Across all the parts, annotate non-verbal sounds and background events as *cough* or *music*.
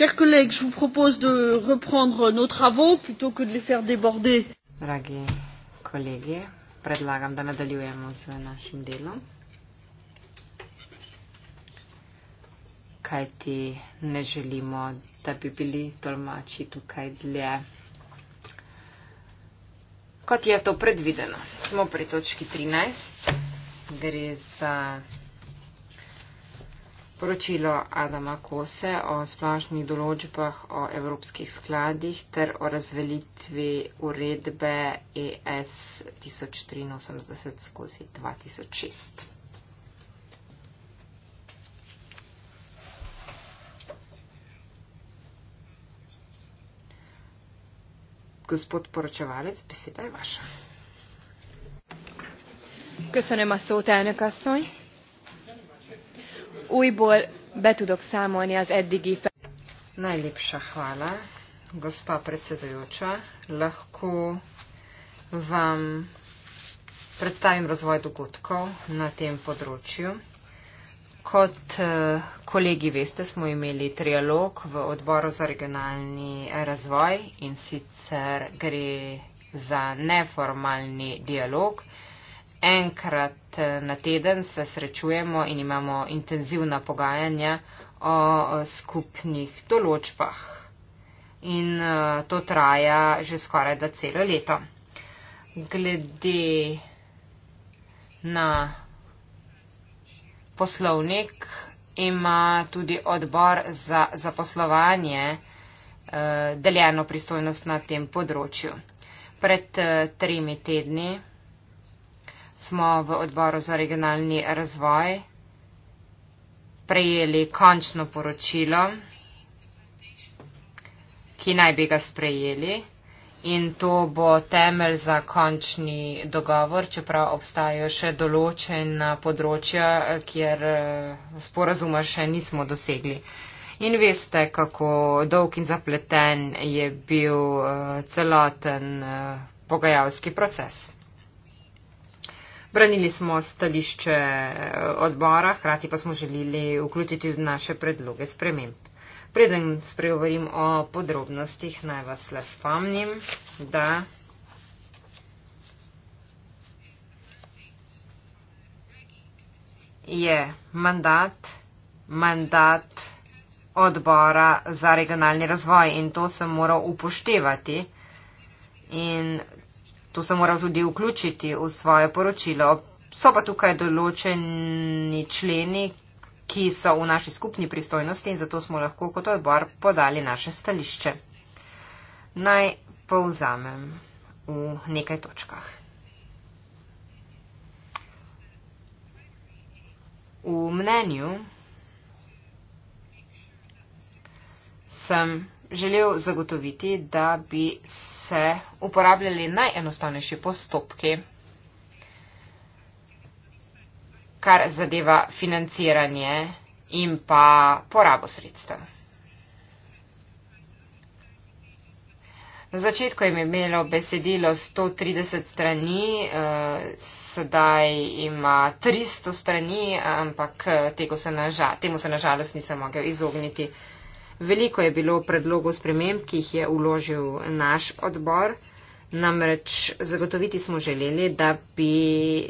chers collègues je vous propose de reprendre nos travaux plutôt que de les faire déborder Dragi kolegi, predlagam, da nadaljujemo z našim delom. Kaj ti ne želimo, da bi bili tolmači tukaj dlje, kot je to predvideno. Smo pri točki 13. Gre za poročilo Adama Kose o splošnih določbah o evropskih skladih ter o razvelitvi uredbe e ES 1083 skozi 2006. Gospod poročevalec, beseda je vaša. Köszönöm a szót, elnök asszony! újból be tudok számolni az eddigi fel. Najlepša hvala, gospa predsedujoča. Lahko vam predstavim razvoj dogodkov na tem področju. Kot eh, kolegi veste, smo imeli trialog v odboru za regionalni razvoj in sicer gre za neformalni dialog enkrat eh, na teden se srečujemo in imamo intenzivna pogajanja o skupnih določbah. In eh, to traja že skoraj da celo leto. Glede na poslovnik ima tudi odbor za zaposlovanje eh, deljeno pristojnost na tem področju. Pred tremi tedni smo v odboru za regionalni razvoj prejeli končno poročilo, ki naj bi ga sprejeli in to bo temelj za končni dogovor, čeprav obstajajo še določena področja, kjer eh, sporazuma še nismo dosegli. In veste, kako dolg in zapleten je bil eh, celoten eh, pogajalski proces. Branili smo stališče eh, odbora, hkrati pa smo želeli vključiti v naše predloge sprememb. Preden spregovorim o podrobnostih, naj vas le spomnim, da je mandat, mandat odbora za regionalni razvoj in to sem moral upoštevati. In To sem moral tudi vključiti v svoje poročilo. So pa tukaj določeni členi, ki so v naši skupni pristojnosti in zato smo lahko kot odbor podali naše stališče. Naj povzamem v nekaj točkah. V mnenju sem želel zagotoviti, da bi se uporabljali najenostavnejši postopki, kar zadeva financiranje in pa porabo sredstev. Na začetku je imelo besedilo 130 strani, eh, sedaj ima 300 strani, ampak eh, se naža, temu se nažalost nisem mogel izogniti. Veliko je bilo predlogov sprememb, ki jih je uložil naš odbor. Namreč zagotoviti smo želeli, da bi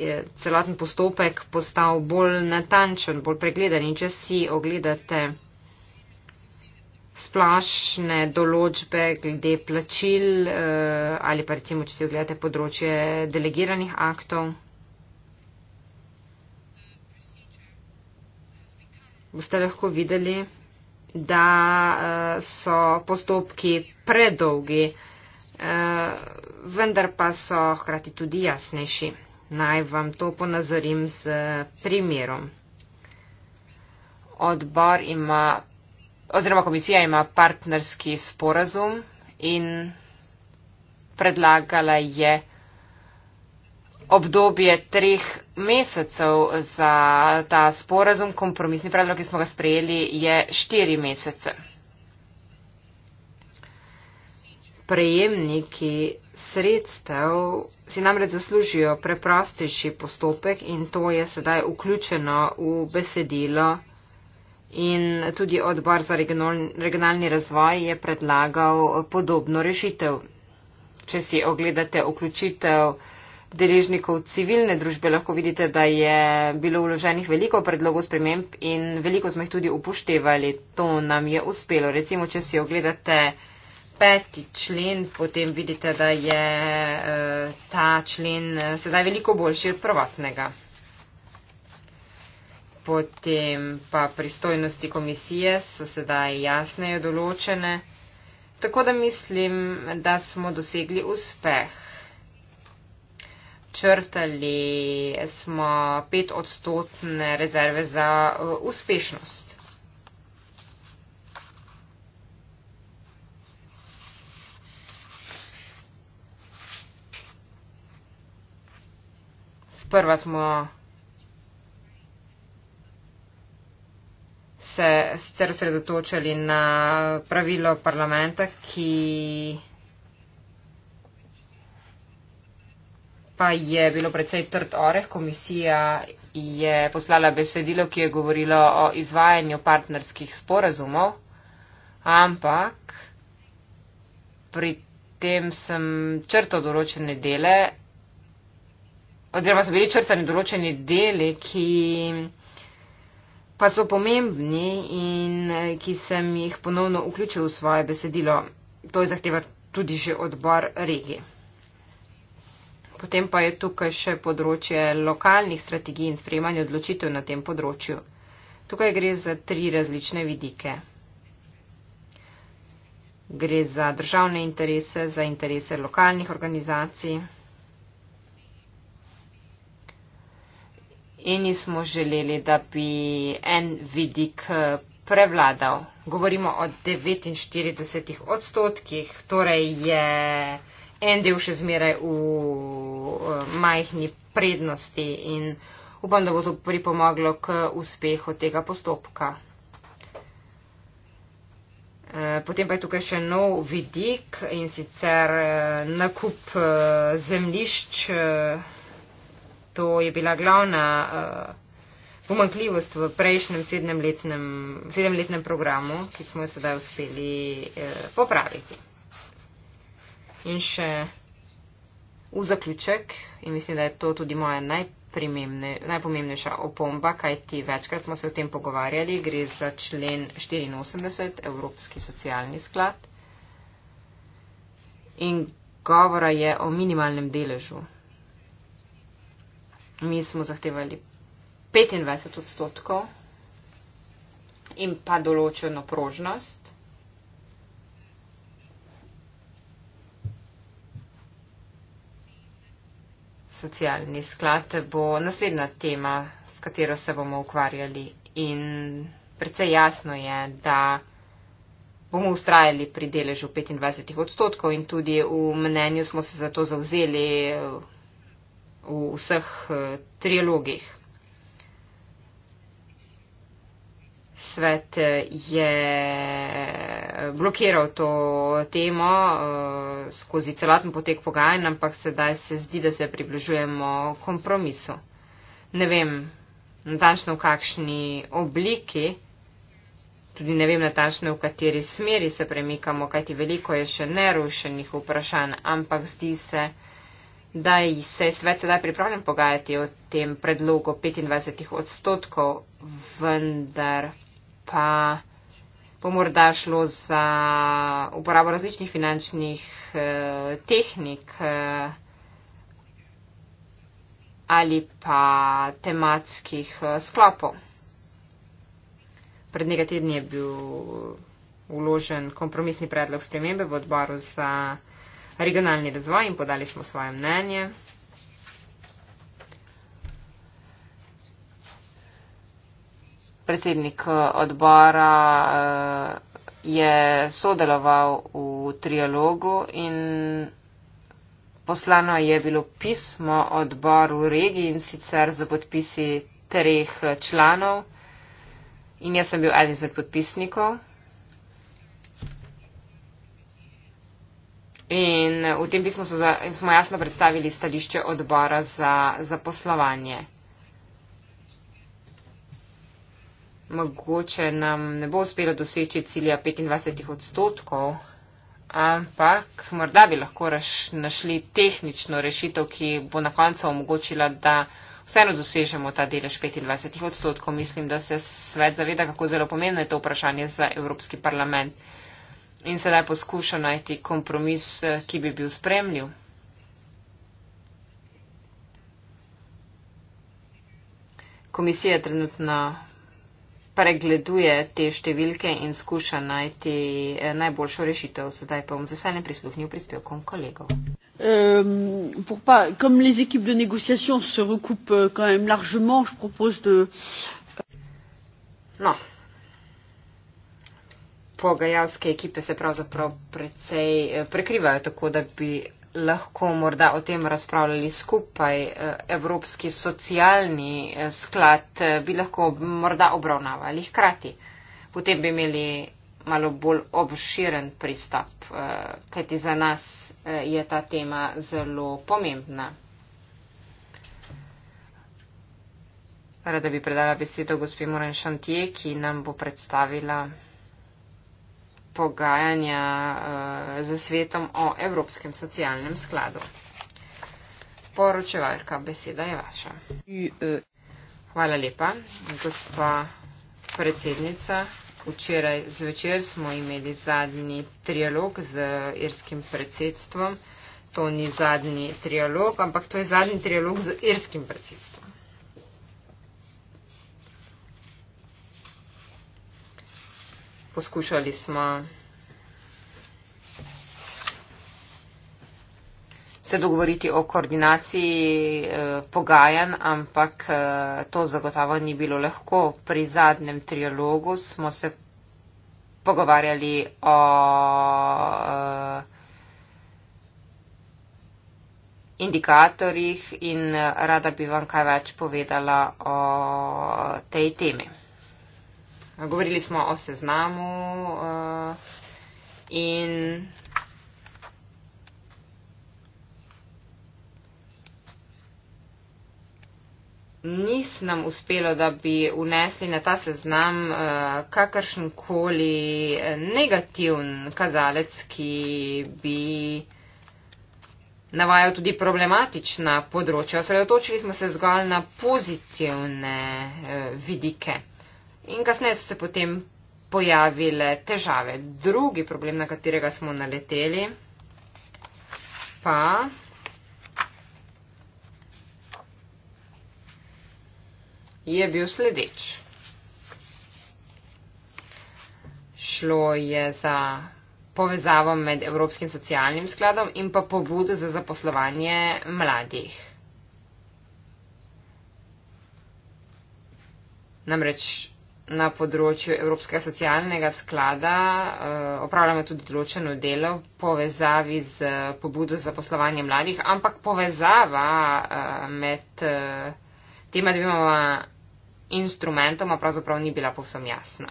eh, celoten postopek postal bolj natančen, bolj pregledan. In če si ogledate splašne določbe glede plačil eh, ali pa recimo, če si ogledate področje delegiranih aktov, boste lahko videli, da eh, so postopki predolgi, eh, vendar pa so hkrati tudi jasnejši. Naj vam to ponazorim z eh, primerom. Odbor ima, oziroma komisija ima partnerski sporazum in predlagala je obdobje treh mesecev za ta sporazum, kompromisni predlog, ki smo ga sprejeli, je štiri mesece. Prejemniki sredstev si namreč zaslužijo preprostejši postopek in to je sedaj vključeno v besedilo. In tudi odbor za regionalni razvoj je predlagal podobno rešitev. Če si ogledate vključitev deležnikov civilne družbe lahko vidite, da je bilo vloženih veliko predlogov sprememb in veliko smo jih tudi upoštevali. To nam je uspelo. Recimo, če si ogledate peti člen, potem vidite, da je eh, ta člen eh, sedaj veliko boljši od prvotnega. Potem pa pristojnosti komisije so sedaj jasneje določene. Tako da mislim, da smo dosegli uspeh črtali smo pet odstotne rezerve za eh, uspešnost. Sprva smo se sicer osredotočali na pravilo parlamenta, ki pa je bilo precej trd oreh. Komisija je poslala besedilo, ki je govorilo o izvajanju partnerskih sporazumov, ampak pri tem sem črto določene dele, oziroma so bili črtani določeni deli, ki pa so pomembni in eh, ki sem jih ponovno vključil v svoje besedilo. To je zahtevati tudi že odbor regije. Potem pa je tukaj še področje lokalnih strategij in sprejemanja odločitev na tem področju. Tukaj gre za tri različne vidike. Gre za državne interese, za interese lokalnih organizacij. Eni smo želeli, da bi en vidik eh, prevladal. Govorimo o 49 odstotkih, torej je en del še zmeraj v eh, majhni prednosti in upam, da bo to pripomoglo k uspehu tega postopka. Eh, potem pa je tukaj še nov vidik in sicer eh, nakup zemlišč. To je bila glavna pomankljivost v prejšnjem sedemletnem, sedemletnem programu, ki smo jo sedaj uspeli popraviti. In še v zaključek, in mislim, da je to tudi moja najpomembnejša opomba, kajti večkrat smo se o tem pogovarjali, gre za člen 84 Evropski socialni sklad. In govora je o minimalnem deležu. Mi smo zahtevali 25 odstotkov in pa določeno prožnost. socialni sklad bo naslednja tema, s katero se bomo ukvarjali. In predvsej jasno je, da bomo ustrajali pri deležu 25 odstotkov in tudi v mnenju smo se za to zauzeli v vseh eh, trilogih. Svet eh, je blokiral to temo uh, skozi celoten potek pogajanj, ampak sedaj se zdi, da se približujemo kompromisu. Ne vem natančno v kakšni obliki, tudi ne vem natančno v kateri smeri se premikamo, kajti veliko je še nerušenih vprašanj, ampak zdi se, da se je svet sedaj pripravljen pogajati o tem predlogu 25 odstotkov, vendar pa bo morda šlo za uporabo različnih finančnih eh, tehnik eh, ali pa tematskih eh, sklopov. Pred nekaj tedni je bil uložen kompromisni predlog spremembe v odboru za regionalni razvoj in podali smo svoje mnenje. predsednik eh, odbora eh, je sodeloval v trialogu in poslano je bilo pismo odboru regij in sicer za podpisi treh članov in jaz sem bil eden izmed podpisnikov. In v tem pismu smo jasno predstavili stališče odbora za zaposlovanje. mogoče nam ne bo uspelo doseči cilja 25 odstotkov, ampak morda bi lahko raš, našli tehnično rešitev, ki bo na koncu omogočila, da vseeno dosežemo ta delež 25 odstotkov. Mislim, da se svet zaveda, kako zelo pomembno je to vprašanje za Evropski parlament. In sedaj poskuša najti kompromis, ki bi bil spremljiv. Komisija trenutno pregleduje te številke in skuša najti eh, najboljšo rešitev. Zdaj pa bom z veseljem prisluhnil prispevkom kolegov. Euh, pour pas, comme les équipes de négociation se recoupent euh, quand même largement, je propose de. Non. Pogajalske ekipe se pravzaprav precej eh, prekrivajo, tako da bi lahko morda o tem razpravljali skupaj. E, Evropski socialni e, sklad e, bi lahko morda obravnavali hkrati. Potem bi imeli malo bolj obširen pristop, kajti za nas je ta tema zelo pomembna. Rada bi predala besedo gospi Moren Šantije, ki nam bo predstavila pogajanja uh, eh, za svetom o Evropskem socialnem skladu. Poročevalka, beseda je vaša. Hvala lepa, gospa predsednica. Včeraj zvečer smo imeli zadnji trialog z irskim predsedstvom. To ni zadnji trialog, ampak to je zadnji trialog z irskim predsedstvom. poskušali smo se dogovoriti o koordinaciji eh, pogajanj, ampak eh, to zagotovo ni bilo lahko. Pri zadnjem trialogu smo se pogovarjali o eh, indikatorjih in eh, rada bi vam kaj več povedala o tej temi. Govorili smo o seznamu uh, in nis nam uspelo, da bi unesli na ta seznam uh, kakršenkoli negativen kazalec, ki bi navajal tudi problematična področja. Osredotočili smo se zgolj na pozitivne uh, vidike in kasneje so se potem pojavile težave. Drugi problem, na katerega smo naleteli, pa. Je bil sledeč. Šlo je za povezavo med Evropskim socialnim skladom in pa pobudo za zaposlovanje mladih. Namreč na področju Evropskega socialnega sklada, eh, opravljamo tudi določeno delo v povezavi z eh, pobudo za poslovanje mladih, ampak povezava eh, med tema dvema instrumentoma pravzaprav ni bila povsem jasna.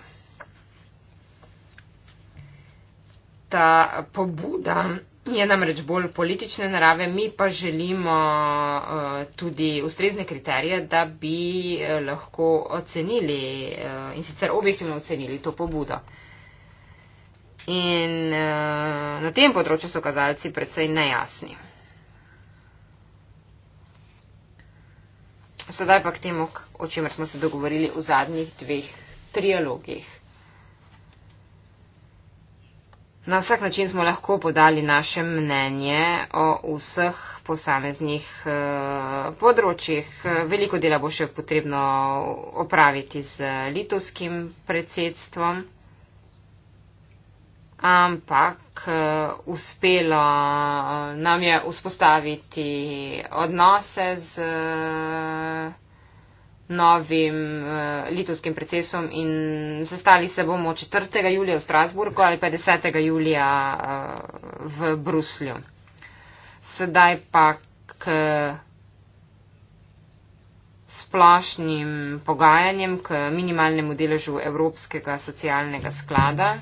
Ta pobuda je namreč bolj politične narave, mi pa želimo uh, tudi ustrezne kriterije, da bi uh, lahko ocenili uh, in sicer objektivno ocenili to pobudo. In uh, na tem področju so kazalci predvsej nejasni. Sedaj pa k temu, o čemer smo se dogovorili v zadnjih dveh trialogih. Na vsak način smo lahko podali naše mnenje o vseh posameznih eh, področjih. Veliko dela bo še potrebno opraviti z eh, litovskim predsedstvom, ampak eh, uspelo nam je vzpostaviti odnose z novim uh, litovskim procesom in sestali se bomo 4. julija v Strasburgu ali pa 10. julija uh, v Bruslju. Sedaj pa k splošnim pogajanjem, k minimalnemu deležu Evropskega socialnega sklada.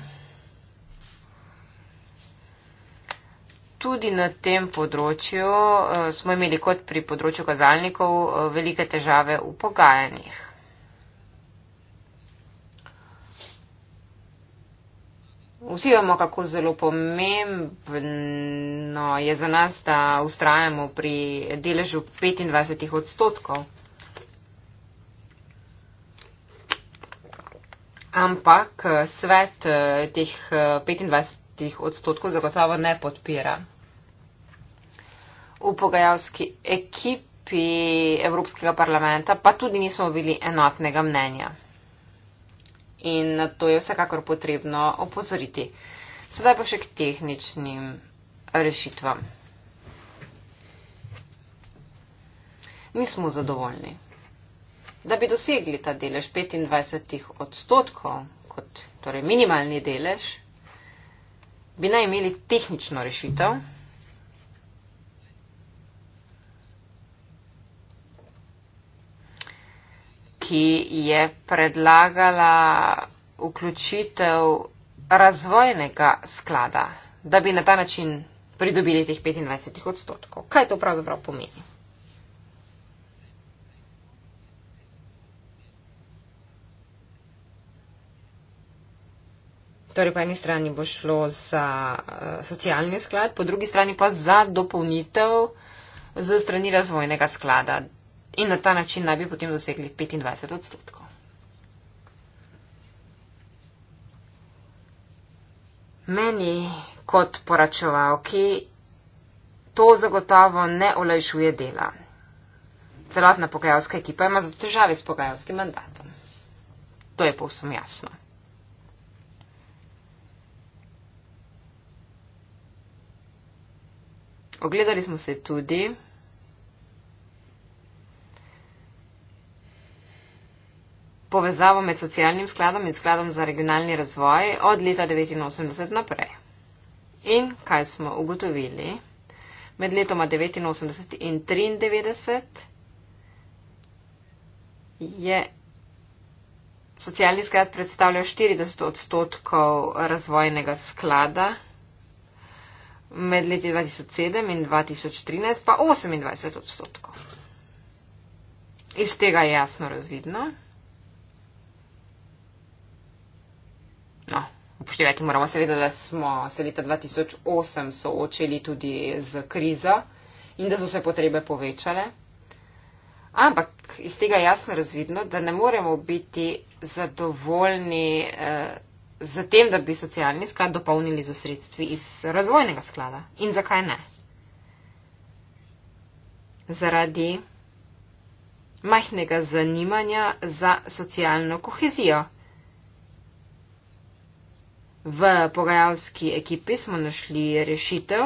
tudi na tem področju eh, smo imeli kot pri področju kazalnikov eh, velike težave v pogajanjih. Vsi vemo, kako zelo pomembno je za nas, da ustrajamo pri deležu 25 odstotkov. Ampak eh, svet teh 25 30 odstotkov zagotovo ne podpira. V pogajalski ekipi Evropskega parlamenta pa tudi nismo bili enotnega mnenja. In na to je vsekakor potrebno opozoriti. Sedaj pa še k tehničnim rešitvam. Nismo zadovoljni. Da bi dosegli ta delež 25 odstotkov, kot torej minimalni delež, bi naj imeli tehnično rešitev, ki je predlagala vključitev razvojnega sklada, da bi na ta način pridobili teh 25 odstotkov. Kaj to pravzaprav pomeni? Torej, po eni strani bo šlo za uh, socialni sklad, po drugi strani pa za dopolnitev z strani razvojnega sklada. In na ta način naj bi potem dosegli 25 odstotkov. Meni kot poračevalki to zagotovo ne olajšuje dela. Celotna pogajalska ekipa ima zato težave s pogajalskim mandatom. To je povsem jasno. Ogledali smo se tudi. Povezavo med socialnim skladom in skladom za regionalni razvoj od leta 1989 naprej. In kaj smo ugotovili? Med letoma 1989 in 1993 je socialni sklad predstavljal 40 odstotkov razvojnega sklada med leti 2007 in 2013 pa 28 odstotkov. Iz tega je jasno razvidno. No, upoštevati moramo seveda, da smo se leta 2008 soočili tudi z krizo in da so se potrebe povečale. Ampak iz tega je jasno razvidno, da ne moremo biti zadovoljni. Eh, zatem, da bi socialni sklad dopolnili za sredstvi iz razvojnega sklada. In zakaj ne? Zaradi majhnega zanimanja za socialno kohezijo. V pogajalski ekipi smo našli rešitev.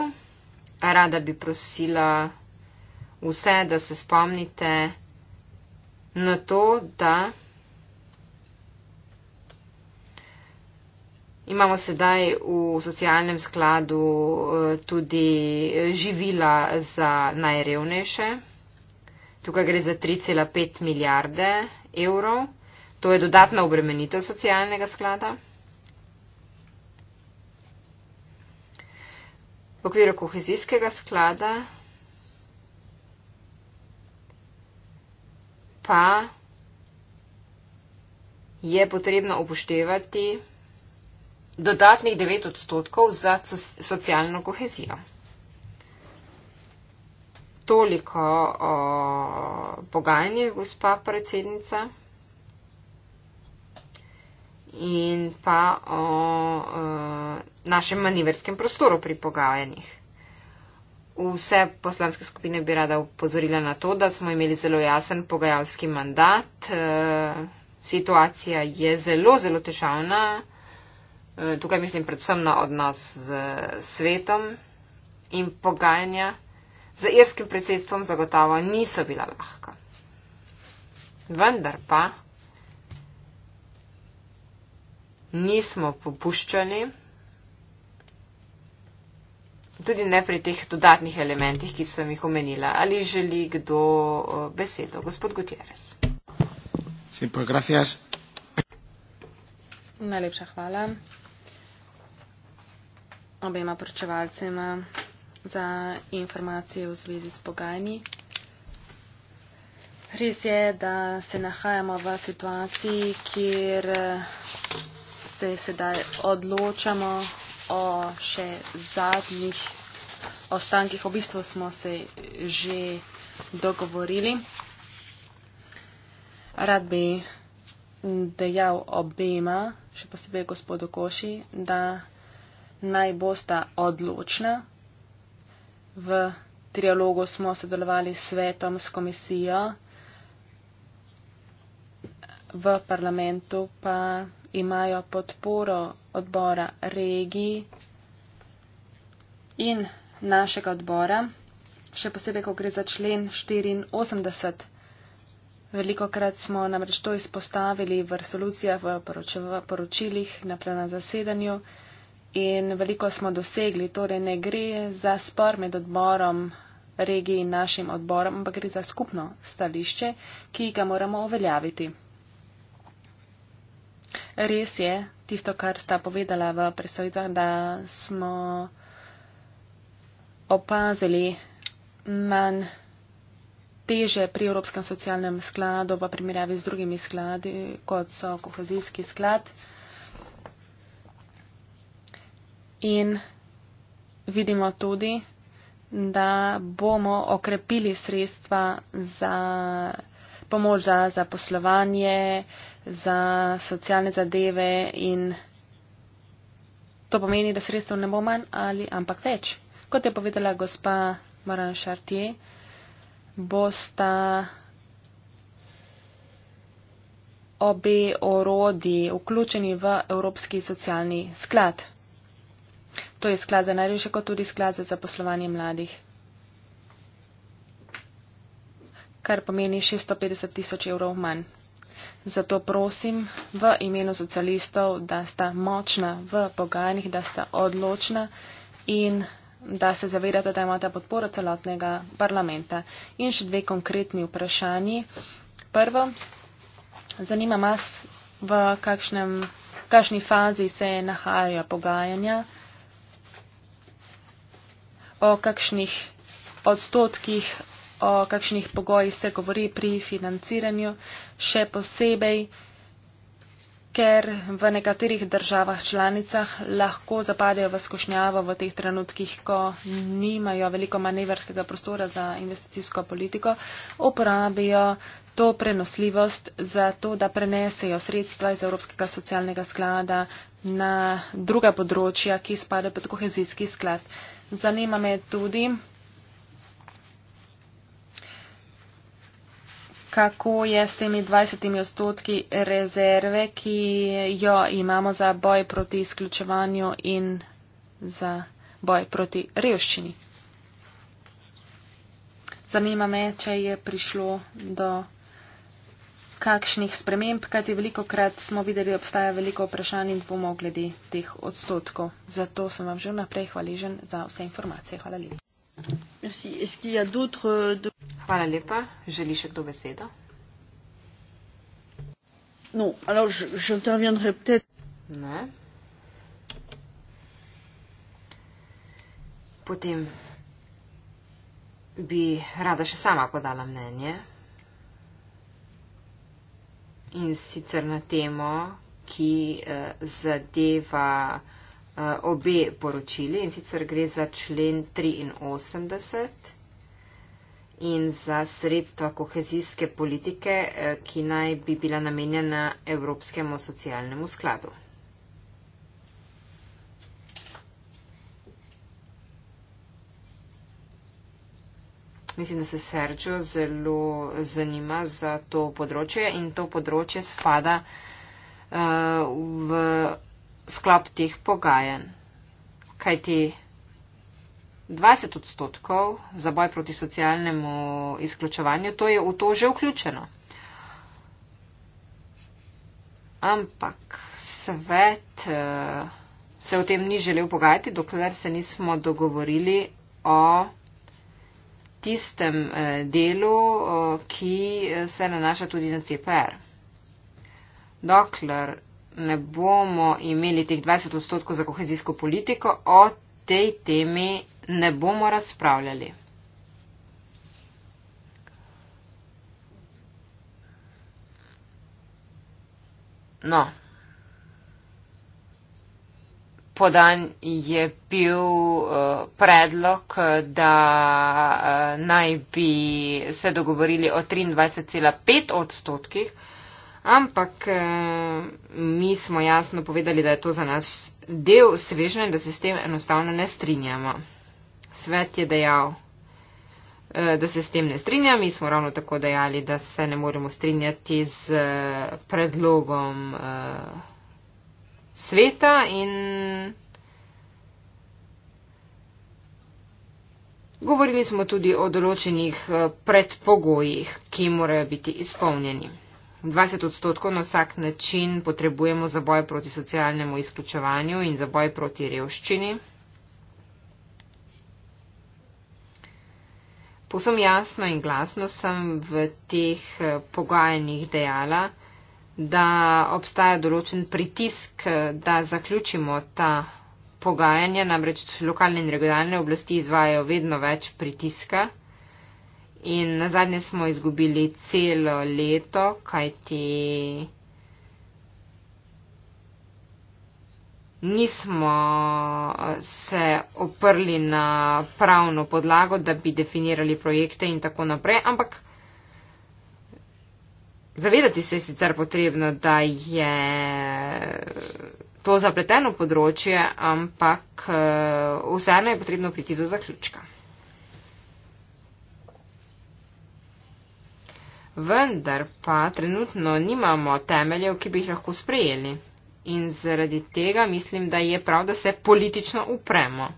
Rada bi prosila vse, da se spomnite na to, da. Imamo sedaj v socialnem skladu eh, tudi eh, živila za najrevnejše. Tukaj gre za 3,5 milijarde evrov. To je dodatna obremenitev socialnega sklada. V okviru kohezijskega sklada pa je potrebno upoštevati dodatnih 9 odstotkov za socialno kohezijo. Toliko o pogajanjih, gospa predsednica, in pa o, o e, našem manjverskem prostoru pri pogajanjih. Vse poslanske skupine bi rada upozorila na to, da smo imeli zelo jasen pogajalski mandat. E, situacija je zelo, zelo težavna. Eh, tukaj mislim predvsem na odnos z svetom in pogajanja z irskim predsedstvom zagotovo niso bila lahka. Vendar pa nismo popuščali tudi ne pri teh dodatnih elementih, ki sem jih omenila. Ali želi kdo eh, besedo? Gospod Gutierrez. Sí, pues gracias. Najlepša hvala obema poročevalcema za informacije v zvezi s pogajanji. Res je, da se nahajamo v situaciji, kjer se sedaj odločamo o še zadnjih ostankih. V bistvu smo se že dogovorili. Rad bi dejal obema, še posebej gospodu Koši, da naj bosta odločna. V trialogu smo sodelovali s svetom, s komisijo, v parlamentu pa imajo podporo odbora regij in našega odbora, še posebej, ko gre za člen 84. Veliko krat smo namreč to izpostavili v resolucijah, v poročilih, na plenarnem zasedanju in veliko smo dosegli. Torej ne gre za spor med odborom regiji in našim odborom, ampak gre za skupno stališče, ki ga moramo uveljaviti. Res je tisto, kar sta povedala v presojitvah, da smo opazili manj teže pri Evropskem socialnem skladu v primerjavi z drugimi skladi, kot so kohezijski sklad in vidimo tudi, da bomo okrepili sredstva za pomoč za zaposlovanje, za socialne zadeve in to pomeni, da sredstev ne bo manj ali ampak več. Kot je povedala gospa Moran Šartje, bosta obe orodi vključeni v Evropski socialni sklad. To je sklad za najljubše, kot tudi sklad za zaposlovanje mladih, kar pomeni 650 tisoč evrov manj. Zato prosim v imenu socialistov, da sta močna v pogajanjih, da sta odločna in da se zavedate, da imate podporo celotnega parlamenta. In še dve konkretni vprašanji. Prvo, zanima vas, v kakšnem, kakšni fazi se nahajajo pogajanja o kakšnih odstotkih, o kakšnih pogojih se govori pri financiranju, še posebej, ker v nekaterih državah članicah lahko zapadejo v skušnjavo v teh trenutkih, ko nimajo veliko manevrskega prostora za investicijsko politiko, uporabijo to prenosljivost za to, da prenesejo sredstva iz Evropskega socialnega sklada na druga področja, ki spadajo pod kohezijski sklad. Zanima me tudi, kako je s temi 20 odstotki rezerve, ki jo imamo za boj proti izključevanju in za boj proti revščini. Zanima me, če je prišlo do kakšnih sprememb, kajti veliko krat smo videli, da obstaja veliko vprašanj in dvomo glede teh odstotkov. Zato sem vam že naprej hvaležen za vse informacije. Hvala lepa. Hvala lepa. Želi še kdo besedo? No, alors, je, je ne. Potem bi rada še sama podala mnenje in sicer na temo, ki uh, zadeva uh, obe poročili in sicer gre za člen 83 in za sredstva kohezijske politike, uh, ki naj bi bila namenjena Evropskemu socialnemu skladu. Mislim, da se Sergio zelo zanima za to področje in to področje spada uh, v sklop teh pogajanj. Kaj ti 20 odstotkov za boj proti socialnemu izključevanju, to je v to že vključeno. Ampak svet uh, se o tem ni želel pogajati, dokler se nismo dogovorili o tistem eh, delu, ki eh, se nanaša tudi na CPR. Dokler ne bomo imeli teh 20 odstotkov za kohezijsko politiko, o tej temi ne bomo razpravljali. No podan je bil eh, predlog, da eh, naj bi se dogovorili o 23,5 odstotkih, ampak eh, mi smo jasno povedali, da je to za nas del svežne, da se s tem enostavno ne strinjamo. Svet je dejal, da se s tem ne strinja, mi smo ravno tako dejali, da se ne moremo strinjati z predlogom sveta in govorili smo tudi o določenih eh, predpogojih, ki morajo biti izpolnjeni. 20 odstotkov na vsak način potrebujemo za boj proti socialnemu izključevanju in za boj proti revščini. Povsem jasno in glasno sem v teh eh, pogajanjih dejala, da obstaja določen pritisk, eh, da zaključimo ta pogajanja, namreč lokalne in regionalne oblasti izvajajo vedno več pritiska. In na zadnje smo izgubili celo leto, kajti nismo eh, se oprli na pravno podlago, da bi definirali projekte in tako naprej, ampak Zavedati se je sicer potrebno, da je to zapleteno področje, ampak eh, vseeno je potrebno priti do zaključka. Vendar pa trenutno nimamo temeljev, ki bi jih lahko sprejeli. In zaradi tega mislim, da je prav, da se politično upremo.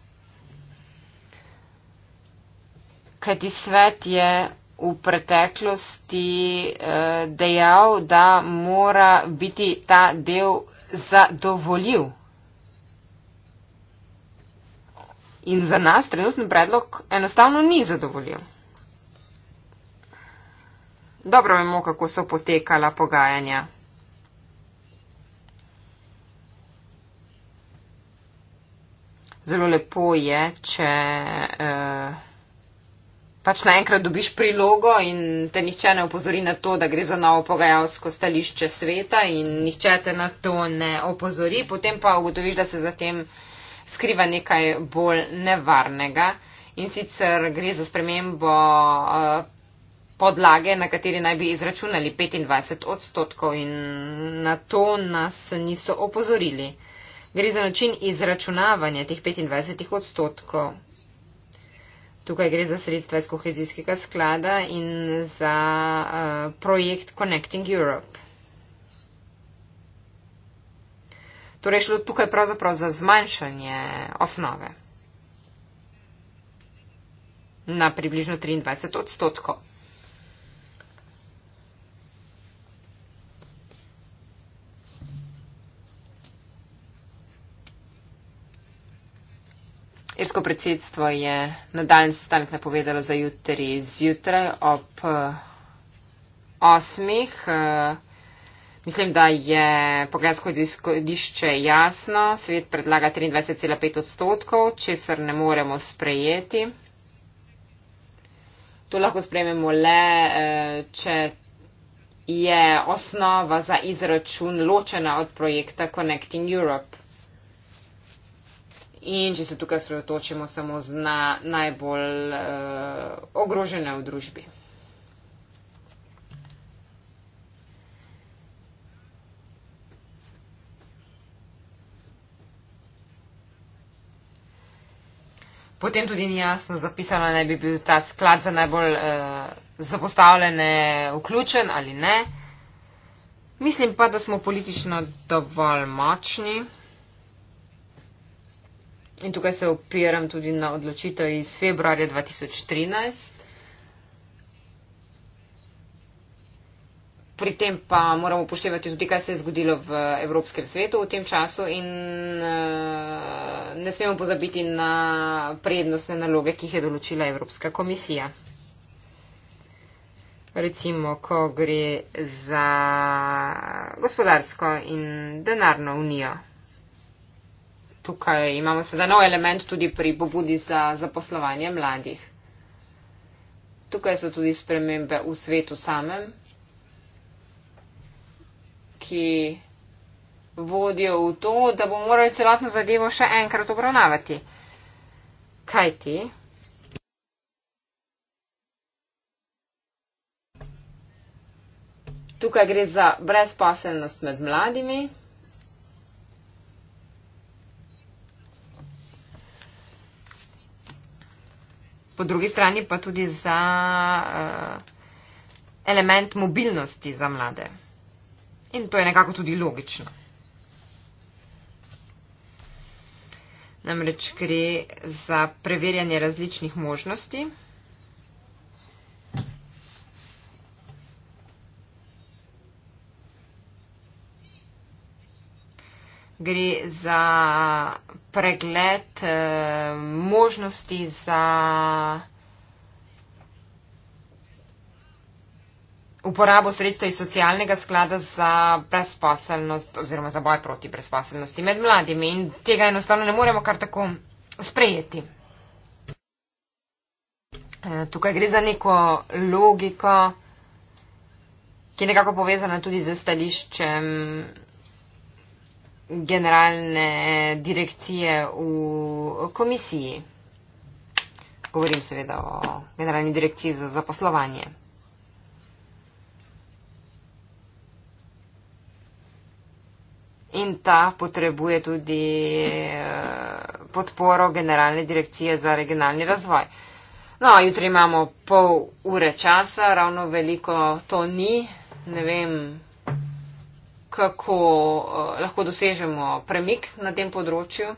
Kajti svet je v preteklosti eh, dejal, da mora biti ta del zadovoljiv. In za nas trenutni predlog enostavno ni zadovoljiv. Dobro vemo, kako so potekala pogajanja. Zelo lepo je, če. Uh, pač naenkrat dobiš prilogo in te nihče ne opozori na to, da gre za novo pogajalsko stališče sveta in nihče te na to ne opozori, potem pa ugotoviš, da se zatem skriva nekaj bolj nevarnega in sicer gre za spremembo eh, podlage, na kateri naj bi izračunali 25 odstotkov in na to nas niso opozorili. Gre za način izračunavanja teh 25 odstotkov Tukaj gre za sredstva iz kohezijskega sklada in za uh, projekt Connecting Europe. Torej šlo tukaj pravzaprav za zmanjšanje osnove na približno 23 odstotkov. Irsko predsedstvo je nadaljni sestanek napovedalo za jutri zjutraj ob eh, osmih. Eh, mislim, da je pogajalsko izhodišče jasno. Svet predlaga 23,5 odstotkov, česar ne moremo sprejeti. To lahko sprejmemo le, eh, če je osnova za izračun ločena od projekta Connecting Europe in če se tukaj sredotočimo samo na najbolj uh, ogrožene v družbi. Potem tudi ni jasno zapisano, da bi bil ta sklad za najbolj uh, zapostavljene vključen ali ne. Mislim pa, da smo politično dovolj močni. In tukaj se opiram tudi na odločitev iz februarja 2013. Pri tem pa moramo upoštevati tudi, kaj se je zgodilo v evropskem svetu v tem času in eh, ne smemo pozabiti na prednostne naloge, ki jih je določila Evropska komisija. Recimo, ko gre za gospodarsko in denarno unijo tukaj imamo sedaj nov element tudi pri pobudi za zaposlovanje mladih. Tukaj so tudi spremembe v svetu samem, ki vodijo v to, da bomo morali celotno zadevo še enkrat obravnavati. Kaj ti? Tukaj gre za brezposelnost med mladimi, po drugi strani pa tudi za uh, element mobilnosti za mlade. In to je nekako tudi logično. Namreč gre za preverjanje različnih možnosti. gre za pregled eh, možnosti za uporabo sredstva iz socialnega sklada za brezposelnost oziroma za boj proti brezposelnosti med mladimi in tega enostavno ne moremo kar tako sprejeti. Eh, tukaj gre za neko logiko, ki je nekako povezana tudi z stališčem generalne direkcije v komisiji. Govorim seveda o generalni direkciji za zaposlovanje. In ta potrebuje tudi eh, podporo generalne direkcije za regionalni razvoj. No, jutri imamo pol ure časa, ravno veliko to ni. Ne vem, kako eh, lahko dosežemo premik na tem področju.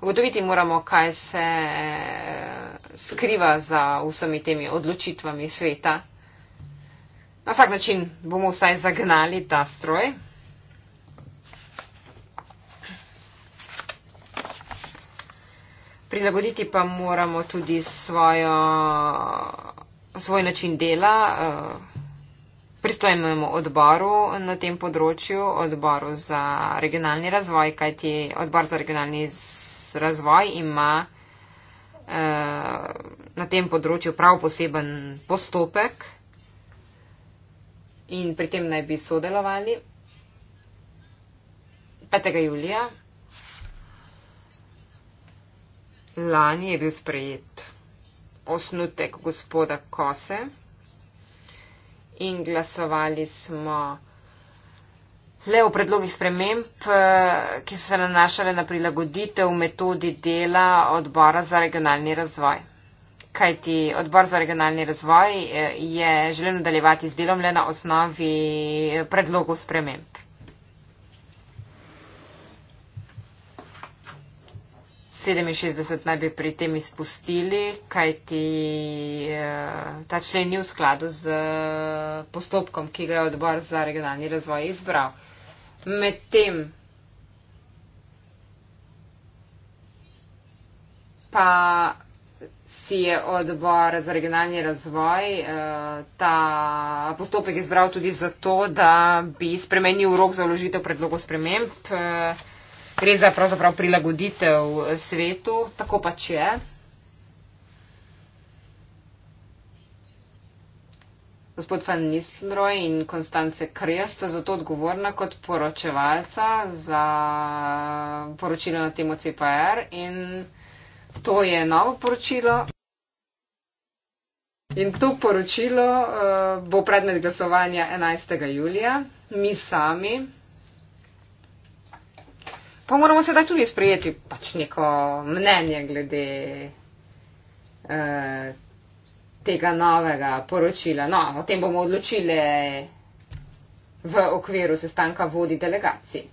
Ugotoviti moramo, kaj se eh, skriva za vsemi temi odločitvami sveta. Na vsak način bomo vsaj zagnali ta stroj. Prilagoditi pa moramo tudi svojo, svoj način dela. Uh, pristojnemu odboru na tem področju, odboru za regionalni razvoj, kajti odbor za regionalni razvoj ima eh, na tem področju prav poseben postopek in pri tem naj bi sodelovali 5. julija. Lani je bil sprejet osnutek gospoda Kose, in glasovali smo le o predlogih sprememb, eh, ki so se nanašale na prilagoditev metodi dela odbora za regionalni razvoj. Kajti odbor za regionalni razvoj eh, je želel nadaljevati z delom le na osnovi eh, predlogov sprememb. 67 naj bi pri tem izpustili, kajti eh, ta člen ni v skladu z eh, postopkom, ki ga je odbor za regionalni razvoj izbral. Medtem pa si je odbor za regionalni razvoj eh, ta postopek izbral tudi zato, da bi spremenil rok za vložitev predlogov sprememb gre za pravzaprav prilagoditev eh, svetu, tako pač je. Gospod Van Nistelrooy in Konstance Krija sta zato odgovorna kot poročevalca za poročilo na temo CPR in to je novo poročilo. In to poročilo uh, bo predmet glasovanja 11. julija. Mi sami pa moramo sedaj tudi sprejeti pač neko mnenje glede eh, tega novega poročila. No, o tem bomo odločili v okviru sestanka vodi delegacij.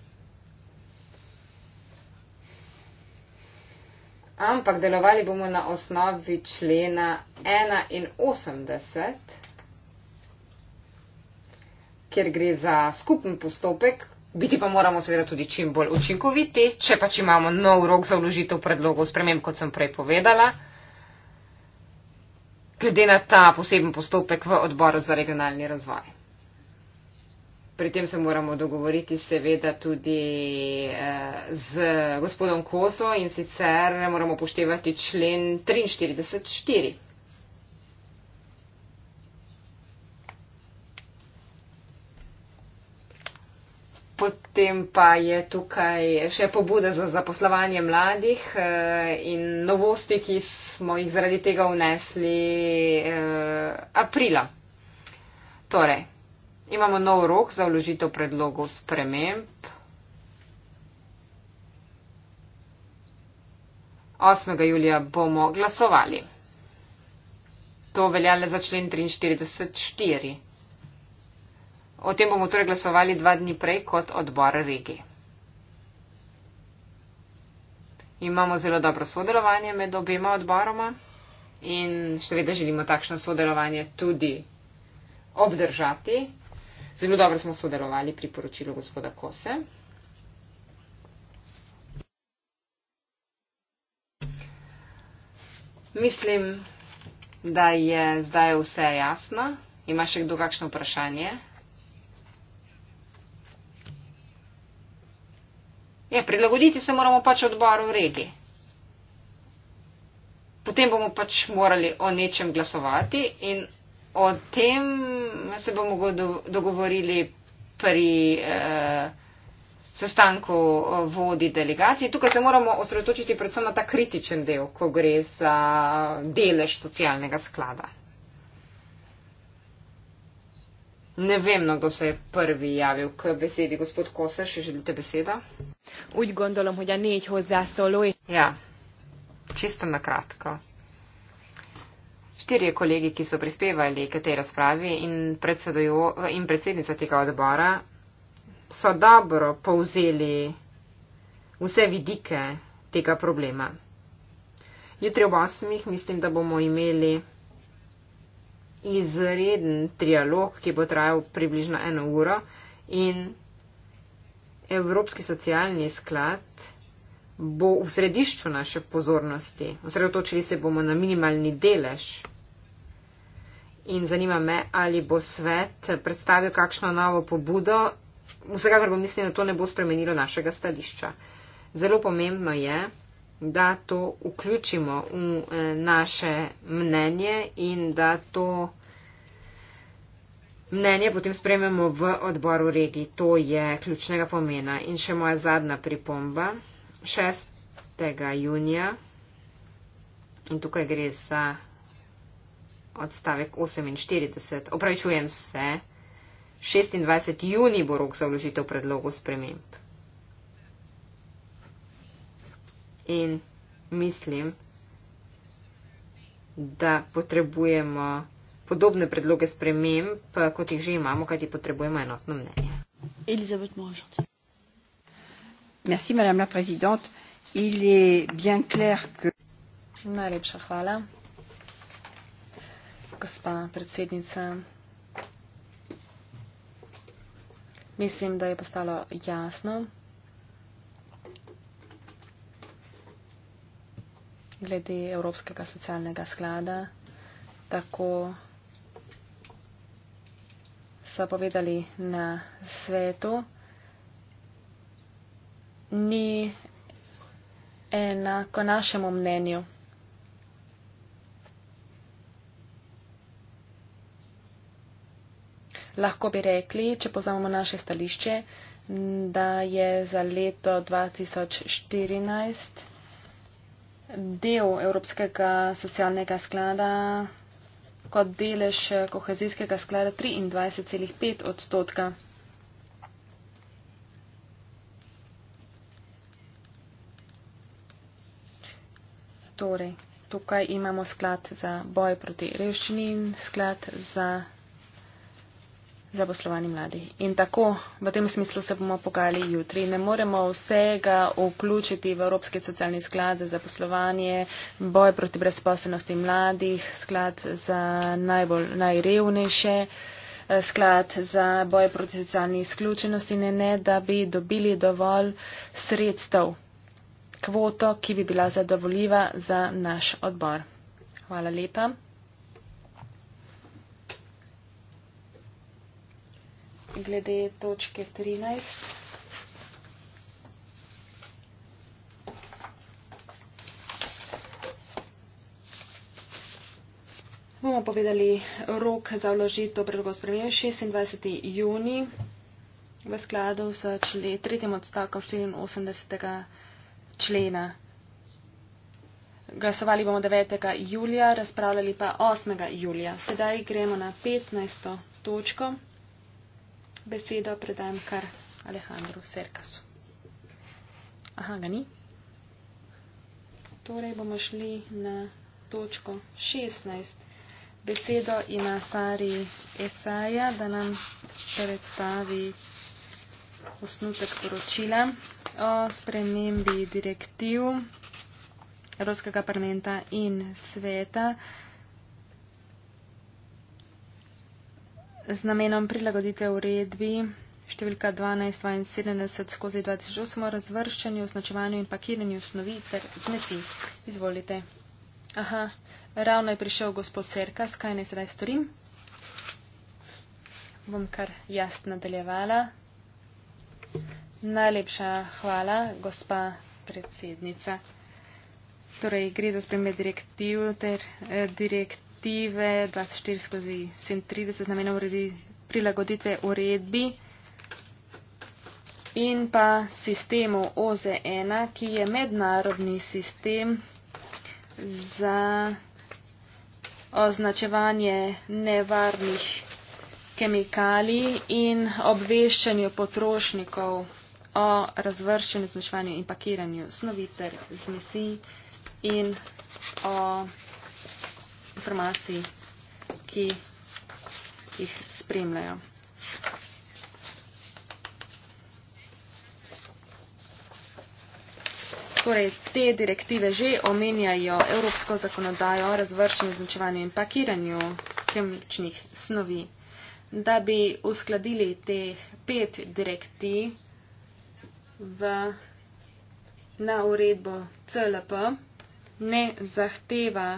Ampak delovali bomo na osnovi člena 81, kjer gre za skupen postopek, Biti pa moramo seveda tudi čim bolj učinkoviti, če pač imamo nov rok za vložitev predlogov sprememb, kot sem prej povedala. Glede na ta poseben postopek v odboru za regionalni razvoj. Pri tem se moramo dogovoriti seveda tudi eh, z gospodom Koso in sicer moramo poštevati člen 43.4. Potem pa je tukaj še pobuda za zaposlovanje mladih eh, in novosti, ki smo jih zaradi tega vnesli eh, aprila. Torej, imamo nov rok za vložitev predlogov sprememb. 8. julija bomo glasovali. To velja le za člen 43.4. O tem bomo torej glasovali dva dni prej kot odbor regi. Imamo zelo dobro sodelovanje med obema odboroma in seveda želimo takšno sodelovanje tudi obdržati. Zelo dobro smo sodelovali pri poročilu gospoda Kose. Mislim, da je zdaj vse jasno. Ima še kdo kakšno vprašanje? Ja, prilagoditi se moramo pač odboru regi. Potem bomo pač morali o nečem glasovati in o tem se bomo dogovorili pri eh, sestanku eh, vodi delegacije. Tukaj se moramo osredotočiti predvsem na ta kritičen del, ko gre za delež socialnega sklada. Ne vem, no, kdo se je prvi javil k besedi. Gospod Koseš, želite besedo? Úgy gondolom, hogy a négy hozzászóló. Ja, čisto na kratko. Štirje kolegi, ki so prispevali k tej razpravi in, in predsednica tega odbora, so dobro povzeli vse vidike tega problema. Jutri ob osmih mislim, da bomo imeli izreden trialog, ki bo trajal približno eno uro in Evropski socialni sklad bo v središču naše pozornosti. Osredotočili se bomo na minimalni delež. In zanima me, ali bo svet predstavil kakšno novo pobudo. Vsekakor bom mislil, da to ne bo spremenilo našega stališča. Zelo pomembno je, da to vključimo v eh, naše mnenje in da to. Mnenje potem sprememo v odboru regij. To je ključnega pomena. In še moja zadnja pripomba. 6. junija. In tukaj gre za odstavek 48. Opravičujem se. 26. juni bo rok za vložitev predlogov sprememb. In mislim, da potrebujemo podobne predloge sprememb, eh, kot jih že imamo, kaj ti potrebujemo enotno mnenje. Elizabeth Možot. Merci, madame la présidente. Il est bien clair que. Najlepša hvala, gospa predsednica. Mislim, da je postalo jasno. Glede Evropskega socialnega sklada, tako so povedali na svetu, ni enako našemu mnenju. Lahko bi rekli, če pozamemo naše stališče, da je za leto 2014 del Evropskega socialnega sklada kot delež eh, kohezijskega sklada 23,5 odstotka. Torej, tukaj imamo sklad za boj proti revščini in sklad za zaposlovanje mladih. In tako v tem smislu se bomo pogajali jutri. Ne moremo vsega vključiti v Evropski socialni sklad za zaposlovanje, boj proti brezposobnosti mladih, sklad za najbolj najrevnejše, eh, sklad za boj proti socialni izključenosti, ne, ne, da bi dobili dovolj sredstev, kvoto, ki bi bila zadovoljiva za naš odbor. Hvala lepa. glede točke 13. Bomo povedali rok za vložitev predlogov spremenja 26. juni v skladu s tretjim odstavkom 84. člena. Glasovali bomo 9. julija, razpravljali pa 8. julija. Sedaj gremo na 15. točko besedo predajam kar Alejandru Serkasu. Aha, ga ni. Torej bomo šli na točko 16. Besedo ima Sari Esaja, da nam predstavi osnutek poročila o spremembi direktiv Evropskega parlamenta in sveta. z namenom prilagoditve uredbi številka 1272 skozi 2008 o razvrščanju, označevanju in pakiranju snovi ter zmesi. Izvolite. Aha, ravno je prišel gospod Serkas, kaj naj sedaj storim? Bom kar jaz nadaljevala. Najlepša hvala, gospa predsednica. Torej, gre za spremembe direktiv ter eh, direktiv direktive 24-37 namenov prilagoditve uredbi in pa sistemu OZ1, ki je mednarodni sistem za označevanje nevarnih kemikalij in obveščanju potrošnikov o razvrščanju, označevanju in pakiranju snovi ter zmesi in o informacij, ki jih spremljajo. Torej, te direktive že omenjajo evropsko zakonodajo o razvrščanju, izničevanju in pakiranju kemičnih snovi. Da bi uskladili teh pet direktiv v, na uredbo CLP, ne zahteva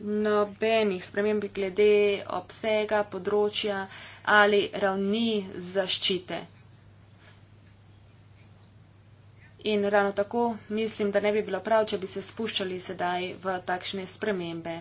nobenih sprememb glede obsega, področja ali ravni zaščite. In ravno tako mislim, da ne bi bilo prav, če bi se spuščali sedaj v takšne spremembe.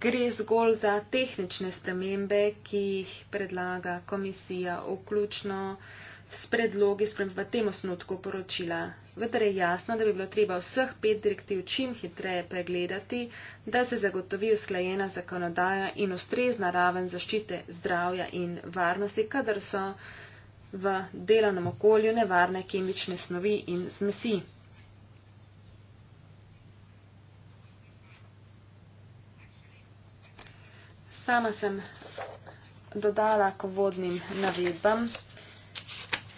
Gre zgolj za tehnične spremembe, ki jih predlaga komisija, vključno uh, s predlogi sprememb v tem osnutku poročila. Vendar je jasno, da bi bilo treba vseh pet direktiv čim hitreje pregledati, da se zagotovi usklajena zakonodaja in ustrezna raven zaščite zdravja in varnosti, kadar so v delovnem okolju nevarne kemične snovi in zmesi. Sama sem dodala k vodnim navedbam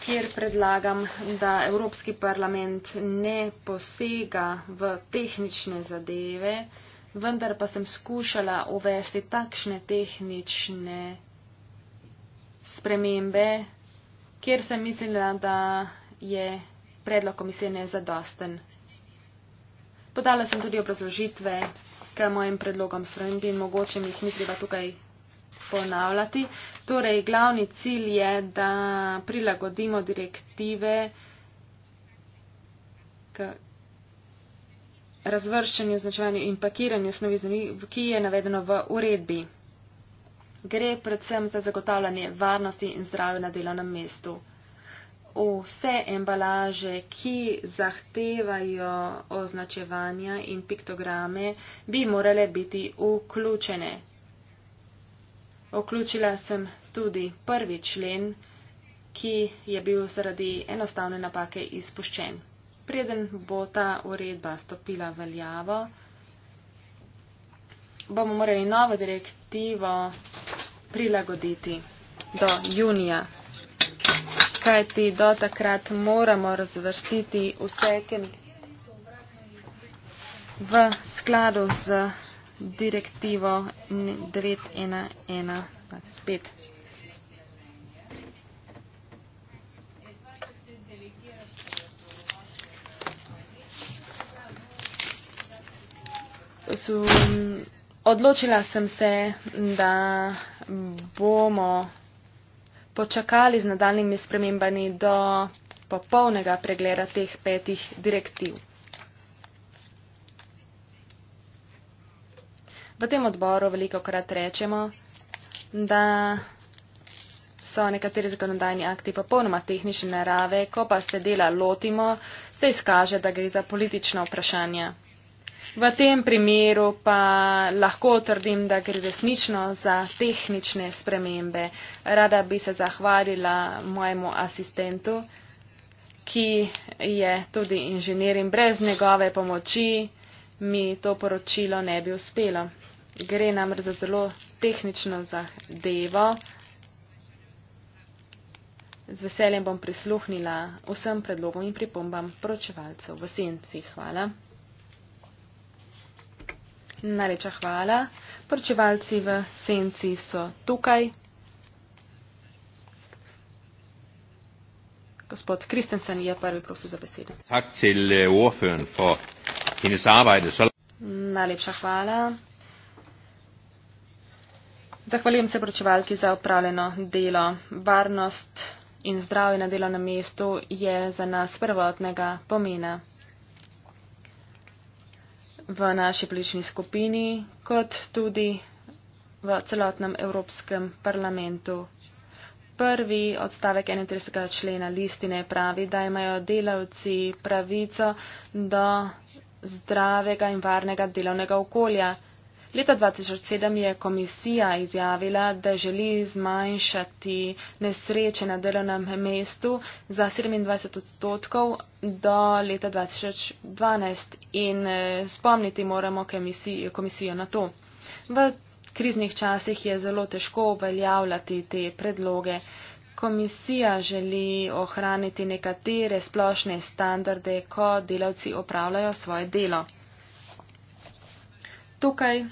kjer predlagam, da Evropski parlament ne posega v tehnične zadeve, vendar pa sem skušala uvesti takšne tehnične spremembe, kjer sem mislila, da je predlog komisije nezadosten. Podala sem tudi obrazložitve k mojim predlogom sprememb in mogoče mi jih ni treba tukaj ponavljati. Torej, glavni cilj je, da prilagodimo direktive k razvrščanju, značevanju in pakiranju snovi znovi, ki je navedeno v uredbi. Gre predvsem za zagotavljanje varnosti in zdravja na delovnem mestu. Vse embalaže, ki zahtevajo označevanja in piktograme, bi morale biti vključene. Vključila sem tudi prvi člen, ki je bil zaradi enostavne napake izpuščen. Preden bo ta uredba stopila veljavo, bomo morali novo direktivo prilagoditi do junija, kajti do takrat moramo razvrstiti vse kemikalije v skladu z direktivo 911. Su, odločila sem se, da bomo počakali z nadaljnimi spremembami do popolnega pregleda teh petih direktiv. v tem odboru veliko krat rečemo, da so nekateri zakonodajni akti popolnoma tehnične narave, ko pa se dela lotimo, se izkaže, da gre za politično vprašanje. V tem primeru pa lahko trdim, da gre resnično za tehnične spremembe. Rada bi se zahvalila mojemu asistentu, ki je tudi inženir in brez njegove pomoči mi to poročilo ne bi uspelo. Gre namreč za zelo tehnično zahdevo. Z veseljem bom prisluhnila vsem predlogom in pripombam pročevalcev v senci. Hvala. Najlepša hvala. Pročevalci v senci so tukaj. Gospod Kristensen je prvi prosil za besedo. Tak til eh, ordføren for hendes arbejde. Najlepša hvala. Zahvaljujem se poročevalki za upravljeno delo. Varnost in zdravje na delovnem mestu je za nas prvotnega pomena. V naši politični skupini, kot tudi v celotnem Evropskem parlamentu. Prvi odstavek 31. člena listine pravi, da imajo delavci pravico do zdravega in varnega delovnega okolja. Leta 2007 je komisija izjavila, da želi zmanjšati nesreče na delovnem mestu za 27 odstotkov do leta 2012 in eh, spomniti moramo komisijo na to. V kriznih časih je zelo težko uveljavljati te predloge. Komisija želi ohraniti nekatere splošne standarde, ko delavci opravljajo svoje delo. Tukaj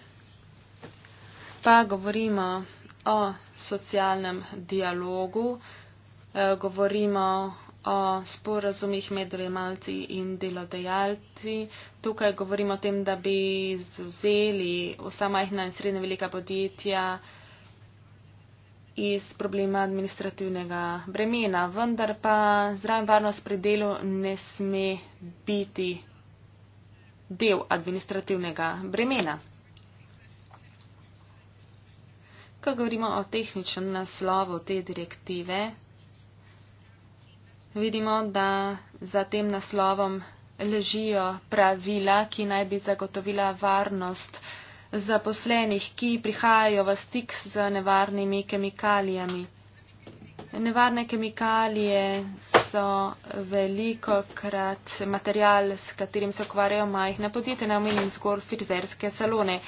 pa govorimo o socialnem dialogu, eh, govorimo o sporazumih med dojemalci in delodajalci. Tukaj govorimo o tem, da bi izuzeli vsa majhna in srednje velika podjetja iz problema administrativnega bremena, vendar pa zdravim varnost pri delu ne sme biti del administrativnega bremena. ko govorimo o tehničnem naslovu te direktive, vidimo, da za tem naslovom ležijo pravila, ki naj bi zagotovila varnost zaposlenih, ki prihajajo v stik z nevarnimi kemikalijami. Nevarne kemikalije so veliko krat material, s katerim se ukvarjajo majhne podjetja, ne omenim zgolj frizerske salone.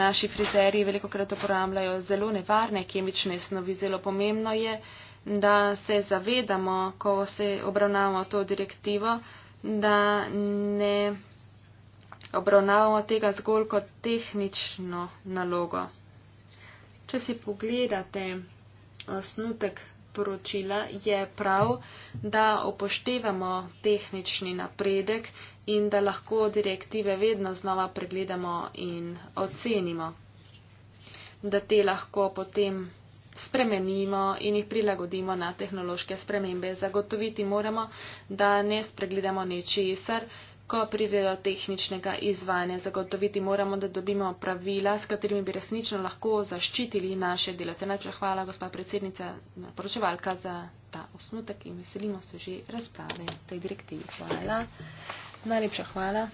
Naši frizeri veliko krat uporabljajo zelo nevarne kemične snovi. Zelo pomembno je, da se zavedamo, ko se obravnavamo to direktivo, da ne obravnavamo tega zgolj kot tehnično nalogo. Če si pogledate osnutek priporočila, je prav, da upoštevamo tehnični napredek in da lahko direktive vedno znova pregledamo in ocenimo, da te lahko potem spremenimo in jih prilagodimo na tehnološke spremembe. Zagotoviti moramo, da ne spregledamo nečesar, ko pride do tehničnega izvajanja. Zagotoviti moramo, da dobimo pravila, s katerimi bi resnično lahko zaščitili naše delavce. Najprej hvala, gospa predsednica, poročevalka, za ta osnutek in veselimo se že razprave o tej direktivi. Hvala. Najlepša hvala.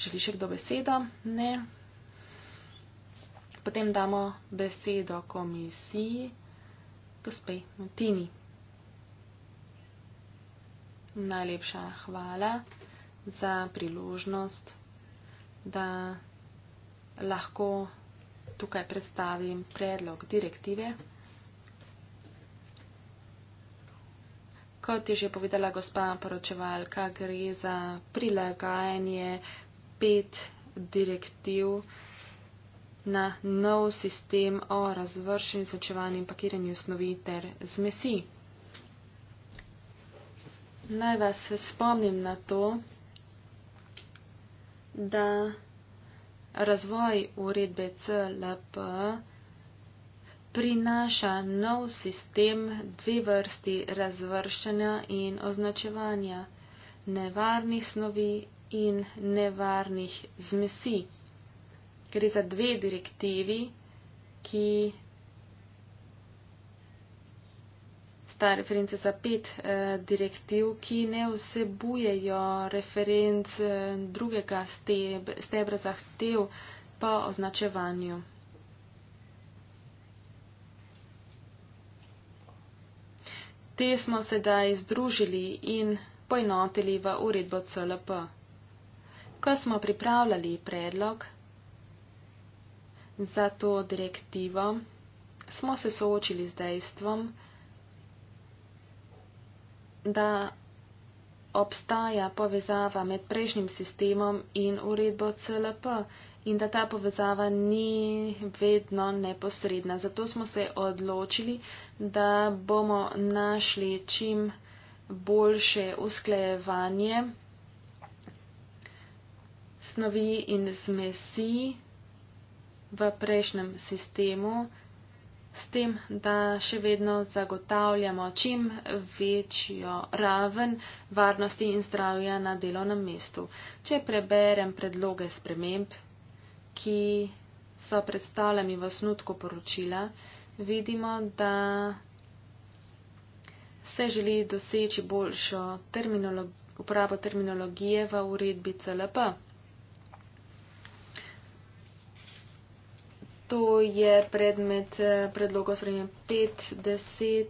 Želi še kdo besedo? Ne. Potem damo besedo komisiji. Gospe, Tini. Najlepša hvala za priložnost, da lahko tukaj predstavim predlog direktive. Kot je že povedala gospa poročevalka, gre za prilagajanje pet direktiv na nov sistem o razvršenju, zračevanju in pakiranju snovi ter zmesi naj vas spomnim na to, da razvoj uredbe CLP prinaša nov sistem dve vrsti razvrščanja in označevanja nevarnih snovi in nevarnih zmesi. Gre za dve direktivi, ki Star reference za pet eh, direktiv, ki ne vsebujejo referenc eh, drugega stebra, stebra zahtev po označevanju. Te smo sedaj združili in poenotili v uredbo CLP. Ko smo pripravljali predlog za to direktivo, smo se soočili z dejstvom, da obstaja povezava med prejšnjim sistemom in uredbo CLP in da ta povezava ni vedno neposredna. Zato smo se odločili, da bomo našli čim boljše usklejevanje snovi in zmesi v prejšnjem sistemu s tem, da še vedno zagotavljamo čim večjo raven varnosti in zdravja na delovnem mestu. Če preberem predloge sprememb, ki so predstavljeni v osnutku poročila, vidimo, da se želi doseči boljšo terminolo uporabo terminologije v uredbi CLP. To je predmet eh, predloga srednje 5, 10,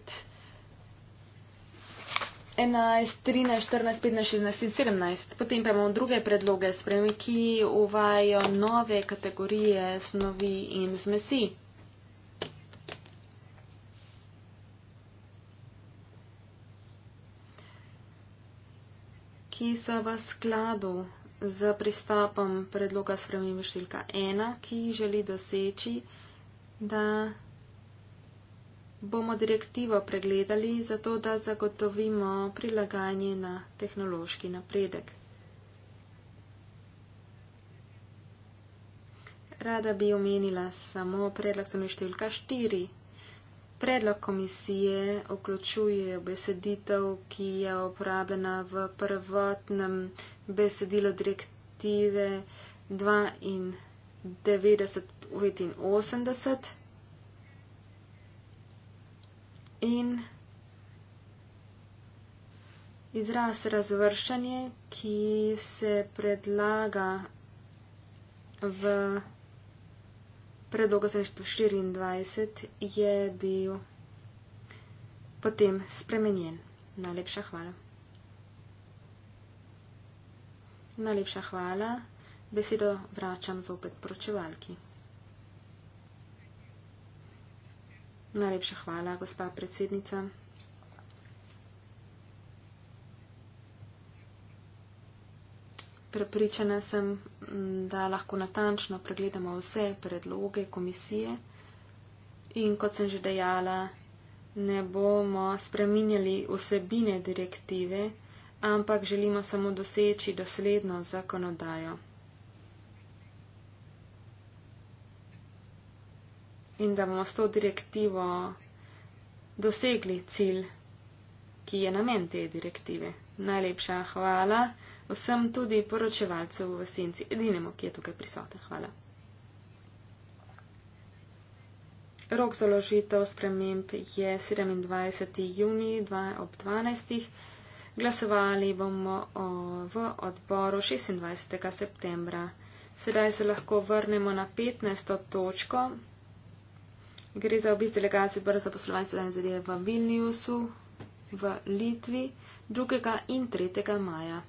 11, 13, 14, 15, 16 in 17. Potem pa imamo druge predloge spremi, ki uvajajo nove kategorije snovi in zmesi. ki so v skladu z pristopom predloga spremenjiva številka 1, ki želi doseči, da bomo direktivo pregledali, zato da zagotovimo prilagajanje na tehnološki napredek. Rada bi omenila samo predlog spremenjiva številka 4. Predlog komisije vključuje beseditev, ki je uporabljena v prvotnem besedilu direktive 9285 in izraz razvrščanje, ki se predlaga v pred 1824 je bil potem spremenjen. Najlepša hvala. Najlepša hvala. Besedo vračam zopet pročevalki. Najlepša hvala, gospa predsednica. Prepričana sem, da lahko natančno pregledamo vse predloge komisije in, kot sem že dejala, ne bomo spreminjali vsebine direktive, ampak želimo samo doseči dosledno zakonodajo. In da bomo s to direktivo dosegli cilj, ki je namen te direktive. Najlepša hvala vsem tudi poročevalcev v senci, edinemu, ki je tukaj prisoten. Hvala. Rok za ložitev sprememb je 27. juni ob 12. Glasovali bomo o, v odboru 26. septembra. Sedaj se lahko vrnemo na 15. točko. Gre za obisk delegacije odbora za poslovanje sodelovanja zadeve v Vilniusu v Litvi 2. in 3. maja.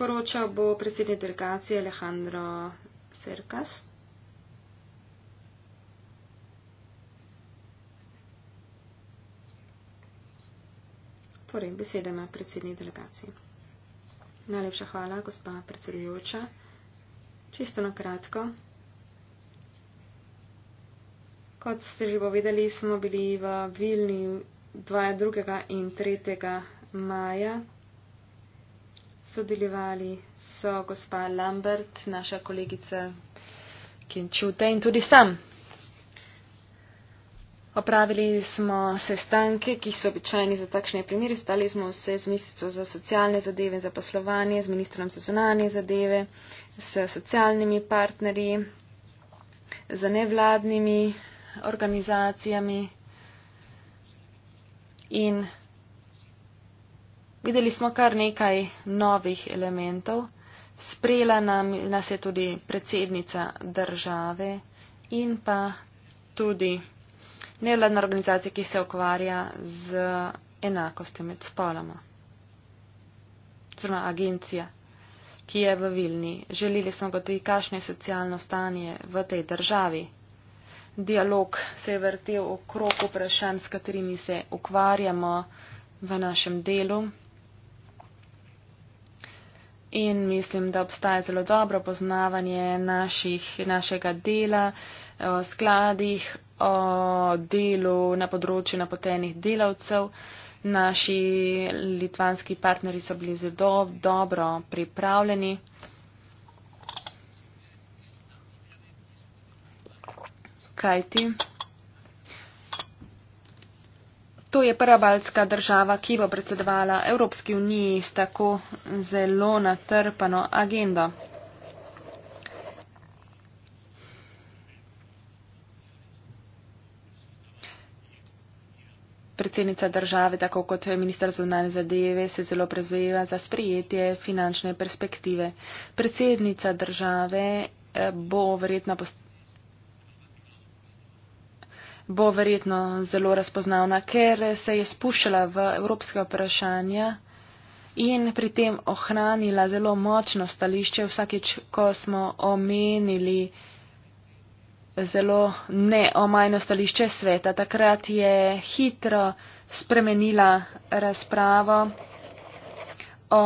poročal bo predsednik delegacije Alejandro Cercas. Torej, besede ima predsednik delegacije. Najlepša hvala, gospa predsedujoča. Čisto na kratko. Kot ste že povedali, smo bili v Vilni 22. in 3. maja sodelovali so gospa Lambert, naša kolegica Kinčute in tudi sam. Opravili smo sestanke, ki so običajni za takšne primere. Stali smo vse z ministrstvo za socialne zadeve in zaposlovanje, z ministrom za zunanje zadeve, s socialnimi partnerji, z nevladnimi organizacijami in Videli smo kar nekaj novih elementov. Sprejela nam, nas je tudi predsednica države in pa tudi nevladna organizacija, ki se ukvarja z enakostjo med spoloma. Crna agencija, ki je v Vilni. Želeli smo gotovi, kakšno je socialno stanje v tej državi. Dialog se je vrtel okrog vprašanj, s katerimi se ukvarjamo v našem delu, in mislim, da obstaja zelo dobro poznavanje naših, našega dela, o skladih, o delu na področju napotenih delavcev. Naši litvanski partneri so bili zelo dobro pripravljeni. Kajti? To je prva baltska država, ki bo predsedovala Evropski uniji s tako zelo natrpano agendo. Predsednica države, tako kot ministr zunanje zadeve, se zelo prezeva za sprijetje finančne perspektive. Predsednica države eh, bo verjetno postavila bo verjetno zelo razpoznavna, ker se je spuščala v evropske vprašanja in pri tem ohranila zelo močno stališče vsakeč, ko smo omenili zelo neomajno stališče sveta. Takrat je hitro spremenila razpravo o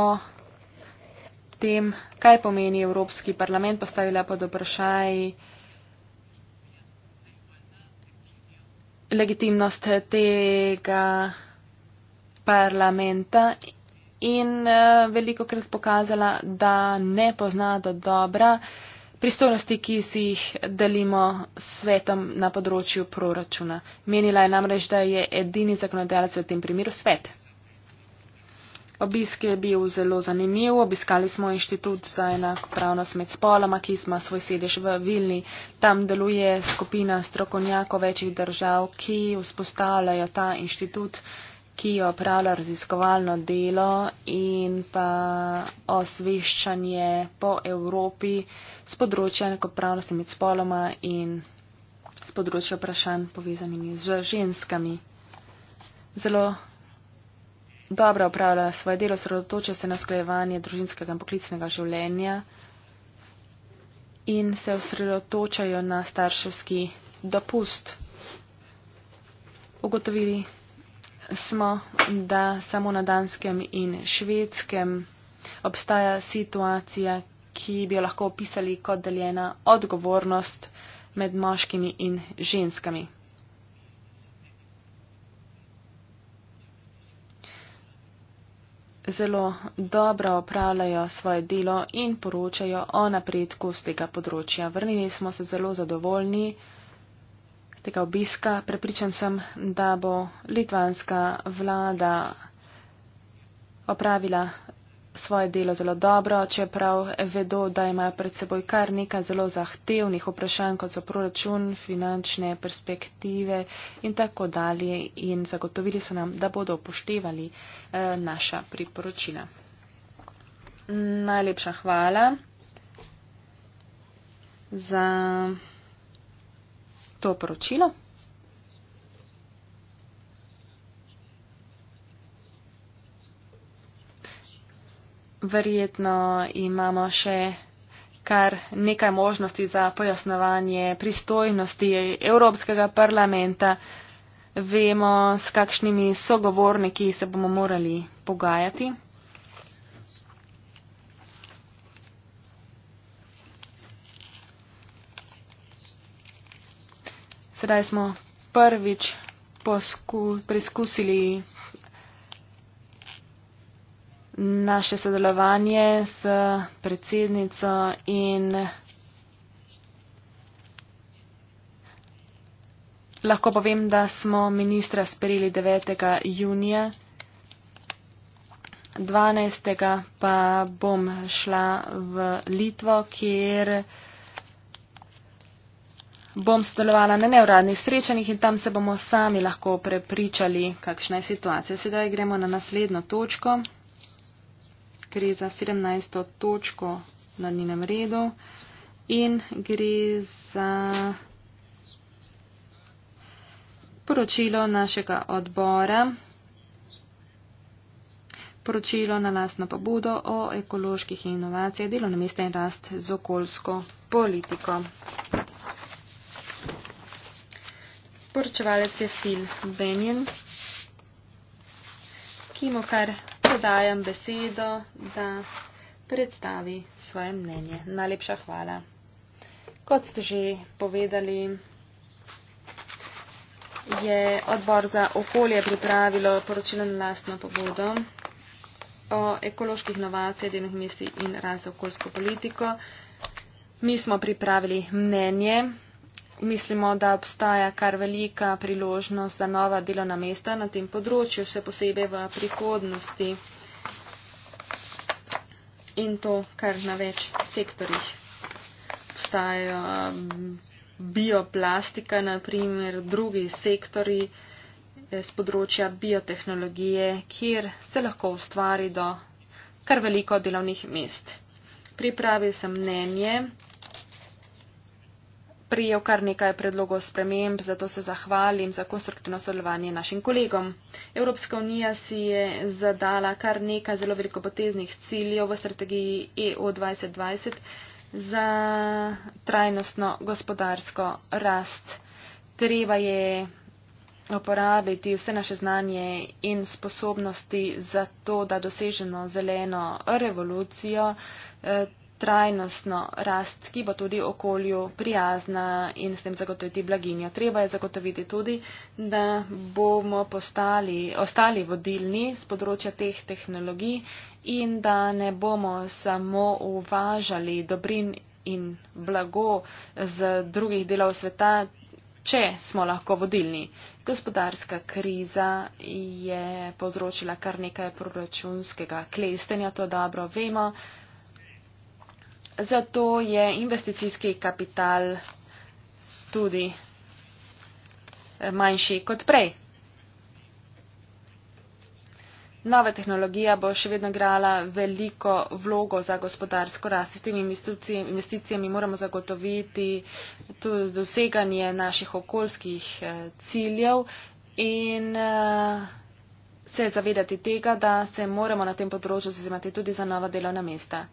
tem, kaj pomeni Evropski parlament, postavila pod vprašaj legitimnost tega parlamenta in eh, veliko krat pokazala, da ne pozna do dobra pristojnosti, ki si jih delimo s svetom na področju proračuna. Menila je namreč, da je edini zakonodajalec v tem primeru svet. Obisk je bil zelo zanimiv. Obiskali smo inštitut za enakopravnost med spoloma, ki ima svoj sedež v Vilni. Tam deluje skupina strokovnjakov večjih držav, ki vzpostavljajo ta inštitut, ki opravlja raziskovalno delo in pa osveščanje po Evropi s področja enakopravnosti med spoloma in s področja vprašanj povezanimi z ženskami. Zelo dobro opravlja svoje delo, sredotoča se na sklejevanje družinskega in poklicnega življenja in se osredotočajo na starševski dopust. Ugotovili smo, da samo na danskem in švedskem obstaja situacija, ki bi jo lahko opisali kot deljena odgovornost med moškimi in ženskami. zelo dobro opravljajo svoje delo in poročajo o napredku z tega področja. Vrnili smo se zelo zadovoljni z tega obiska. Prepričan sem, da bo litvanska vlada opravila svoje delo zelo dobro, čeprav vedo, da imajo pred seboj kar nekaj zelo zahtevnih vprašanj, kot so proračun, finančne perspektive in tako dalje. In zagotovili so nam, da bodo upoštevali eh, naša priporočila. Najlepša hvala za to poročilo. verjetno imamo še kar nekaj možnosti za pojasnovanje pristojnosti Evropskega parlamenta. Vemo, s kakšnimi sogovorniki se bomo morali pogajati. Sedaj smo prvič preizkusili naše sodelovanje s predsednico in lahko povem, da smo ministra sprejeli 9. junija. 12. pa bom šla v Litvo, kjer bom sodelovala na neuradnih srečanjih in tam se bomo sami lahko prepričali, kakšna je situacija. Sedaj gremo na naslednjo točko gre za 17. točko na njenem redu in gre za poročilo našega odbora, poročilo na lastno pobudo o ekoloških inovacijah, delovne mesta in rast z okoljsko politiko. Poročevalec je Phil Benjen, ki mu kar dajem besedo, da predstavi svoje mnenje. Najlepša hvala. Kot ste že povedali, je odbor za okolje pripravilo poročilo na lastno pobudo o ekoloških novacij, delnih misij in raz okoljsko politiko. Mi smo pripravili mnenje mislimo, da obstaja kar velika priložnost za nova delovna mesta na tem področju, vse posebej v prihodnosti in to kar na več sektorjih. Obstajajo um, bioplastika, naprimer drugi sektori z eh, področja biotehnologije, kjer se lahko ustvari do kar veliko delovnih mest. Pripravil sem mnenje prijel kar nekaj predlogov sprememb, zato se zahvalim za konstruktivno sodelovanje našim kolegom. Evropska unija si je zadala kar nekaj zelo velikopoteznih ciljev v strategiji EU 2020 za trajnostno gospodarsko rast. Treba je uporabiti vse naše znanje in sposobnosti za to, da doseženo zeleno revolucijo. Eh, trajnostno rast, ki bo tudi okolju prijazna in s tem zagotoviti blaginjo. Treba je zagotoviti tudi, da bomo postali, ostali vodilni z področja teh tehnologij in da ne bomo samo uvažali dobrin in blago z drugih delov sveta, če smo lahko vodilni. Gospodarska kriza je povzročila kar nekaj proračunskega klestenja, to dobro vemo. Zato je investicijski kapital tudi eh, manjši kot prej. Nova tehnologija bo še vedno igrala veliko vlogo za gospodarsko rast. S temi investicijami moramo zagotoviti tudi doseganje naših okoljskih eh, ciljev in eh, se zavedati tega, da se moramo na tem področju zazimati tudi za nova delovna mesta.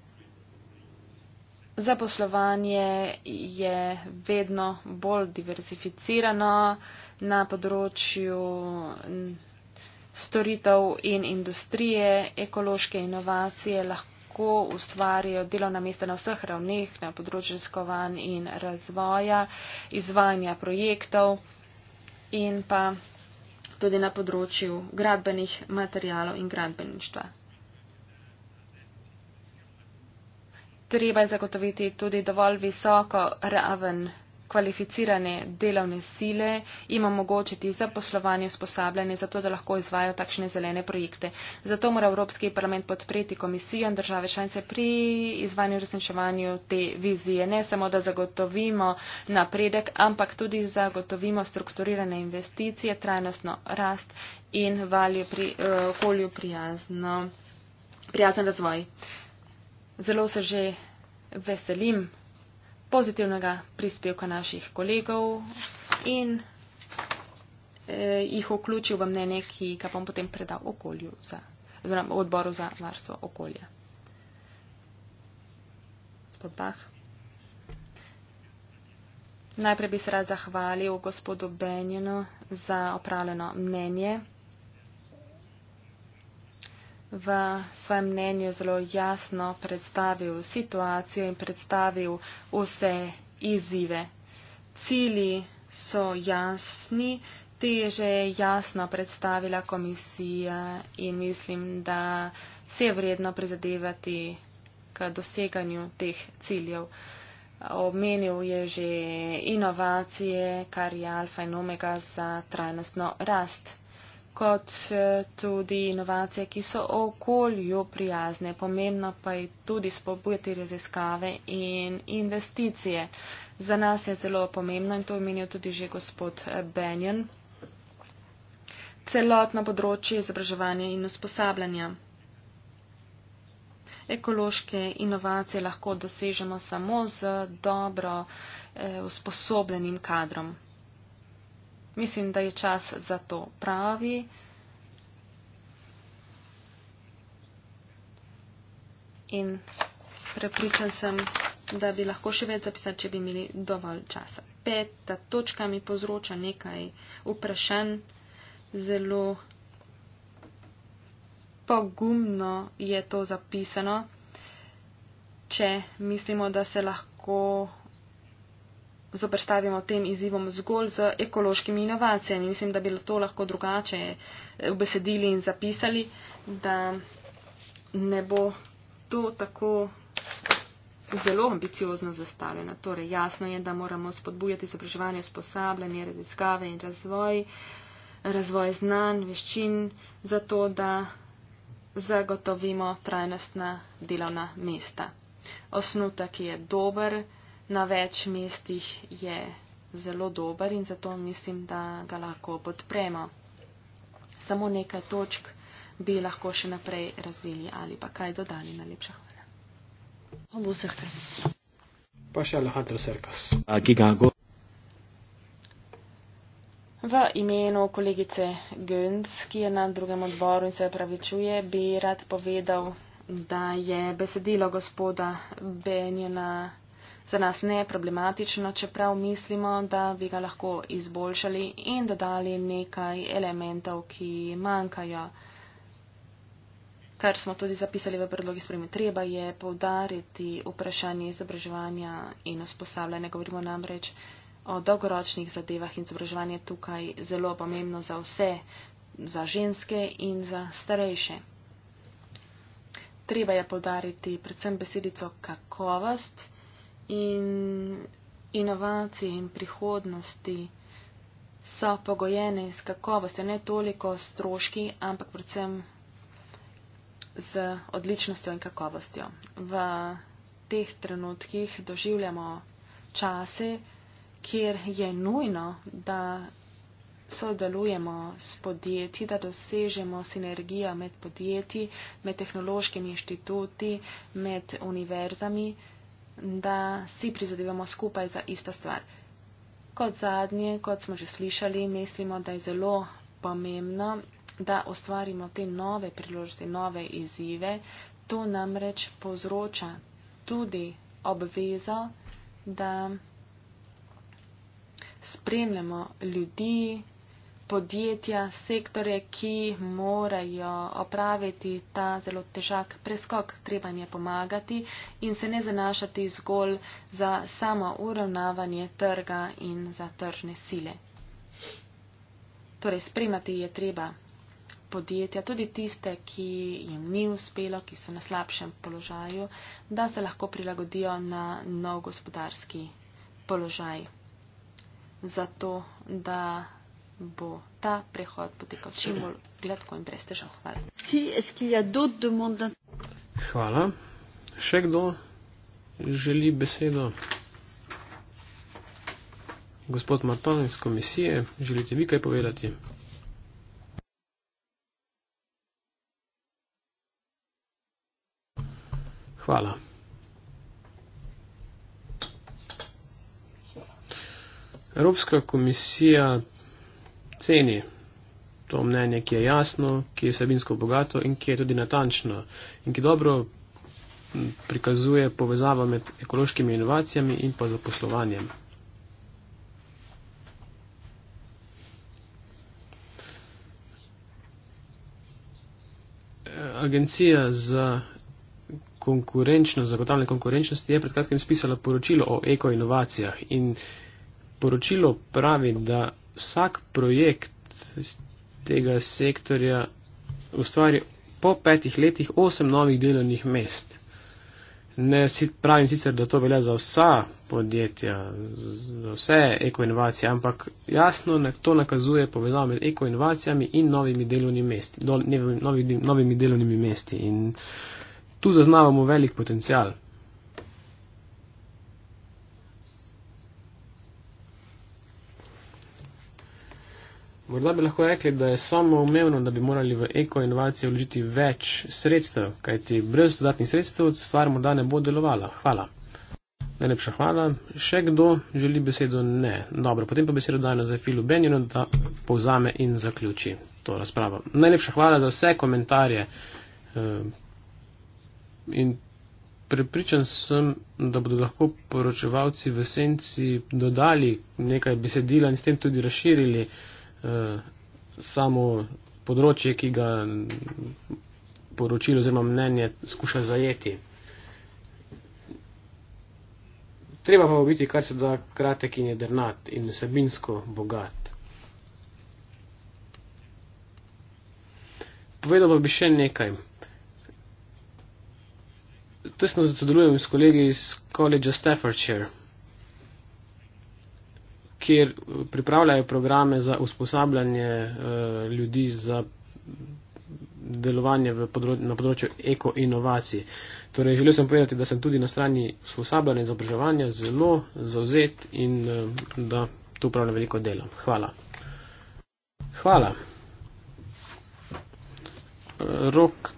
Zaposlovanje je vedno bolj diversificirano na področju storitev in industrije. Ekološke inovacije lahko ustvarijo delovna mesta na vseh ravneh, na področju skovanj in razvoja, izvajanja projektov in pa tudi na področju gradbenih materijalov in gradbeništva. treba je zagotoviti tudi dovolj visoko raven kvalificirane delovne sile in omogočiti zaposlovanje usposabljanje, zato da lahko izvajo takšne zelene projekte. Zato mora Evropski parlament podpreti komisijo in države šance pri izvajanju in resničevanju te vizije. Ne samo, da zagotovimo napredek, ampak tudi zagotovimo strukturirane investicije, trajnostno rast in valje pri eh, okolju prijazno, prijazen razvoj zelo se že veselim pozitivnega prispevka naših kolegov in eh, jih vključil v mnenje, ki ga bom potem predal za, oziroma, odboru za varstvo okolja. Gospod Bah. Najprej bi se rad zahvalil gospodu Benjenu za opravljeno mnenje v svojem mnenju zelo jasno predstavil situacijo in predstavil vse izzive. Cili so jasni, te je že jasno predstavila komisija in mislim, da se je vredno prizadevati k doseganju teh ciljev. Omenil je že inovacije, kar je alfa in omega za trajnostno rast kot eh, tudi inovacije, ki so okolju prijazne. Pomembno pa je tudi spobujati raziskave in investicije. Za nas je zelo pomembno in to omenil tudi že gospod eh, Benjen. Celotno področje izobraževanja in usposabljanja. Ekološke inovacije lahko dosežemo samo z dobro eh, usposobljenim kadrom. Mislim, da je čas za to pravi. In prepričan sem, da bi lahko še več zapisali, če bi imeli dovolj časa. Peta točka mi povzroča nekaj vprašanj. Zelo pogumno je to zapisano, če mislimo, da se lahko zoprstavimo tem izzivom zgolj z ekološkimi inovacijami. Mislim, da bi to lahko drugače obesedili eh, in zapisali, da ne bo to tako zelo ambiciozno zastavljeno. Torej, jasno je, da moramo spodbujati izobraževanje, usposabljanje, raziskave in razvoj, razvoj znanj, veščin, zato da zagotovimo trajnostna delovna mesta. Osnutek je dober, na več mestih je zelo dober in zato mislim, da ga lahko podpremo. Samo nekaj točk bi lahko še naprej razvili ali pa kaj dodali. Najlepša hvala. V imenu kolegice Gönc, ki je na drugem odboru in se pravi čuje, bi rad povedal, da je besedilo gospoda Benjena za nas neproblematično, čeprav mislimo, da bi ga lahko izboljšali in dodali nekaj elementov, ki manjkajo, kar smo tudi zapisali v predlogi spremi. Treba je povdariti vprašanje izobraževanja in usposabljanja. Govorimo namreč o dolgoročnih zadevah in izobraževanje tukaj zelo pomembno za vse, za ženske in za starejše. Treba je podariti predvsem besedico kakovost in inovacije in prihodnosti so pogojene s kakovostjo, ne toliko s stroški, ampak predvsem z odličnostjo in kakovostjo. V teh trenutkih doživljamo čase, kjer je nujno, da sodelujemo s podjetji, da dosežemo sinergijo med podjetji, med tehnološkimi inštituti, med univerzami, da si prizadevamo skupaj za ista stvar. Kot zadnje, kot smo že slišali, mislimo, da je zelo pomembno, da ustvarimo te nove priložnosti, nove izzive. To namreč povzroča tudi obvezo, da spremljamo ljudi, podjetja, sektore, ki morajo opraviti ta zelo težak preskok. Treba jim je pomagati in se ne zanašati zgolj za samo uravnavanje trga in za tržne sile. Torej, spremati je treba podjetja, tudi tiste, ki jim ni uspelo, ki so na slabšem položaju, da se lahko prilagodijo na nov gospodarski položaj. Zato, da bo ta prehod potekal čim bolj gladko in brez težav. Hvala. Ja Hvala. Še kdo želi besedo? Gospod Marton iz komisije, želite vi kaj povedati? Hvala. Evropska komisija ceni to mnenje, ki je jasno, ki je sabinsko bogato in ki je tudi natančno in ki dobro prikazuje povezavo med ekološkimi inovacijami in pa zaposlovanjem. Agencija za konkurenčnost, zagotavljanje konkurenčnosti je pred kratkim spisala poročilo o ekoinovacijah in poročilo pravi, da vsak projekt iz tega sektorja ustvari po petih letih osem novih delovnih mest. Ne pravim sicer, da to velja za vsa podjetja, za vse ekoinovacije, ampak jasno to nakazuje povezavo med ekoinovacijami in novimi delovnimi mesti. Do, ne, novi, novimi delovnimi mesti. In tu zaznavamo velik potencial. Morda bi lahko rekli, da je samo umevno, da bi morali v ekoinovacije vložiti več sredstev, kajti brez dodatnih sredstev stvar morda ne bo delovala. Hvala. Najlepša hvala. Še kdo želi besedo? Ne. Dobro, potem pa besedo dajem za Filu Benjino, da povzame in zaključi to razpravo. Najlepša hvala za vse komentarje. Eh, in prepričan sem, da bodo lahko poročevalci v senci dodali nekaj besedila in s tem tudi razširili. Eh, samo področje, ki ga poročilo oziroma mnenje skuša zajeti. Treba pa biti kar se da kratek in jedrnat in vsebinsko bogat. Povedal bi še nekaj. Tesno sodelujem s kolegi iz College of Staffordshire kjer eh, pripravljajo programe za usposabljanje eh, ljudi za delovanje področju, na področju ekoinovacij. Torej, želel sem povedati, da sem tudi na strani usposabljanja in izobraževanja zelo zauzet in eh, da tu upravljam veliko dela. Hvala. Hvala. Rok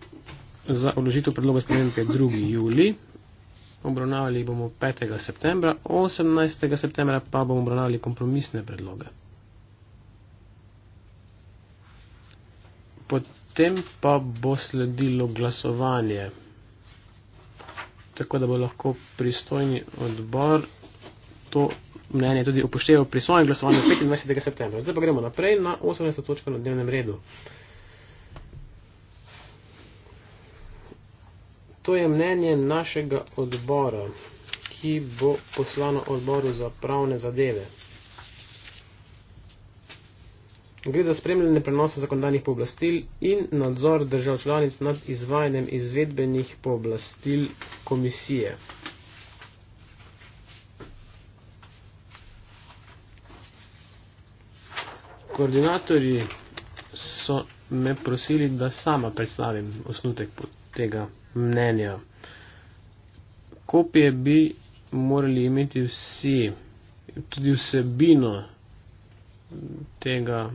za odložitev predloga spremembe je 2. juli obravnavali bomo 5. septembra, 18. septembra pa bomo obravnavali kompromisne predloge. Potem pa bo sledilo glasovanje, tako da bo lahko pristojni odbor to mnenje tudi upošteval pri svojem glasovanju 25. septembra. Zdaj pa gremo naprej na 18. točko na dnevnem redu. To je mnenje našega odbora, ki bo poslano odboru za pravne zadeve. Gre za spremljanje prenosa zakonodajnih pooblastil in nadzor držav članic nad izvajanjem izvedbenih pooblastil komisije. Koordinatorji so me prosili, da sama predstavim osnutek tega mnenja. Kopije bi morali imeti vsi, tudi vsebino tega,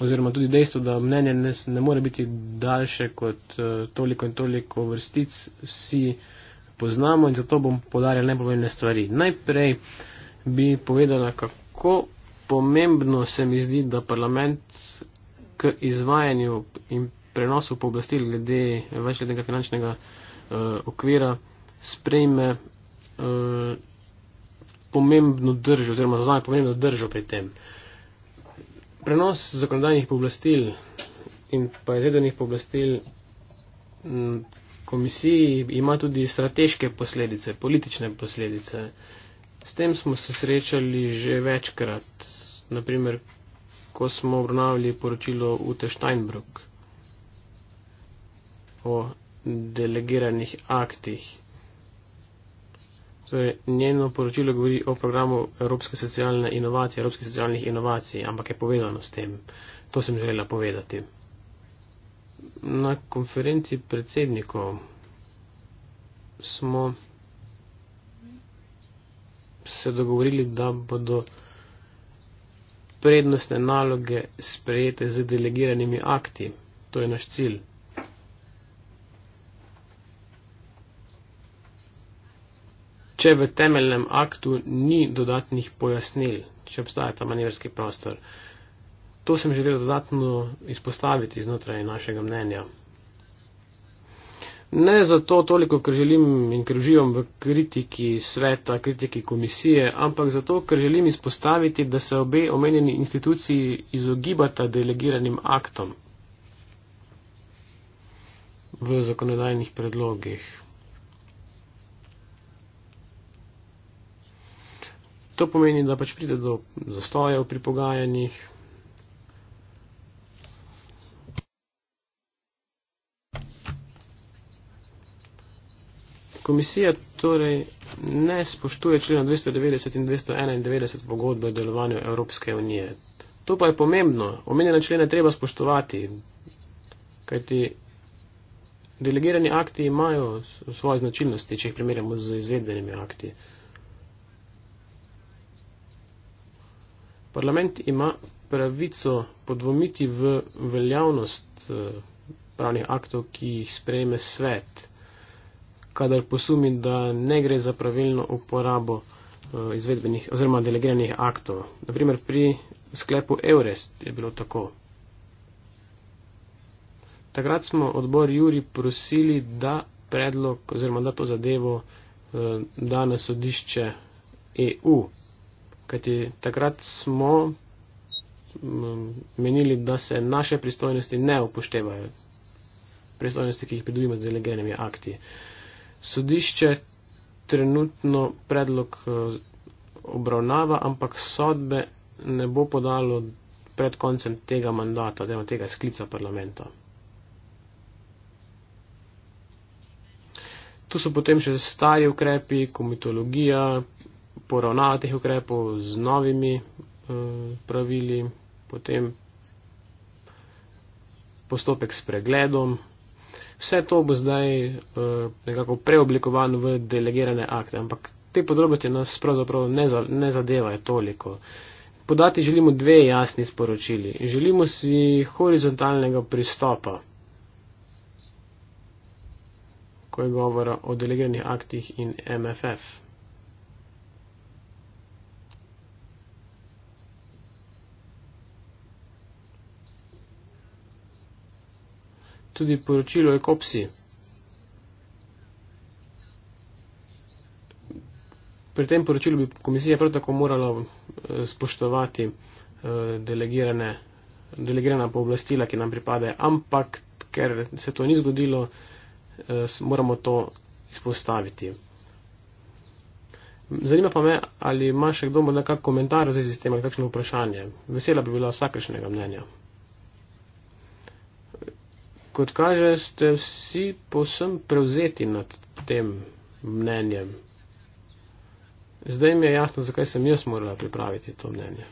oziroma tudi dejstvo, da mnenje ne, ne more biti daljše kot eh, toliko in toliko vrstic, vsi poznamo in zato bom podarjal najpomembne stvari. Najprej bi povedala, kako pomembno se mi zdi, da parlament k izvajanju in prenosu pooblastil glede večletnega finančnega uh, okvira sprejme uh, pomembno držo oziroma zaznane pomembno držo pri tem. Prenos zakonodajnih pooblastil in pa izvedenih pooblastil komisiji ima tudi strateške posledice, politične posledice. S tem smo se srečali že večkrat, naprimer, ko smo obravnavali poročilo Ute Steinbrück o delegiranih aktih. Torej, njeno poročilo govori o programu Evropske socialne inovacije, Evropske socialnih inovacij, ampak je povezano s tem. To sem želela povedati. Na konferenci predsednikov smo se dogovorili, da bodo prednostne naloge sprejete z delegiranimi akti. To je naš cilj. če v temeljnem aktu ni dodatnih pojasnil, če obstaja ta manevrski prostor. To sem želel dodatno izpostaviti znotraj našega mnenja. Ne zato toliko, ker želim in ker uživam v kritiki sveta, kritiki komisije, ampak zato, ker želim izpostaviti, da se obe omenjeni instituciji izogibata delegiranim aktom v zakonodajnih predlogih. To pomeni, da pač pride do zastojev pri pogajanjih. Komisija torej ne spoštuje člena 290 in 291 pogodbe o delovanju Evropske unije. To pa je pomembno. Omenjene člene treba spoštovati, kajti delegirani akti imajo svoje značilnosti, če jih primerjamo z izvedbenimi akti. Parlament ima pravico podvomiti v veljavnost eh, pravnih aktov, ki jih sprejme svet, kadar posumi, da ne gre za pravilno uporabo eh, izvedbenih oziroma delegiranih aktov. Naprimer, pri sklepu Eurest je bilo tako. Takrat smo odbor Juri prosili, da predlog oziroma da to zadevo eh, da na sodišče EU kajti takrat smo mm, menili, da se naše pristojnosti ne upoštevajo, pristojnosti, ki jih pridobimo z delegiranimi akti. Sodišče trenutno predlog eh, obravnava, ampak sodbe ne bo podalo pred koncem tega mandata oziroma tega sklica parlamenta. Tu so potem še stari ukrepi, komitologija, poravnava teh ukrepov z novimi e, pravili, potem postopek s pregledom. Vse to bo zdaj e, nekako preoblikovan v delegirane akte, ampak te podrobnosti nas pravzaprav ne, za, ne zadevajo toliko. Podati želimo dve jasni sporočili. Želimo si horizontalnega pristopa, ko je govora o delegiranih aktih in MFF. tudi poročilo Ekopsi. Pri tem poročilu bi komisija prav tako morala eh, spoštovati eh, delegirana pooblastila, ki nam pripade, ampak ker se to ni zgodilo, eh, moramo to izpostaviti. Zanima pa me, ali ima še kdo morda kak komentar v zvezi s tem ali kakšno vprašanje. Vesela bi bila vsakršnega mnenja kot kaže, ste vsi posem prevzeti nad tem mnenjem. Zdaj mi je jasno, zakaj sem jaz morala pripraviti to mnenje.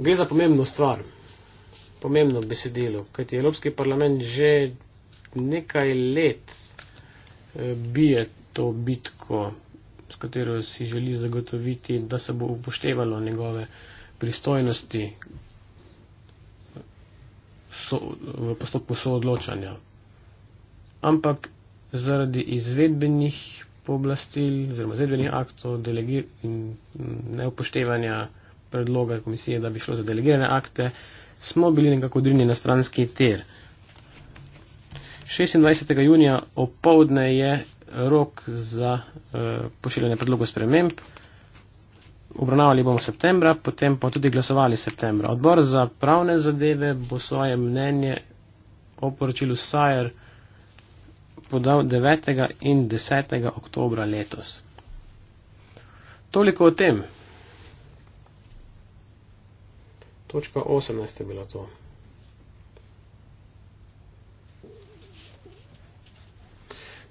Gre za pomembno stvar, pomembno besedilo, kajti Evropski parlament že nekaj let eh, bije to bitko s katero si želi zagotoviti, da se bo upoštevalo njegove pristojnosti so, v postopku soodločanja. Ampak zaradi izvedbenih pooblastil oziroma izvedbenih aktov in neupoštevanja predloga komisije, da bi šlo za delegirane akte, smo bili nekako odrinjeni na stranski ter. 26. junija opovdne je rok za eh, pošiljanje predlogov sprememb. Obravnavali bomo septembra, potem pa tudi glasovali septembra. Odbor za pravne zadeve bo svoje mnenje o poročilu SAJR podal 9. in 10. oktobra letos. Toliko o tem. Točka 18 je bila to.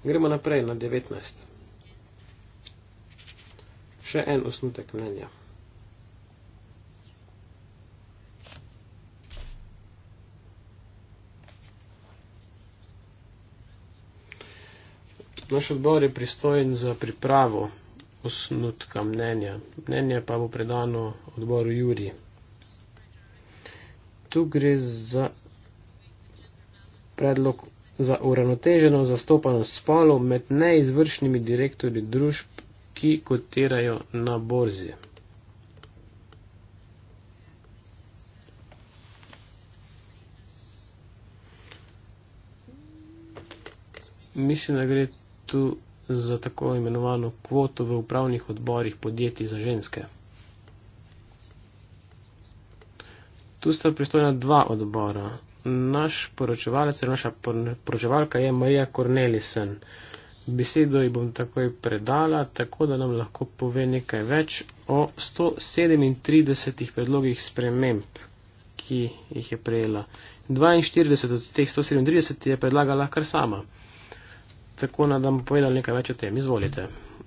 Gremo naprej na 19. Še en osnutek mnenja. Naš odbor je pristojen za pripravo osnutka mnenja. Mnenje pa bo predano odboru Juri. Tu gre za predlog za uravnoteženo zastopanost spolov med neizvršnimi direktorji družb, ki kotirajo na borzi. Mislim, da gre tu za tako imenovano kvoto v upravnih odborih podjetij za ženske. Tu sta pristojna dva odbora, Naš poročevalec, torej naša poročevalka je Marija Kornelisen. Besedo ji bom takoj predala, tako da nam lahko pove nekaj več o 137 predlogih sprememb, ki jih je prejela. 42 od teh 137 je predlagala kar sama. Tako da nam bo povedala nekaj več o tem. Izvolite.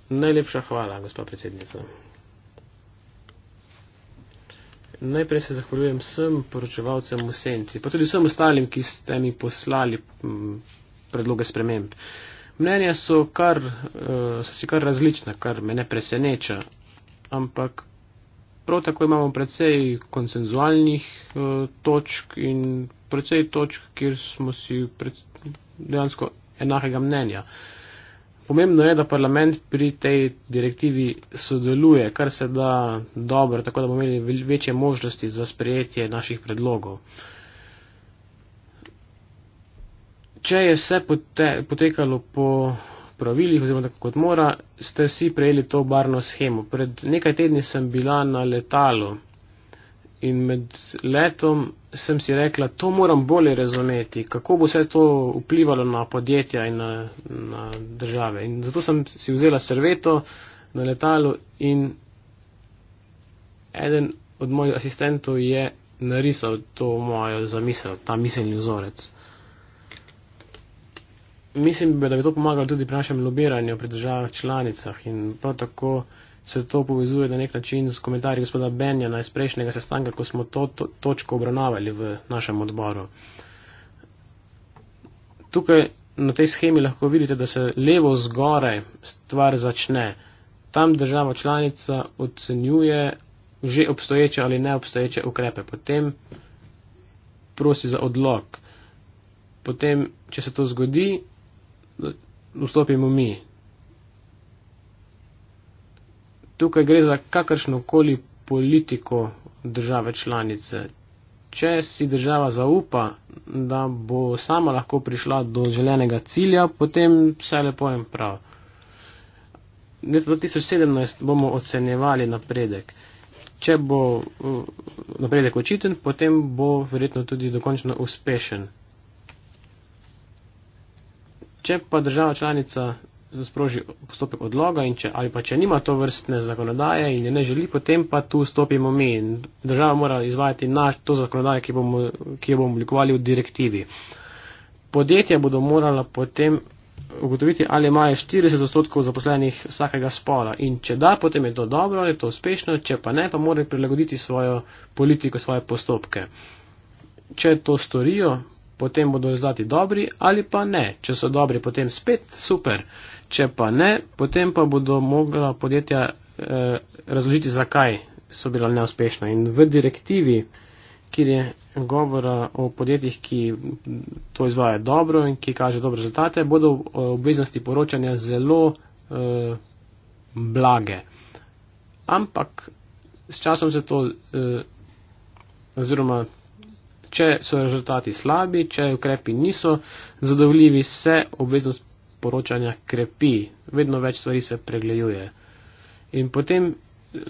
Najlepša hvala, gospod predsednica. Najprej se zahvaljujem vsem poročevalcem v senci, pa tudi vsem ostalim, ki ste mi poslali mm, predloge sprememb. Mnenja so, kar, eh, so si kar različna, kar me ne preseneča, ampak prav tako imamo precej konsenzualnih eh, točk in precej točk, kjer smo si dejansko enakega mnenja. Uh, Pomembno je, da parlament pri tej direktivi sodeluje, kar se da dobro, tako da bomo imeli večje možnosti za sprejetje naših predlogov. Če je vse pote potekalo po pravilih oziroma tako kot mora, ste vsi prejeli to barno schemo. Pred nekaj tedni sem bila na letalu in med letom sem si rekla, to moram bolje razumeti, kako bo vse to vplivalo na podjetja in na, na države. In zato sem si vzela serveto na letalu in eden od mojih asistentov je narisal to mojo zamisel, ta miselni vzorec. Mislim, da bi to pomagalo tudi pri našem lobiranju pri državah članicah in prav tako uh, se to povezuje na nek način s komentarji gospoda Benja na izprejšnjega sestanka, ko smo to, to točko obravnavali v našem odboru. Tukaj na tej schemi lahko vidite, da se levo zgoraj stvar začne. Tam država članica ocenjuje že obstoječe ali neobstoječe ukrepe, potem prosi za odlog. Potem, če se to zgodi, vstopimo mi, tukaj gre za kakršno koli politiko države članice. Če si država zaupa, da bo sama lahko prišla do želenega cilja, potem vse lepo in prav. Leta 2017 bomo ocenjevali napredek. Če bo uh, napredek očiten, potem bo verjetno tudi dokončno uspešen. Če pa država članica sproži postopek odloga in če ali pa če nima to vrstne zakonodaje in je ne želi, potem pa tu stopimo mi in država mora izvajati naš to zakonodaje, ki, bomo, ki jo bomo oblikovali v direktivi. Podjetja bodo morala potem ugotoviti, ali imajo 40 odstotkov zaposlenih vsakega spola in če da, potem je to dobro, je to uspešno, če pa ne, pa morajo prilagoditi svojo politiko, svoje postopke. Če to storijo, potem bodo rezultati dobri ali pa ne. Če so dobri, potem spet super. Če pa ne, potem pa bodo mogla podjetja eh, razložiti, zakaj so bila neuspešna. In v direktivi, kjer je govora o podjetjih, ki to izvaja dobro in ki kaže dobre rezultate, bodo eh, obveznosti poročanja zelo eh, blage. Ampak s časom se to, eh, oziroma če so rezultati slabi, če ukrepi niso zadovoljivi, se obveznost poročanja poročanja krepi, vedno več stvari se pregleduje. In potem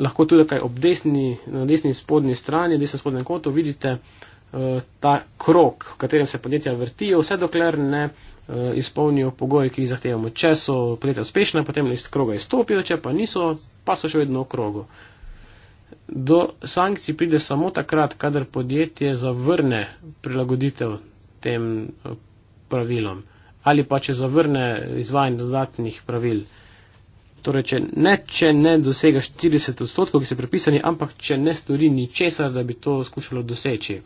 lahko tudi kaj ob desni, na desni spodnji strani, desni spodnjem kotu vidite eh, ta krok, v katerem se podjetja vrtijo, vse dokler ne eh, izpolnijo pogoje, ki jih zahtevamo. Če so podjetja uspešna, potem iz kroga izstopijo, če pa niso, pa so še vedno v krogu. Do sankcij pride samo takrat, kadar podjetje zavrne prilagoditev tem eh, pravilom ali pa če zavrne izvajanje dodatnih pravil. Torej, če ne, če ne dosega 40 odstotkov, ki so prepisani, ampak če ne stori ničesar, da bi to skušalo doseči.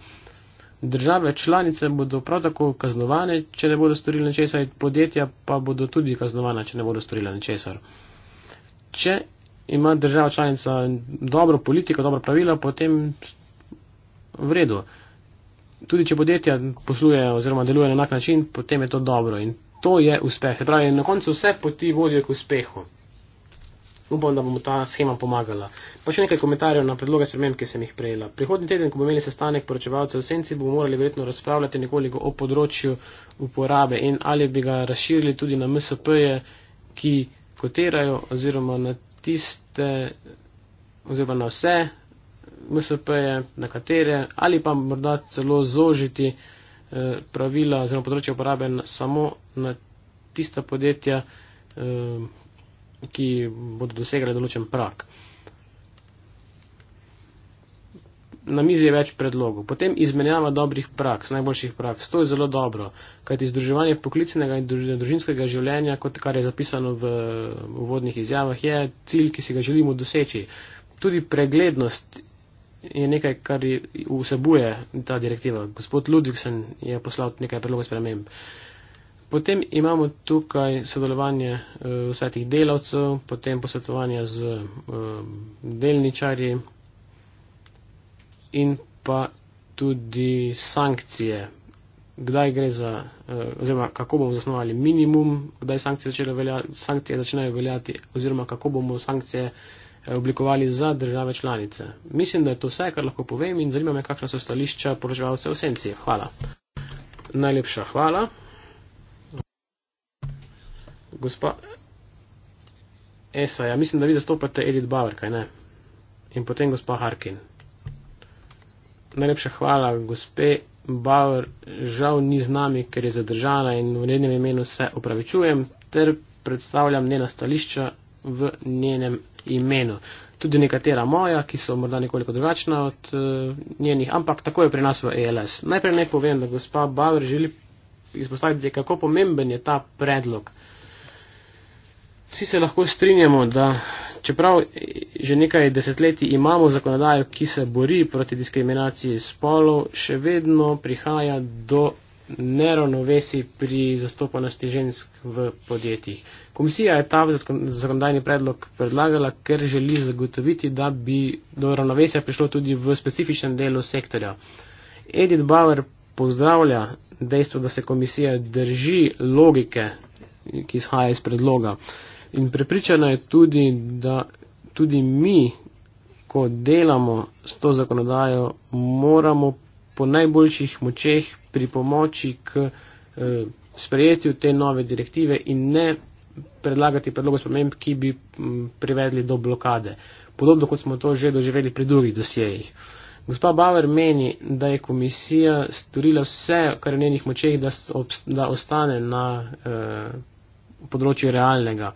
Države članice bodo prav tako kaznovane, če ne bodo storili ničesar, podjetja pa bodo tudi kaznovana, če ne bodo storila ničesar. Če ima država članica dobro politiko, dobro pravila, potem v redu tudi če podjetja poslujejo oziroma delujejo na enak način, potem je to dobro in to je uspeh. Se pravi, na koncu vse poti vodijo k uspehu. Upam, da bomo ta schema pomagala. Pa še nekaj komentarjev na predloge sprememb, ki sem jih prejela. Prihodni teden, ko bomo imeli sestanek poročevalcev v Senci, bomo morali verjetno razpravljati nekoliko o področju uporabe in ali bi ga razširili tudi na MSP-je, ki kotirajo oziroma na tiste oziroma na vse MSP-je, na katere ali pa morda celo zožiti eh, pravila oziroma področje uporabe samo na tista podjetja, eh, ki bodo dosegali določen prak. Na mizi je več predlogov. Potem izmenjava dobrih praks, najboljših praks. To je zelo dobro, kajti združevanje poklicnega in družinskega življenja, kot kar je zapisano v uvodnih izjavah, je cilj, ki si ga želimo doseči. Tudi preglednost je nekaj, kar vsebuje ta direktiva. Gospod Ludvigsen je poslal nekaj predlogov sprememb. Potem imamo tukaj sodelovanje uh, svetih delavcev, potem posvetovanje z uh, delničarji in pa tudi sankcije. Kdaj gre za, uh, oziroma kako bomo zasnovali minimum, kdaj sankcije, veljati, sankcije začnejo veljati, oziroma kako bomo sankcije uh, Eh, oblikovali za države članice. Mislim, da je to vse, kar lahko povem in zanima me, kakšna so stališča poroževalcev v senci. Hvala. Najlepša hvala. Gospa Esa, ja mislim, da vi zastopate Edith Bauer, kaj ne? In potem gospa Harkin. Najlepša hvala, gospe Bauer, žal ni z nami, ker je zadržana in v njenem imenu se opravičujem, ter predstavljam njena stališča v njenem imenu imenu. Tudi nekatera moja, ki so morda nekoliko drugačna od uh, njenih, ampak tako je pri nas v ELS. Najprej naj povem, da gospa Bauer želi izpostaviti, kako pomemben je ta predlog. Vsi se lahko strinjamo, da čeprav že nekaj desetletij imamo zakonodajo, ki se bori proti diskriminaciji spolov, še vedno prihaja do neravnovesi pri zastopanosti žensk v podjetjih. Komisija je ta zakonodajni predlog predlagala, ker želi zagotoviti, da bi do ravnovesja prišlo tudi v specifičnem delu sektorja. Edith Bauer pozdravlja dejstvo, da se komisija drži logike, ki izhaja iz predloga. In prepričana je tudi, da tudi mi, ko delamo s to zakonodajo, moramo po najboljših močeh pripomoči k eh, sprejetju te nove direktive in ne predlagati predlogov sprememb, ki bi privedli do blokade. Podobno kot smo to že doživeli pri drugih dosjejih. Gospa Bauer meni, da je komisija storila vse, kar je v njenih močeh, da, da ostane na eh, področju realnega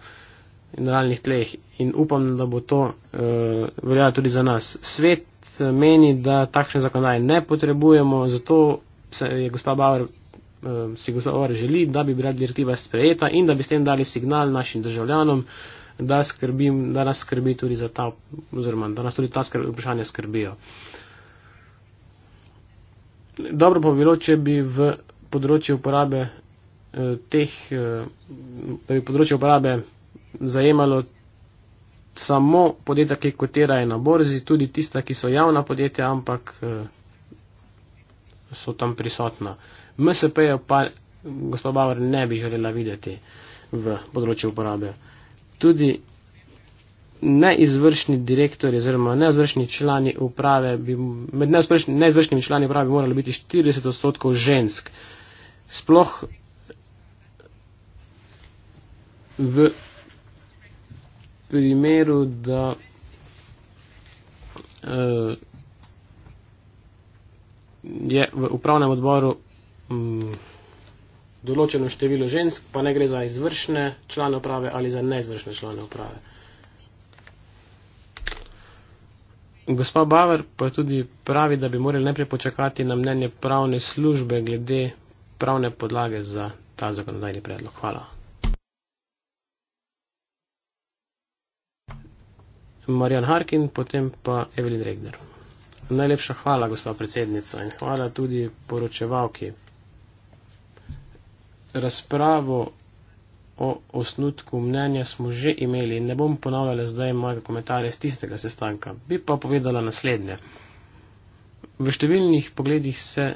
in realnih tleh in upam, da bo to eh, veljalo tudi za nas. Svet eh, meni, da takšne zakonodaje ne potrebujemo, zato se je gospa Bauer, eh, si gospa Bauer želi, da bi bila direktiva sprejeta in da bi s tem dali signal našim državljanom, da, skrbim, da nas skrbi tudi za ta, oziroma da nas tudi ta skrb, vprašanja skrbijo. Dobro pa bi bilo, če bi v področju uporabe eh, teh, da eh, bi področje uporabe zajemalo samo podjetja, ki kotirajo na borzi, tudi tista, ki so javna podjetja, ampak so tam prisotna. MSP-jev pa gospod Bauer ne bi želela videti v področju uporabe. Tudi neizvršni direktori oziroma neizvršni člani uprave, bi, med neizvršnimi člani uprave bi moralo biti 40 odstotkov žensk. Sploh v primeru, da. Uh, je v upravnem odboru mm, določeno število žensk, pa ne gre za izvršne člane uprave ali za neizvršne člane uprave. Gospa Bavar pa tudi pravi, da bi morali najprej počakati na mnenje pravne službe glede pravne podlage za ta zakonodajni predlog. Hvala. Marjan Harkin, potem pa Evelyn Regner. Najlepša hvala, gospa predsednica, in hvala tudi poročevalki. Razpravo o osnutku mnenja smo že imeli in ne bom ponavljala zdaj mojega komentarja z tistega sestanka. Bi pa povedala naslednje. V številnih pogledih se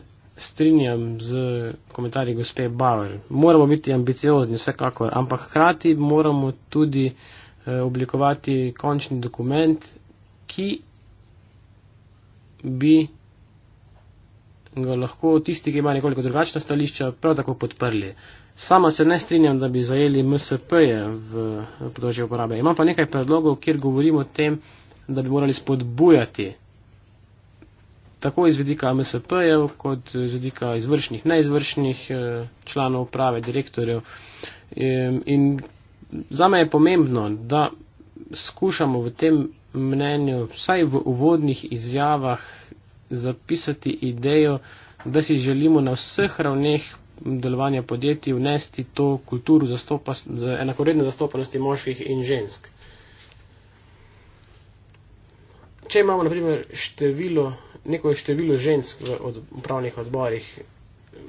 strinjam z komentarji gospe Bauer. Moramo biti ambiciozni, vsekakor, ampak hkrati moramo tudi eh, oblikovati končni dokument, ki bi ga lahko tisti, ki ima nekoliko drugačna stališča, prav tako podprli. Sama se ne strinjam, da bi zajeli MSP-je v področju uporabe. Imam pa nekaj predlogov, kjer govorimo o tem, da bi morali spodbujati tako iz vidika MSP-jev, kot iz vidika izvršnih, neizvršnih eh, članov uprave, direktorjev. Ehm, in zame je pomembno, da skušamo v tem mnenju, vsaj v uvodnih izjavah, zapisati idejo, da si želimo na vseh ravneh delovanja podjetij vnesti to kulturo za enakoredne zastopanosti moških in žensk. Če imamo naprimer število, neko število žensk v upravnih odborih,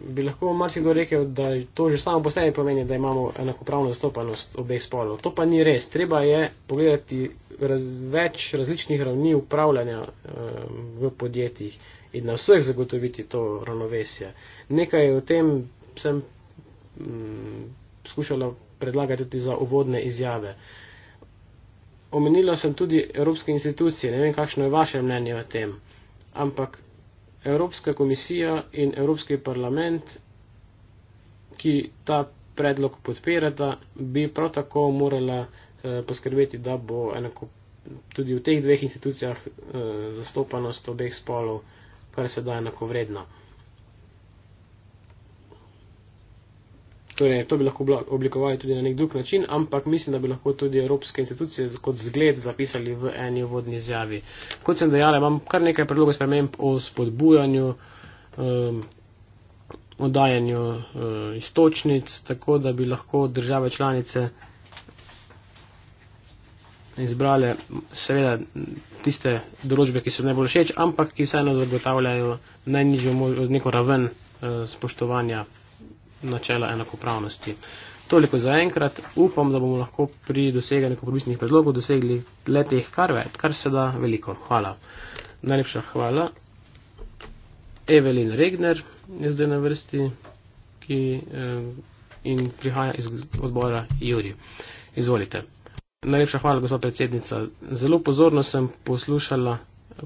bi lahko marsikdo rekel, da to že samo po sebi pomeni, da imamo enakopravno zastopanost obeh spolov. To pa ni res. Treba je pogledati raz, več različnih ravni upravljanja um, v podjetjih in na vseh zagotoviti to ravnovesje. Nekaj o tem sem um, skušala predlagati tudi za uvodne izjave. Omenila sem tudi evropske institucije. Ne vem, kakšno je vaše mnenje o tem. Ampak Evropska komisija in Evropski parlament, ki ta predlog podpirata, bi prav tako morala eh, poskrbeti, da bo enako tudi v teh dveh institucijah eh, zastopanost obeh spolov kar se da enako vredno. Torej, to bi lahko oblikovali tudi na nek drug način, ampak mislim, da bi lahko tudi evropske institucije kot zgled zapisali v eni vodni izjavi. Kot sem dejala, imam kar nekaj predlogov sprememb o spodbujanju, eh, um, o dajanju eh, uh, istočnic, tako da bi lahko države članice izbrale seveda tiste določbe, ki so najbolj všeč, ampak ki vseeno zagotavljajo najnižjo neko raven eh, spoštovanja načela enakopravnosti. Toliko za enkrat, upam, da bomo lahko pri doseganju kompromisnih predlogov dosegli le teh kar več, kar se da veliko. Hvala. Najlepša hvala. Evelin Regner je zdaj na vrsti ki, eh, in prihaja iz odbora Juri. Izvolite. Najlepša hvala, gospod predsednica. Zelo pozorno sem poslušala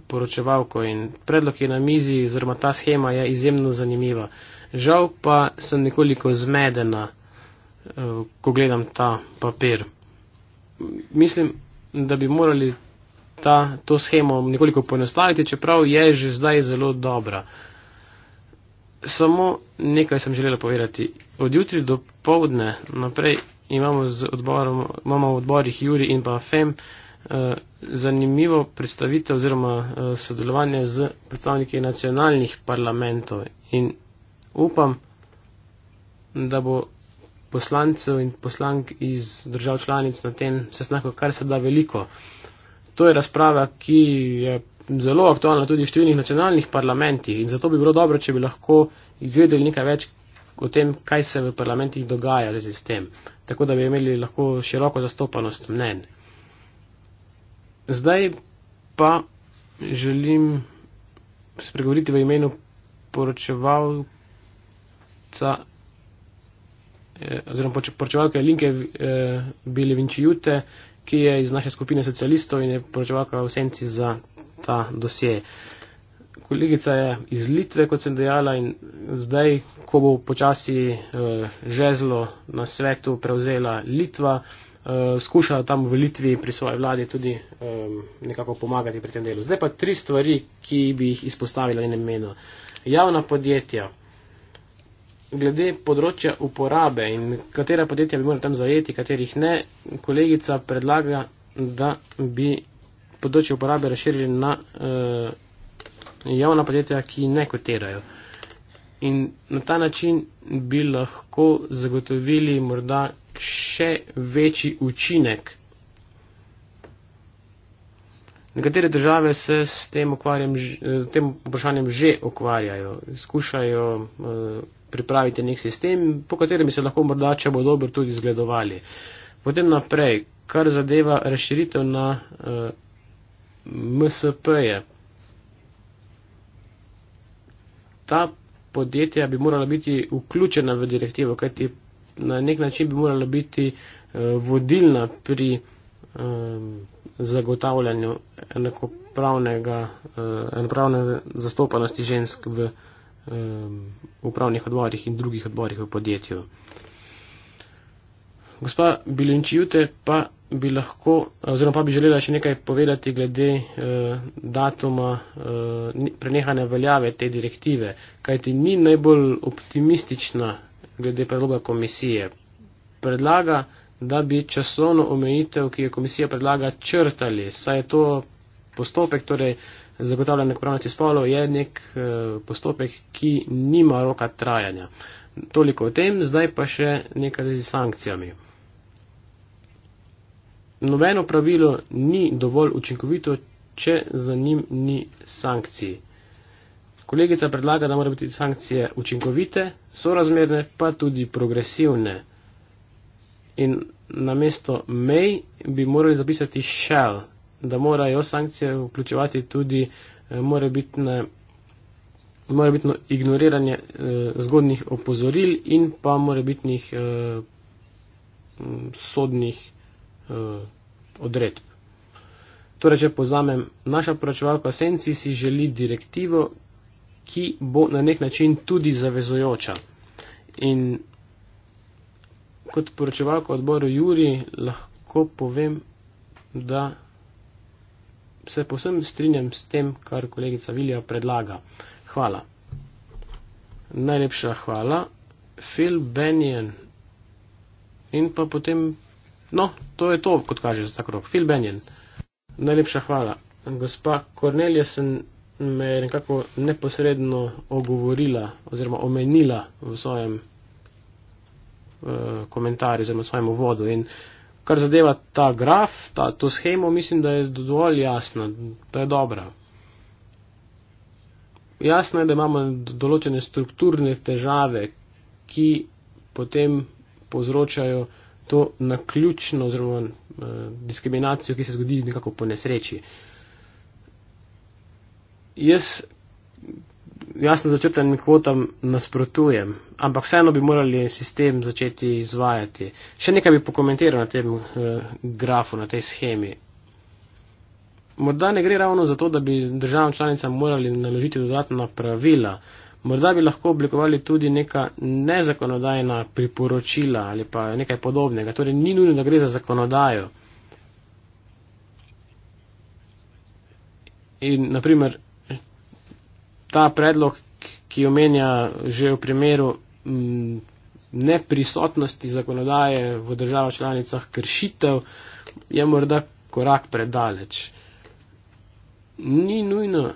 poročevalko in predlog je na mizi, oziroma ta schema je izjemno zanimiva. Eh, žal pa sem nekoliko zmedena, eh, ko gledam ta papir. Mislim, da bi morali ta, to schemo nekoliko poenostaviti, čeprav je že zdaj zelo dobra. Samo nekaj sem želela povedati. Od jutri do povdne naprej imamo z odborom, imamo v odborih Juri in pa FEM eh, zanimivo predstavitev oziroma eh, sodelovanje z predstavniki nacionalnih parlamentov in upam, da bo poslancev in poslank iz držav članic na tem sestanku kar se da veliko. To je razprava, ki je zelo aktualna tudi v številnih nacionalnih parlamentih in zato bi bilo dobro, če bi lahko izvedeli nekaj več o tem, kaj se v parlamentih dogaja z tem, tako da bi imeli lahko široko zastopanost mnen. Zdaj pa želim spregovoriti v imenu poročevalk Vinčijuca, eh, oziroma poročevalka Linke eh, Bile Vinčijute, ki je iz naše skupine socialistov in je poročevalka v senci za ta dosje. Kolegica je iz Litve, kot sem dejala, in zdaj, ko bo počasi eh, žezlo na svetu prevzela Litva, eh, skuša tam v Litvi pri svoji vladi tudi eh, nekako pomagati pri tem delu. Zdaj pa tri stvari, ki bi jih izpostavila in imenila. Javna podjetja, glede področja uporabe in katera podjetja bi morali tam zajeti, katerih ne, kolegica predlaga, da bi področje uporabe razširili na uh, javna podjetja, ki ne kotirajo. In na ta način bi lahko zagotovili morda še večji učinek. Nekatere države se s tem, eh, tem vprašanjem že ukvarjajo, skušajo uh, pripravite nek sistem, po katerem bi se lahko morda, če bo dobro, tudi zgledovali. Potem naprej, kar zadeva razširitev na uh, eh, MSP-je. Ta podjetja bi morala biti vključena v direktivo, kajti na nek način bi morala biti uh, vodilna pri um, zagotavljanju enakopravnega uh, zastopanosti žensk v v um, upravnih odborih in drugih odborih v podjetju. Gospa Bilinčijute pa bi lahko, oziroma pa bi želela še nekaj povedati glede eh, datuma eh, prenehanja veljave te direktive, kajti ni najbolj optimistična glede predloga komisije. Predlaga, da bi časovno omejitev, ki je komisija predlaga, črtali, saj je to postopek, torej zagotavljanje enakopravnosti spolov je nek uh, postopek, ki nima roka trajanja. Toliko o tem, zdaj pa še nekaj z sankcijami. Nobeno pravilo ni dovolj učinkovito, če za njim ni sankcij. Kolegica predlaga, da morajo biti sankcije učinkovite, sorazmerne, pa tudi progresivne. In na mesto mej bi morali zapisati shell, da morajo sankcije vključevati tudi eh, morebitno ignoriranje eh, zgodnih opozoril in pa morebitnih eh, sodnih odredb. Torej, če pozamem, naša poročevalka Senci si želi direktivo, ki bo na nek način tudi zavezojoča. In kot poročevalka odboru Juri lahko povem, da se posem strinjam s tem, kar kolegica Vilija predlaga. Hvala. Najlepša hvala. Phil Benjen. In pa potem, no, to je to, kot kaže za ta krok. Phil Benjen. Najlepša hvala. Gospa Kornelija sem me nekako neposredno ogovorila oziroma omenila v svojem uh, komentarju oziroma v svojem uvodu. In uh, kar zadeva ta graf, ta, to schemo, mislim, da je dovolj jasna, da je dobra. Jasno je, da imamo določene strukturne težave, ki potem povzročajo to naključno oziroma eh, diskriminacijo, ki se zgodi nekako po nesreči. Jaz jasno začrtanim kvotam nasprotujem, ampak vseeno bi morali sistem začeti izvajati. Še nekaj bi pokomentiral na tem eh, grafu, na tej schemi. Morda ne gre ravno za to, da bi državam članicam morali naložiti dodatna pravila. Morda bi lahko oblikovali tudi neka nezakonodajna priporočila ali pa nekaj podobnega. Torej, ni nujno, da gre za zakonodajo. In, naprimer, ta predlog, ki omenja že v primeru mm, neprisotnosti zakonodaje v državah članicah kršitev, je morda korak predaleč. Ni nujno,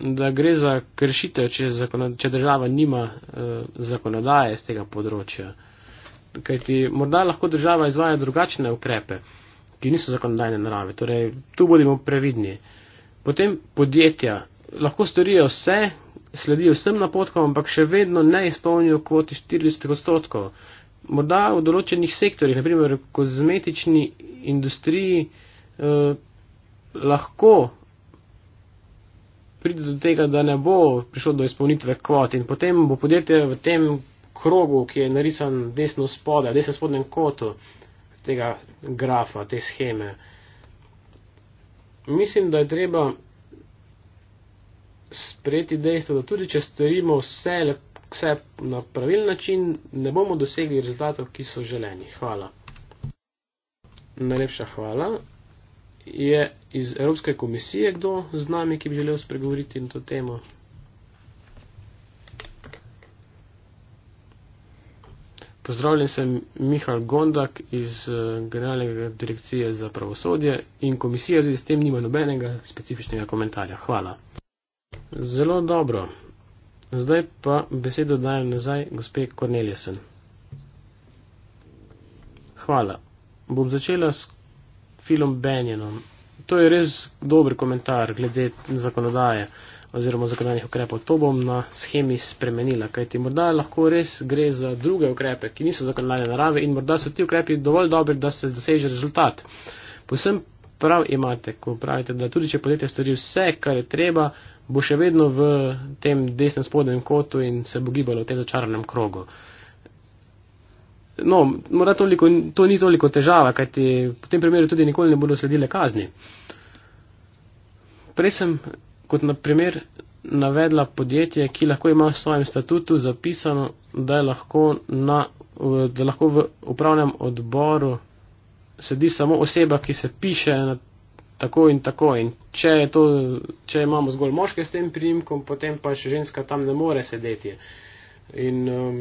da gre za kršitev, če, če država nima uh, zakonodaje z tega področja. Kajti morda lahko država izvaja drugačne ukrepe, ki niso zakonodajne narave. Torej, tu bodimo previdni. Potem podjetja lahko storijo vse, sledijo vsem napotkom, ampak še vedno ne izpolnijo kvoti 40 odstotkov. Morda v določenih sektorjih, naprimer kozmetični industriji, eh, lahko pride do tega, da ne bo prišlo do izpolnitve kvot in potem bo podjetje v tem krogu, ki je narisan desno spodaj, desno spodnjem kotu tega grafa, te scheme. Mislim, da je treba sprejeti dejstvo, da tudi če storimo vse, vse na pravilen način, ne bomo dosegli rezultatov, ki so želeni. Hvala. Najlepša hvala. Je iz Evropske komisije kdo z nami, ki bi želel spregovoriti na to temo? Pozdravljen sem Mihal Gondak iz eh, Generalnega direkcije za pravosodje in komisija z tem nima nobenega specifičnega komentarja. Hvala. Zelo dobro. Zdaj pa besedo dajem nazaj gospe Korneljesen. Hvala. Bom začela s filmom Benjenom. To je res dober komentar glede zakonodaje oziroma zakonodajnih ukrepov. To bom na schemi spremenila, kajti morda lahko res gre za druge ukrepe, ki niso zakonodajne narave in morda so ti ukrepi dovolj dobri, da se doseže rezultat. Povsem prav imate, ko pravite, da tudi če podjetje stori vse, kar je treba, bo še vedno v tem desnem spodnjem kotu in se bo gibalo v tem začaranem krogu. No, morda toliko, to ni toliko težava, kajti v tem primeru tudi nikoli ne bodo sledile kazni. Prej sem kot na primer navedla podjetje, ki lahko ima v svojem statutu zapisano, da, lahko, na, da lahko v upravnem odboru sedi samo oseba, ki se piše na tako in tako. In če, to, če imamo zgolj moške s tem primkom, potem pa še ženska tam ne more sedeti. In um,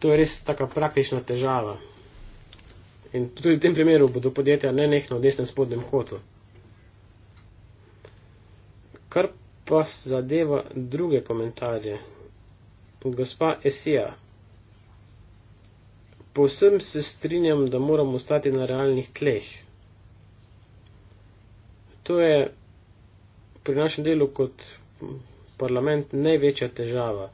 to je res taka praktična težava. In tudi v tem primeru bodo podjetja ne nehno v desnem spodnjem kotu. Kar pa zadeva druge komentarje. Gospa Esija. Povsem se strinjam, da moramo ostati na realnih tleh. To je pri našem delu kot parlament največja težava.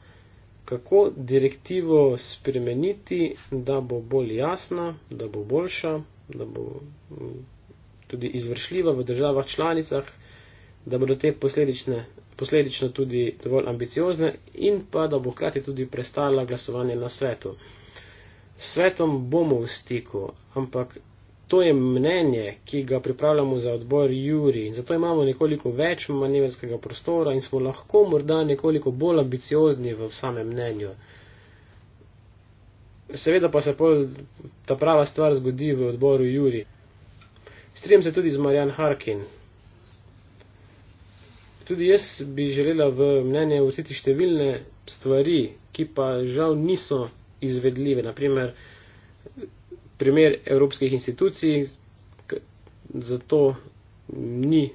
Kako direktivo spremeniti, da bo bolj jasna, da bo boljša, da bo mm, tudi izvršljiva v državah članicah, da bodo te posledične, posledično tudi dovolj ambiciozne in pa da bo hkrati tudi prestala glasovanje na svetu svetom bomo v stiku, ampak to je mnenje, ki ga pripravljamo za odbor Juri. Zato imamo nekoliko več manevrskega prostora in smo lahko morda nekoliko bolj ambiciozni v samem mnenju. Seveda pa se pol ta prava stvar zgodi v odboru Juri. Strijem se tudi z Marjan Harkin. Tudi jaz bi želela v mnenje vrstiti številne stvari, ki pa žal niso izvedljive. Naprimer, primer evropskih institucij, za to ni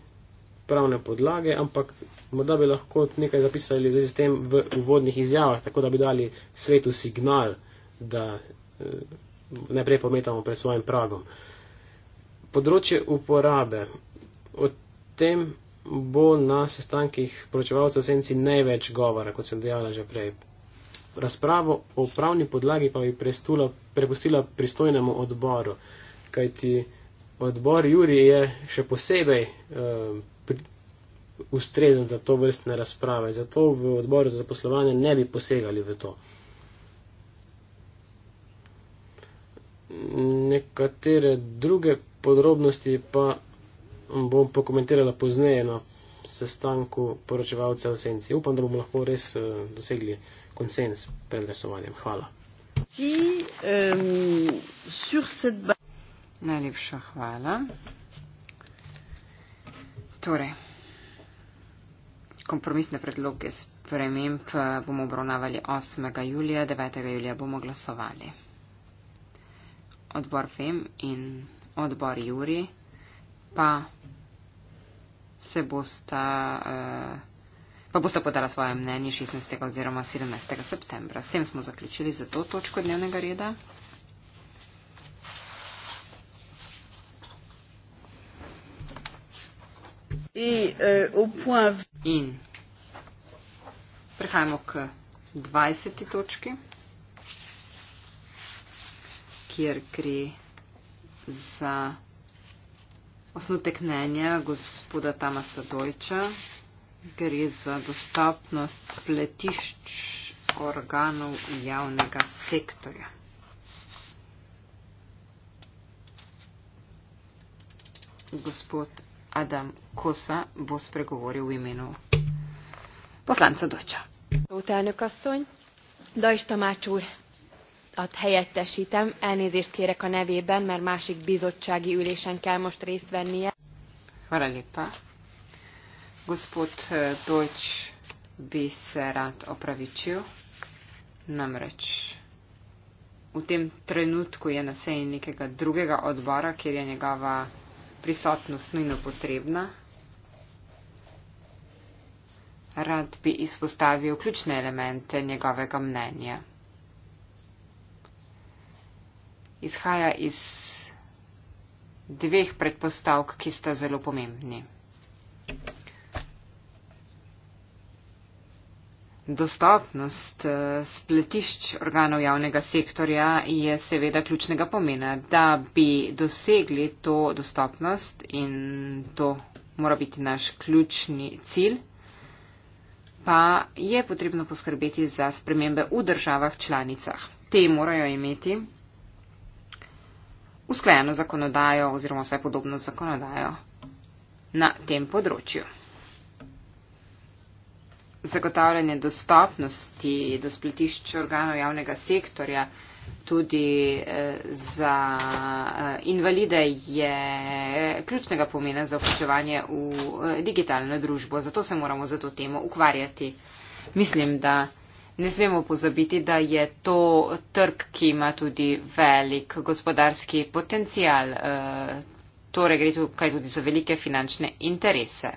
pravne podlage, ampak morda bi lahko nekaj zapisali z tem v uvodnih izjavah, tako da bi dali svetu signal, da eh, najprej pometamo pred svojim pragom. Področje uporabe. O tem bo na sestankih poročevalcev senci največ govora, kot sem dejala že prej razpravo o pravni podlagi pa bi prepustila pristojnemu odboru, kajti odbor Juri je še posebej uh, pri, ustrezen za to vrstne razprave, zato v odboru za zaposlovanje ne bi posegali v to. Nekatere druge podrobnosti pa bom pokomentirala pozneje na sestanku poročevalcev v senci. Upam, da bomo lahko res eh, dosegli konsens pred glasovanjem. Hvala. Si, um, Najlepša hvala. Torej, kompromisne predloge sprememb eh, bomo obravnavali 8. julija, 9. julija bomo glasovali. Odbor FEM in odbor Juri pa se bosta. Uh, pa boste podala svoje mnenje 16. oziroma 17. septembra. S tem smo zaključili za to točko dnevnega reda. In eh, prehajamo k 20. točki, kjer gre za osnutek mnenja gospoda Tamasa Dojča, gre za dostopnost spletišč organov javnega sektorja. Gospod Adam Kosa bo spregovoril v imenu poslanca Doča. Utelnök asszony, Dajs Tamács úr, ad helyettesítem, elnézést kérek a nevében, mert másik bizottsági ülésen kell most részt vennie. Hvala lepa, Gospod eh, Dojč bi se rad opravičil, namreč v tem trenutku je na seji nekega drugega odbora, kjer je njegova prisotnost nujno potrebna. Rad bi izpostavil ključne elemente njegovega mnenja. Izhaja iz dveh predpostavk, ki sta zelo pomembni. Dostopnost eh, spletišč organov javnega sektorja je seveda ključnega pomena. Da bi dosegli to dostopnost in to mora biti naš ključni cilj, pa je potrebno poskrbeti za spremembe v državah članicah. Te morajo imeti usklajeno zakonodajo oziroma vse podobno zakonodajo na tem področju zagotavljanje dostopnosti do spletišč organov javnega sektorja tudi eh, za eh, invalide je ključnega pomena za vključevanje v eh, digitalno družbo. Zato se moramo za to temo ukvarjati. Mislim, da ne smemo pozabiti, da je to trg, ki ima tudi velik gospodarski potencial. Torej gre tukaj tudi za velike finančne interese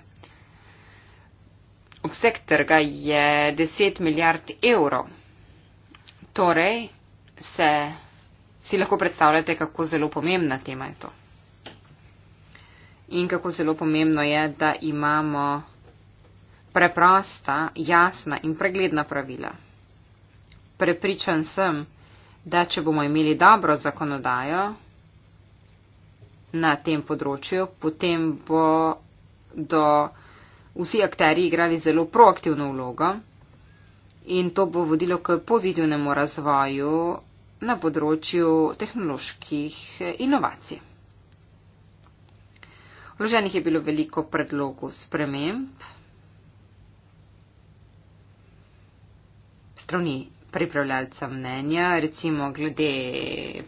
obseg trga je 10 milijard evrov. Torej, se, si lahko predstavljate, kako zelo pomembna tema je to. In kako zelo pomembno je, da imamo preprosta, jasna in pregledna pravila. Prepričan sem, da če bomo imeli dobro zakonodajo na tem področju, potem bo do vsi akteri igrali zelo proaktivno vlogo in to bo vodilo k pozitivnemu razvoju na področju tehnoloških inovacij. Vloženih je bilo veliko predlogov sprememb strani pripravljalca mnenja, recimo glede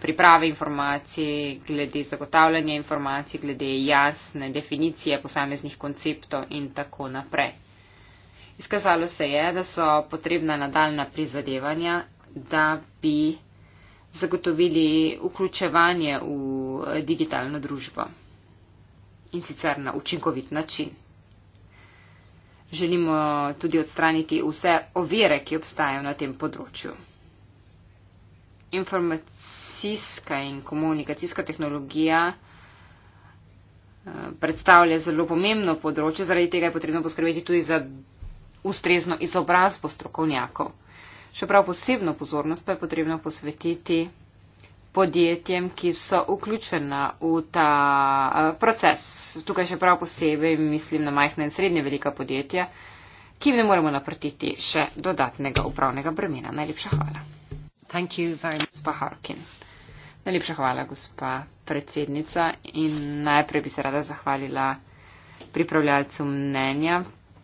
priprave informacij, glede zagotavljanja informacij, glede jasne definicije posameznih konceptov in tako naprej. Izkazalo se je, da so potrebna nadaljna prizadevanja, da bi zagotovili vključevanje v digitalno družbo in sicer na učinkovit način želimo tudi odstraniti vse ovire, ki obstajajo na tem področju. Informacijska in komunikacijska tehnologija eh, predstavlja zelo pomembno področje, zaradi tega je potrebno poskrbeti tudi za ustrezno izobrazbo strokovnjakov. Še prav posebno pozornost pa je potrebno posvetiti podjetjem, ki so vključena v ta eh, proces. Tukaj še prav posebej mislim na majhne in srednje velika podjetja, ki jim ne moremo naprtiti še dodatnega upravnega bremena. Najlepša hvala. Thank you very much. Gospa Harkin. Najlepša hvala, gospa predsednica. In najprej bi se rada zahvalila pripravljalcu mnenja.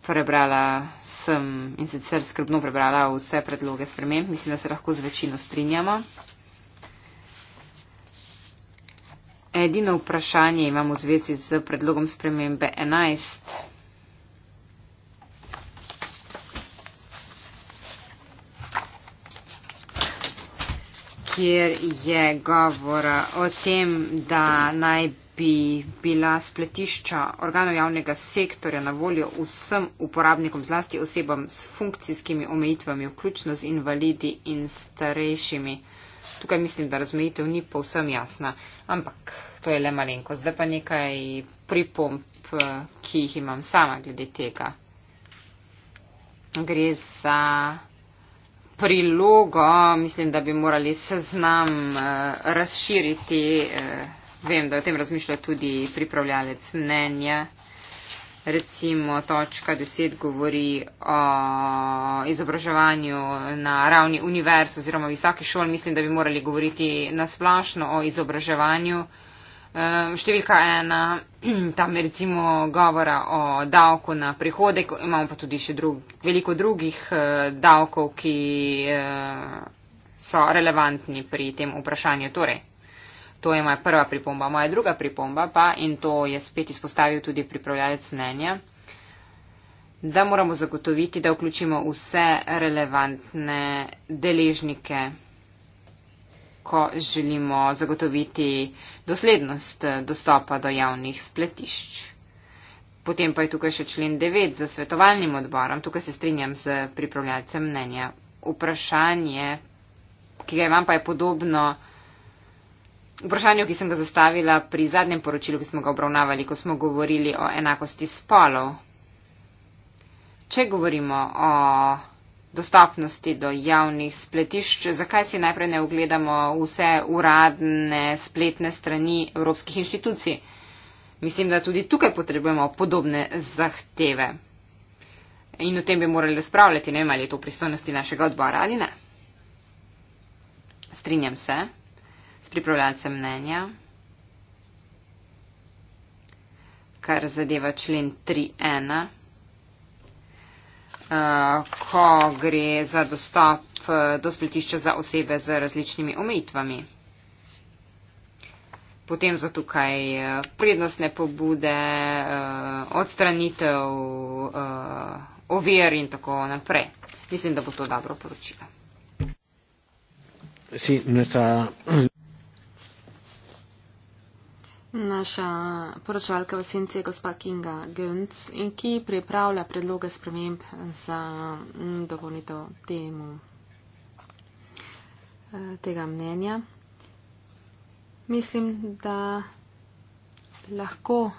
Prebrala sem in sicer skrbno prebrala vse predloge sprememb. Mislim, da se lahko z večino strinjamo. Edino vprašanje imam v zvezi z predlogom spremembe 11. kjer je govora o tem, da naj bi bila spletišča organov javnega sektorja na voljo vsem uporabnikom, zlasti osebam s funkcijskimi omejitvami, vključno z invalidi in starejšimi. Tukaj mislim, da razmejitev ni povsem jasna, ampak to je le malenko. Zdaj pa nekaj pripomp, eh, ki jih imam sama glede tega. Gre za prilogo, mislim, da bi morali seznam eh, razširiti. Eh, vem, da o tem razmišlja tudi pripravljalec mnenja recimo točka 10 govori o izobraževanju na ravni univerz oziroma visoke šol, mislim, da bi morali govoriti nasplošno o izobraževanju. Ehm, številka ena, *clears throat* tam je recimo govora o davku na prihodek, imamo pa tudi še drug, veliko drugih eh, davkov, ki eh, so relevantni pri tem vprašanju. Torej, To je moja prva pripomba. Moja druga pripomba pa, in to je spet izpostavil tudi pripravljalec mnenja, da moramo zagotoviti, da vključimo vse relevantne deležnike, ko želimo zagotoviti doslednost dostopa do javnih spletišč. Potem pa je tukaj še člen 9 za svetovalnim odborom. Tukaj se strinjam z pripravljalcem mnenja. Vprašanje, ki ga imam, pa je podobno Vprašanju, ki sem ga zastavila pri zadnjem poročilu, ki smo ga obravnavali, ko smo govorili o enakosti spolov. Če govorimo o dostopnosti do javnih spletišč, zakaj si najprej ne ogledamo vse uradne spletne strani evropskih inštitucij? Mislim, da tudi tukaj potrebujemo podobne zahteve. In o tem bi morali razpravljati, ne vem, ali je to pristojnosti našega odbora ali ne. Strinjam se s pripravljalcem mnenja, kar zadeva člen 3.1, eh, ko gre za dostop eh, do spletišča za osebe z različnimi omejitvami. Potem so tukaj eh, prednostne pobude, odstranitev ovir in tako naprej. Mislim, da bo to dobro poročilo. Sí, nuestra. Naša poročalka v senci je gospa Kinga Gönc, ki pripravlja predloge sprememb za mm, dovolitev temu eh, tega mnenja. Mislim, da lahko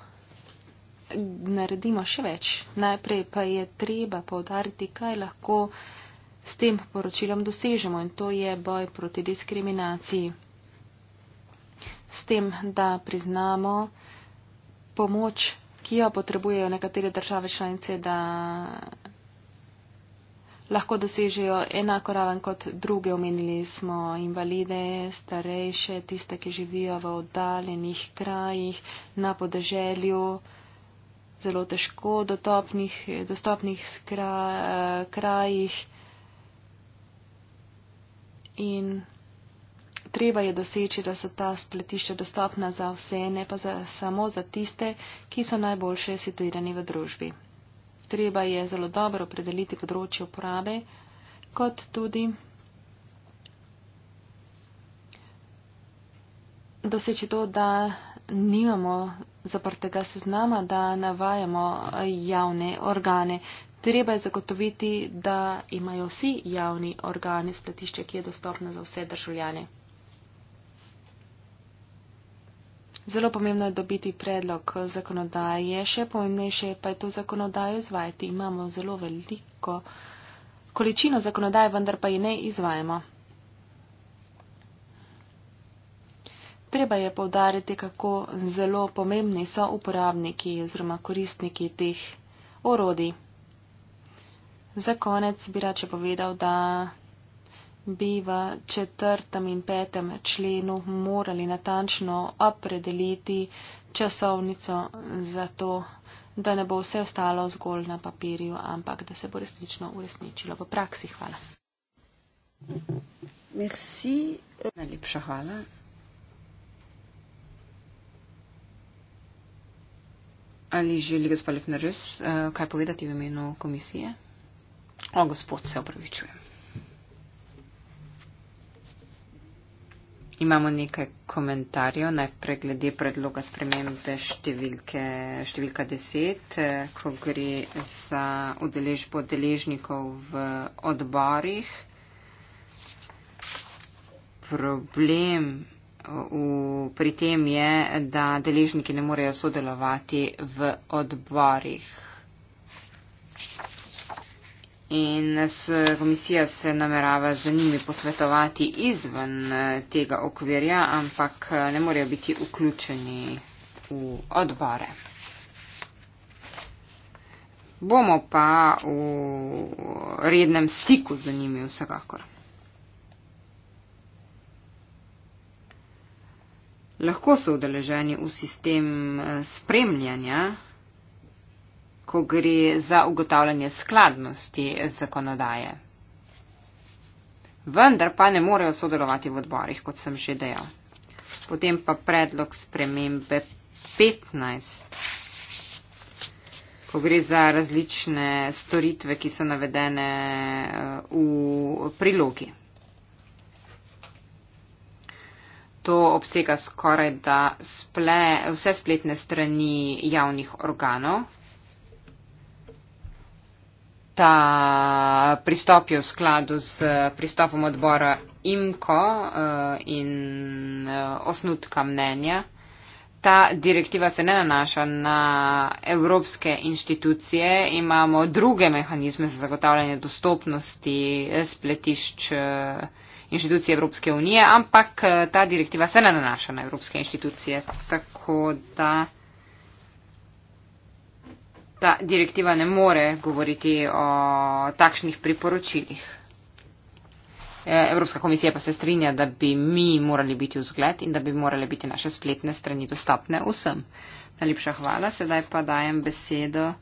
naredimo še več. Najprej pa je treba povdariti, kaj lahko s tem poročilom dosežemo in to je boj proti diskriminaciji s tem, da priznamo pomoč, ki jo potrebujejo nekatere države članice, da lahko dosežejo enako raven kot druge. Omenili smo invalide, starejše, tiste, ki živijo v oddaljenih krajih, na podeželju, zelo težko dotopnih, dostopnih kra, eh, krajih. In treba je doseči, da so ta spletišča dostopna za vse, ne pa za, samo za tiste, ki so najboljše situirani v družbi. Treba je zelo dobro opredeliti področje uporabe, kot tudi doseči to, da nimamo zaprtega seznama, da navajamo eh, javne organe. Treba je zagotoviti, da imajo vsi javni organi spletišče, ki je dostopno za vse državljane. Zelo pomembno je dobiti predlog zakonodaje, še pomembnejše pa je to zakonodajo izvajati. Imamo zelo veliko količino zakonodaje, vendar pa je ne izvajamo. Treba je povdariti, kako zelo pomembni so uporabniki oziroma koristniki teh orodij. Za konec bi rače povedal, da bi v četrtem in petem členu morali natančno opredeliti časovnico za to, da ne bo vse ostalo zgolj na papirju, ampak da se bo resnično uresničilo v praksi. Hvala. Merci. Najlepša hvala. Ali želi gospod Lefner res eh, kaj povedati v imenu komisije? O, gospod, se opravičujem. Imamo nekaj komentarjev, najprej glede predloga spremembe številke, številka 10, eh, ko gre za udeležbo deležnikov v odborih. Problem eh, v, pri tem je, da deležniki ne morejo sodelovati v odborih in s eh, komisija se namerava z njimi posvetovati izven eh, tega okvirja, ampak eh, ne morejo biti vključeni v odbore. Bomo pa v rednem stiku z njimi vsekakor. Lahko so udeleženi v sistem spremljanja ko gre za ugotavljanje skladnosti zakonodaje. Vendar pa ne morejo sodelovati v odborih, kot sem že dejal. Potem pa predlog spremembe 15, ko gre za različne storitve, ki so navedene eh, v prilogi. To obsega skoraj da vse spletne strani javnih organov ta pristop je v skladu z pristopom odbora IMKO eh, in eh, osnutka mnenja. Ta direktiva se ne nanaša na evropske inštitucije, imamo druge mehanizme za zagotavljanje dostopnosti eh, spletišč inštitucije Evropske unije, ampak ta direktiva se ne nanaša na evropske inštitucije. Tako da ta direktiva ne more govoriti o takšnih priporočilih. E, Evropska komisija pa se strinja, da bi mi morali biti v zgled in da bi morale biti naše spletne strani dostopne vsem. Najlepša hvala, sedaj pa dajem besedo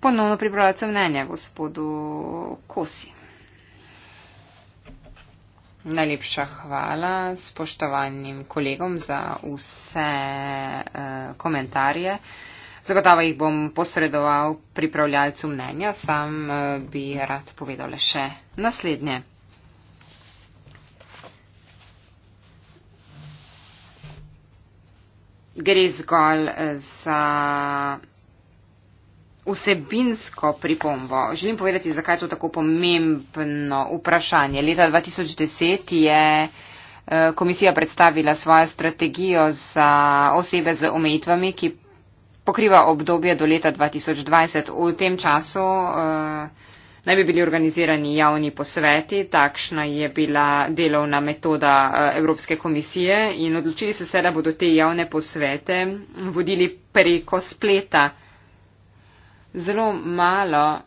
ponovno pripravljalcu mnenja, gospodu Kosi. Najlepša hvala spoštovanim kolegom za vse uh, komentarje. Uh, Zagotovo jih bom posredoval pripravljalcu mnenja, sam eh, bi rad povedal le še naslednje. Gre zgolj eh, za vsebinsko pripombo. Želim povedati, zakaj je to tako pomembno vprašanje. Leta 2010 je eh, komisija predstavila svojo strategijo za osebe z omejitvami, ki pokriva obdobje do leta 2020. V tem času uh, naj bi bili organizirani javni posveti, takšna je bila delovna metoda uh, Evropske komisije in odločili so se, da bodo te javne posvete vodili preko spleta. Zelo malo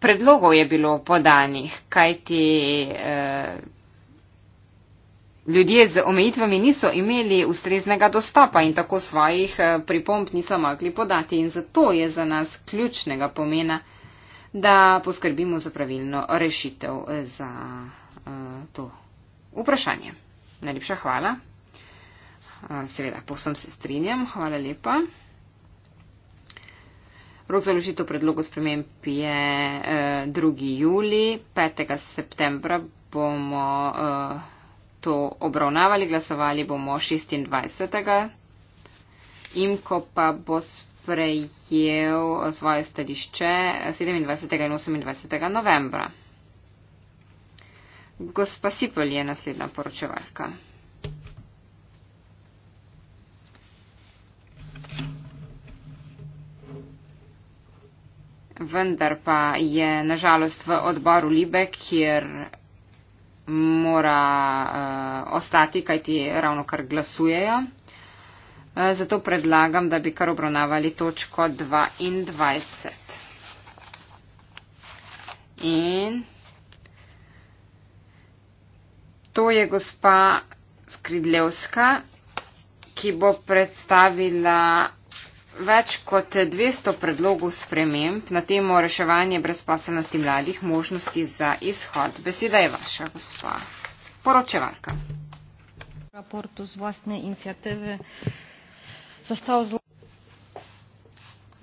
predlogov je bilo podanih, kajti. Uh, ljudje z omejitvami niso imeli ustreznega dostopa in tako svojih eh, pripomb niso mogli podati. In zato je za nas ključnega pomena, da poskrbimo za pravilno rešitev eh, za uh, to vprašanje. Najlepša hvala. Seveda, povsem se strinjam. Hvala lepa. Rok za ložitev predlogu sprememb je eh, 2. juli, 5. septembra bomo eh, to obravnavali, glasovali bomo 26. Imko pa bo sprejel svoje stališče 27. in 28. novembra. Gospa Sipel je naslednja poročevalka. Vendar pa je nažalost v odboru Libe, kjer mora uh, ostati, kajti ravno kar glasujejo. Uh, zato predlagam, da bi kar obravnavali točko 22. In to je gospa Skridlevska, ki bo predstavila Več kot 200 predlogov sprememb na temo reševanje brezposelnosti mladih, možnosti za izhod. Beseda je vaša, gospa poročevalka.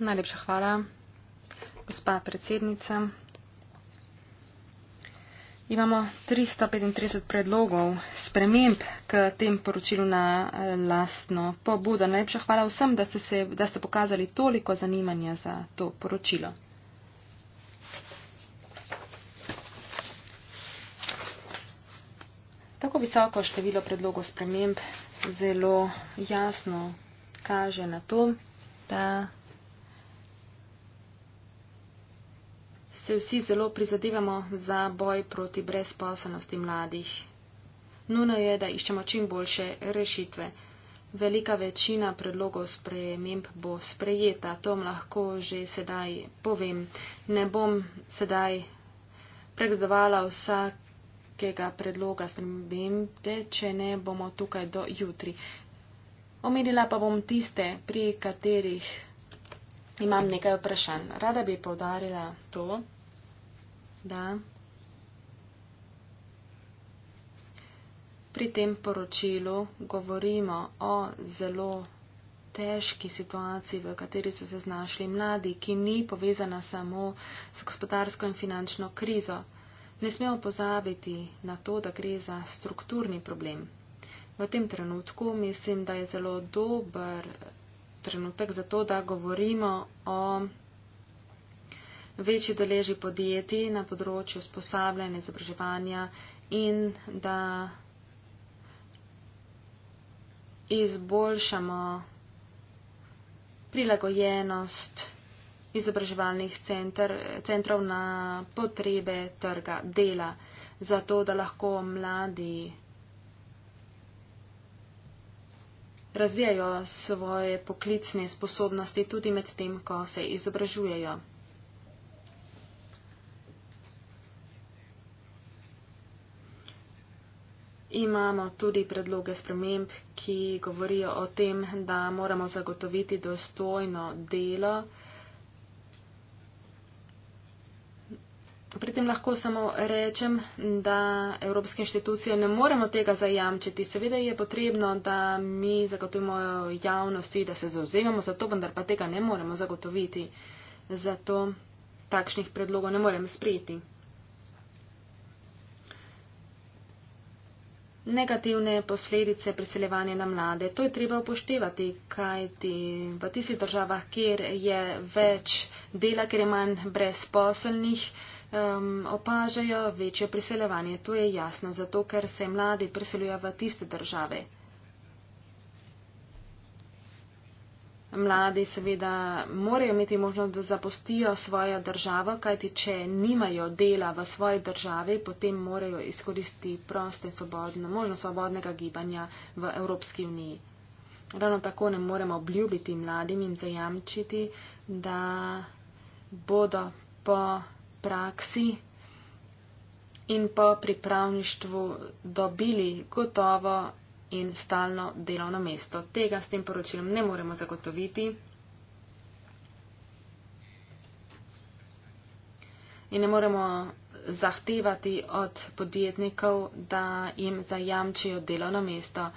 Najlepša hvala, gospa predsednica. Imamo 335 predlogov sprememb k tem poročilu na eh, lastno pobudo. Najlepša hvala vsem, da ste, se, da ste pokazali toliko zanimanja za to poročilo. Tako visoko število predlogov sprememb zelo jasno kaže na to, da. se vsi zelo prizadevamo za boj proti brezposelnosti mladih. Nuno je, da iščemo čim boljše rešitve. Velika večina predlogov sprememb bo sprejeta, to lahko že sedaj povem. Ne bom sedaj pregledovala vsakega predloga spremembe, če ne bomo tukaj do jutri. Omenila pa bom tiste, pri katerih imam nekaj vprašanj. Rada bi povdarila to, da pri tem poročilu govorimo o zelo težki situaciji, v kateri so se znašli mladi, ki ni povezana samo s gospodarsko in finančno krizo. Ne smemo pozabiti na to, da gre za strukturni problem. V tem trenutku mislim, da je zelo dober trenutek za to, da govorimo o večji deleži podjetij na področju sposabljanja, izobraževanja in da izboljšamo prilagojenost izobraževalnih centr, centrov na potrebe trga dela, zato da lahko mladi razvijajo svoje poklicne sposobnosti tudi med tem, ko se izobražujejo. Imamo tudi predloge sprememb, ki govorijo o tem, da moramo zagotoviti dostojno delo. Pri tem lahko samo rečem, da evropske inštitucije ne moremo tega zajamčiti. Seveda je potrebno, da mi zagotovimo javnosti, da se zauzemamo za to, vendar pa tega ne moremo zagotoviti. Zato takšnih predlogov ne morem sprejeti. Negativne posledice priseljevanja na mlade. To je treba upoštevati, kajti v tistih državah, kjer je več dela, kjer je manj brezposelnih, um, opažajo večje priseljevanje. To je jasno, zato ker se mladi priseljujejo v tiste države. Mladi seveda morajo imeti možnost, da zapustijo svojo državo, kajti če nimajo dela v svoji državi, potem morajo izkoristiti proste svobodne, možnost svobodnega gibanja v Evropski uniji. Ravno tako ne moremo obljubiti mladim in zajamčiti, da bodo po praksi in po pripravništvu dobili gotovo in stalno delovno mesto. Tega s tem poročilom ne moremo zagotoviti. In ne moremo zahtevati od podjetnikov, da jim zajamčijo delovno mesto.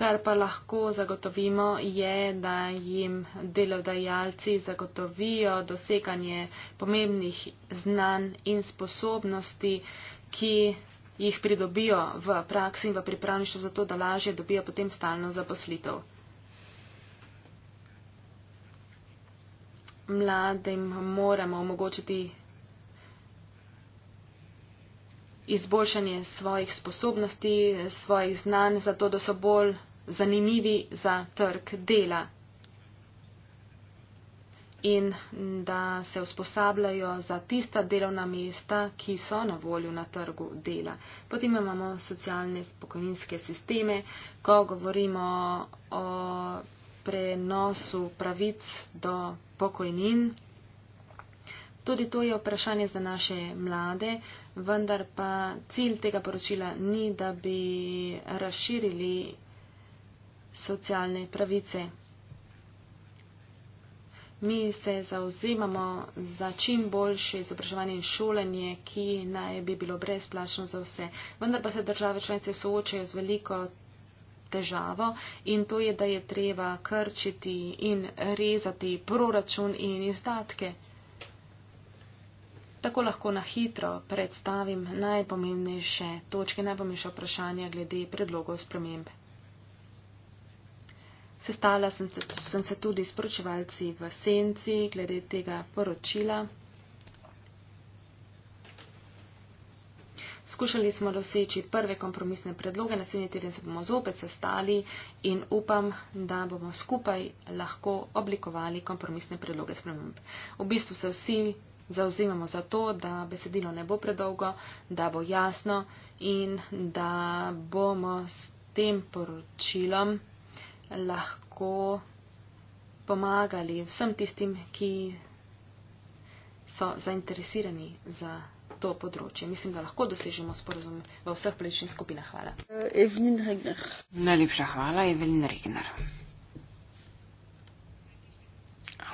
Kar pa lahko zagotovimo je, da jim delodajalci zagotovijo doseganje pomembnih znanj in sposobnosti, ki jih pridobijo v praksi in v pripravništvu zato, da lažje dobijo potem stalno zaposlitev. Mladim moramo omogočiti izboljšanje svojih sposobnosti, svojih znanj, zato da so bolj zanimivi za trg dela in da se usposabljajo za tista delovna mesta, ki so na volju na trgu dela. Potem imamo socialne pokojninske sisteme, ko govorimo o prenosu pravic do pokojnin. Tudi to je vprašanje za naše mlade, vendar pa cilj tega poročila ni, da bi razširili socialne pravice. Mi se zauzemamo za čim boljše izobraževanje in šolanje, ki naj bi bilo brezplačno za vse. Vendar pa se države članice soočajo z veliko težavo in to je, da je treba krčiti in rezati proračun in izdatke. Tako lahko na hitro predstavim najpomembnejše točke, najpomembnejše vprašanja glede predlogov spremembe. Sestala sem, sem se tudi s poročevalci v senci glede tega poročila. Skušali smo doseči prve kompromisne predloge, naslednji teden se bomo zopet sestali in upam, da bomo skupaj lahko oblikovali kompromisne predloge sprememb. V bistvu se vsi zauzimamo za to, da besedilo ne bo predolgo, da bo jasno in da bomo s tem poročilom lahko pomagali vsem tistim, ki so zainteresirani za to področje. Mislim, da lahko dosežemo sporozum v vseh političnih skupinah. Hvala. Eh, Evelin Regner. Najlepša hvala, Evelin Regner.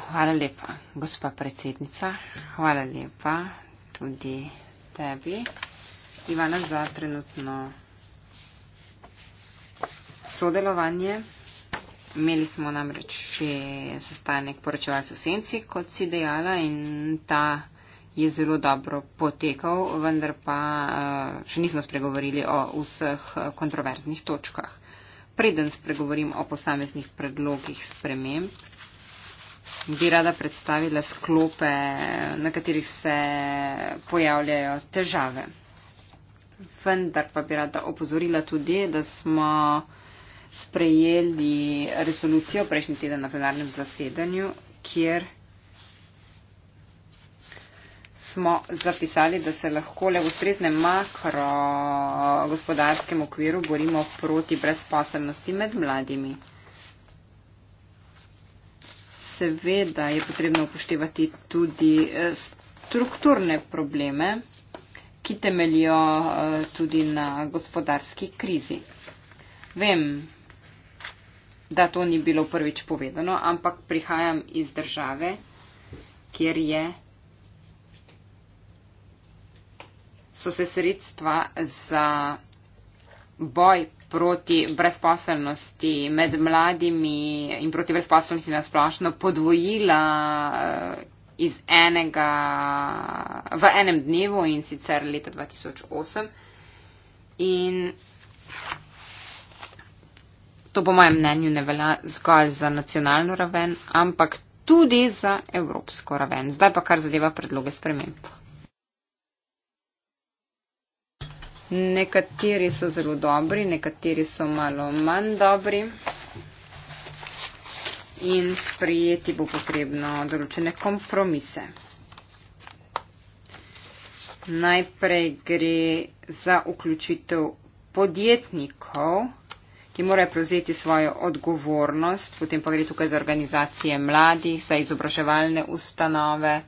Hvala lepa, gospa predsednica. Hvala lepa tudi tebi, Ivana, za trenutno sodelovanje. Imeli smo namreč še sestanek poročevalcev v senci, kot si dejala, in ta je zelo dobro potekal, vendar pa eh, še nismo spregovorili o vseh eh, kontroverznih točkah. Preden spregovorim o posameznih predlogih sprememb, bi rada predstavila sklope, na katerih se pojavljajo težave. Vendar pa bi rada opozorila tudi, da smo sprejeli resolucijo prejšnji teden na plenarnem zasedanju, kjer smo zapisali, da se lahko le v ustreznem makrogospodarskem okviru borimo proti brezposelnosti med mladimi. Seveda je potrebno upoštevati tudi eh, strukturne probleme, ki temeljijo eh, tudi na gospodarski krizi. Vem, da to ni bilo prvič povedano, ampak prihajam iz države, kjer je, so se sredstva za boj proti brezposelnosti med mladimi in proti brezposelnosti nasplošno podvojila eh, iz enega, v enem dnevu in sicer leta 2008. In To po mojem mnenju ne velja zgolj za nacionalno raven, ampak tudi za evropsko raven. Zdaj pa kar zadeva predloge sprememb. Nekateri so zelo dobri, nekateri so malo manj dobri in sprejeti bo potrebno določene kompromise. Najprej gre za vključitev podjetnikov ki morajo prevzeti svojo odgovornost, potem pa gre tukaj za organizacije mladih, za izobraževalne ustanove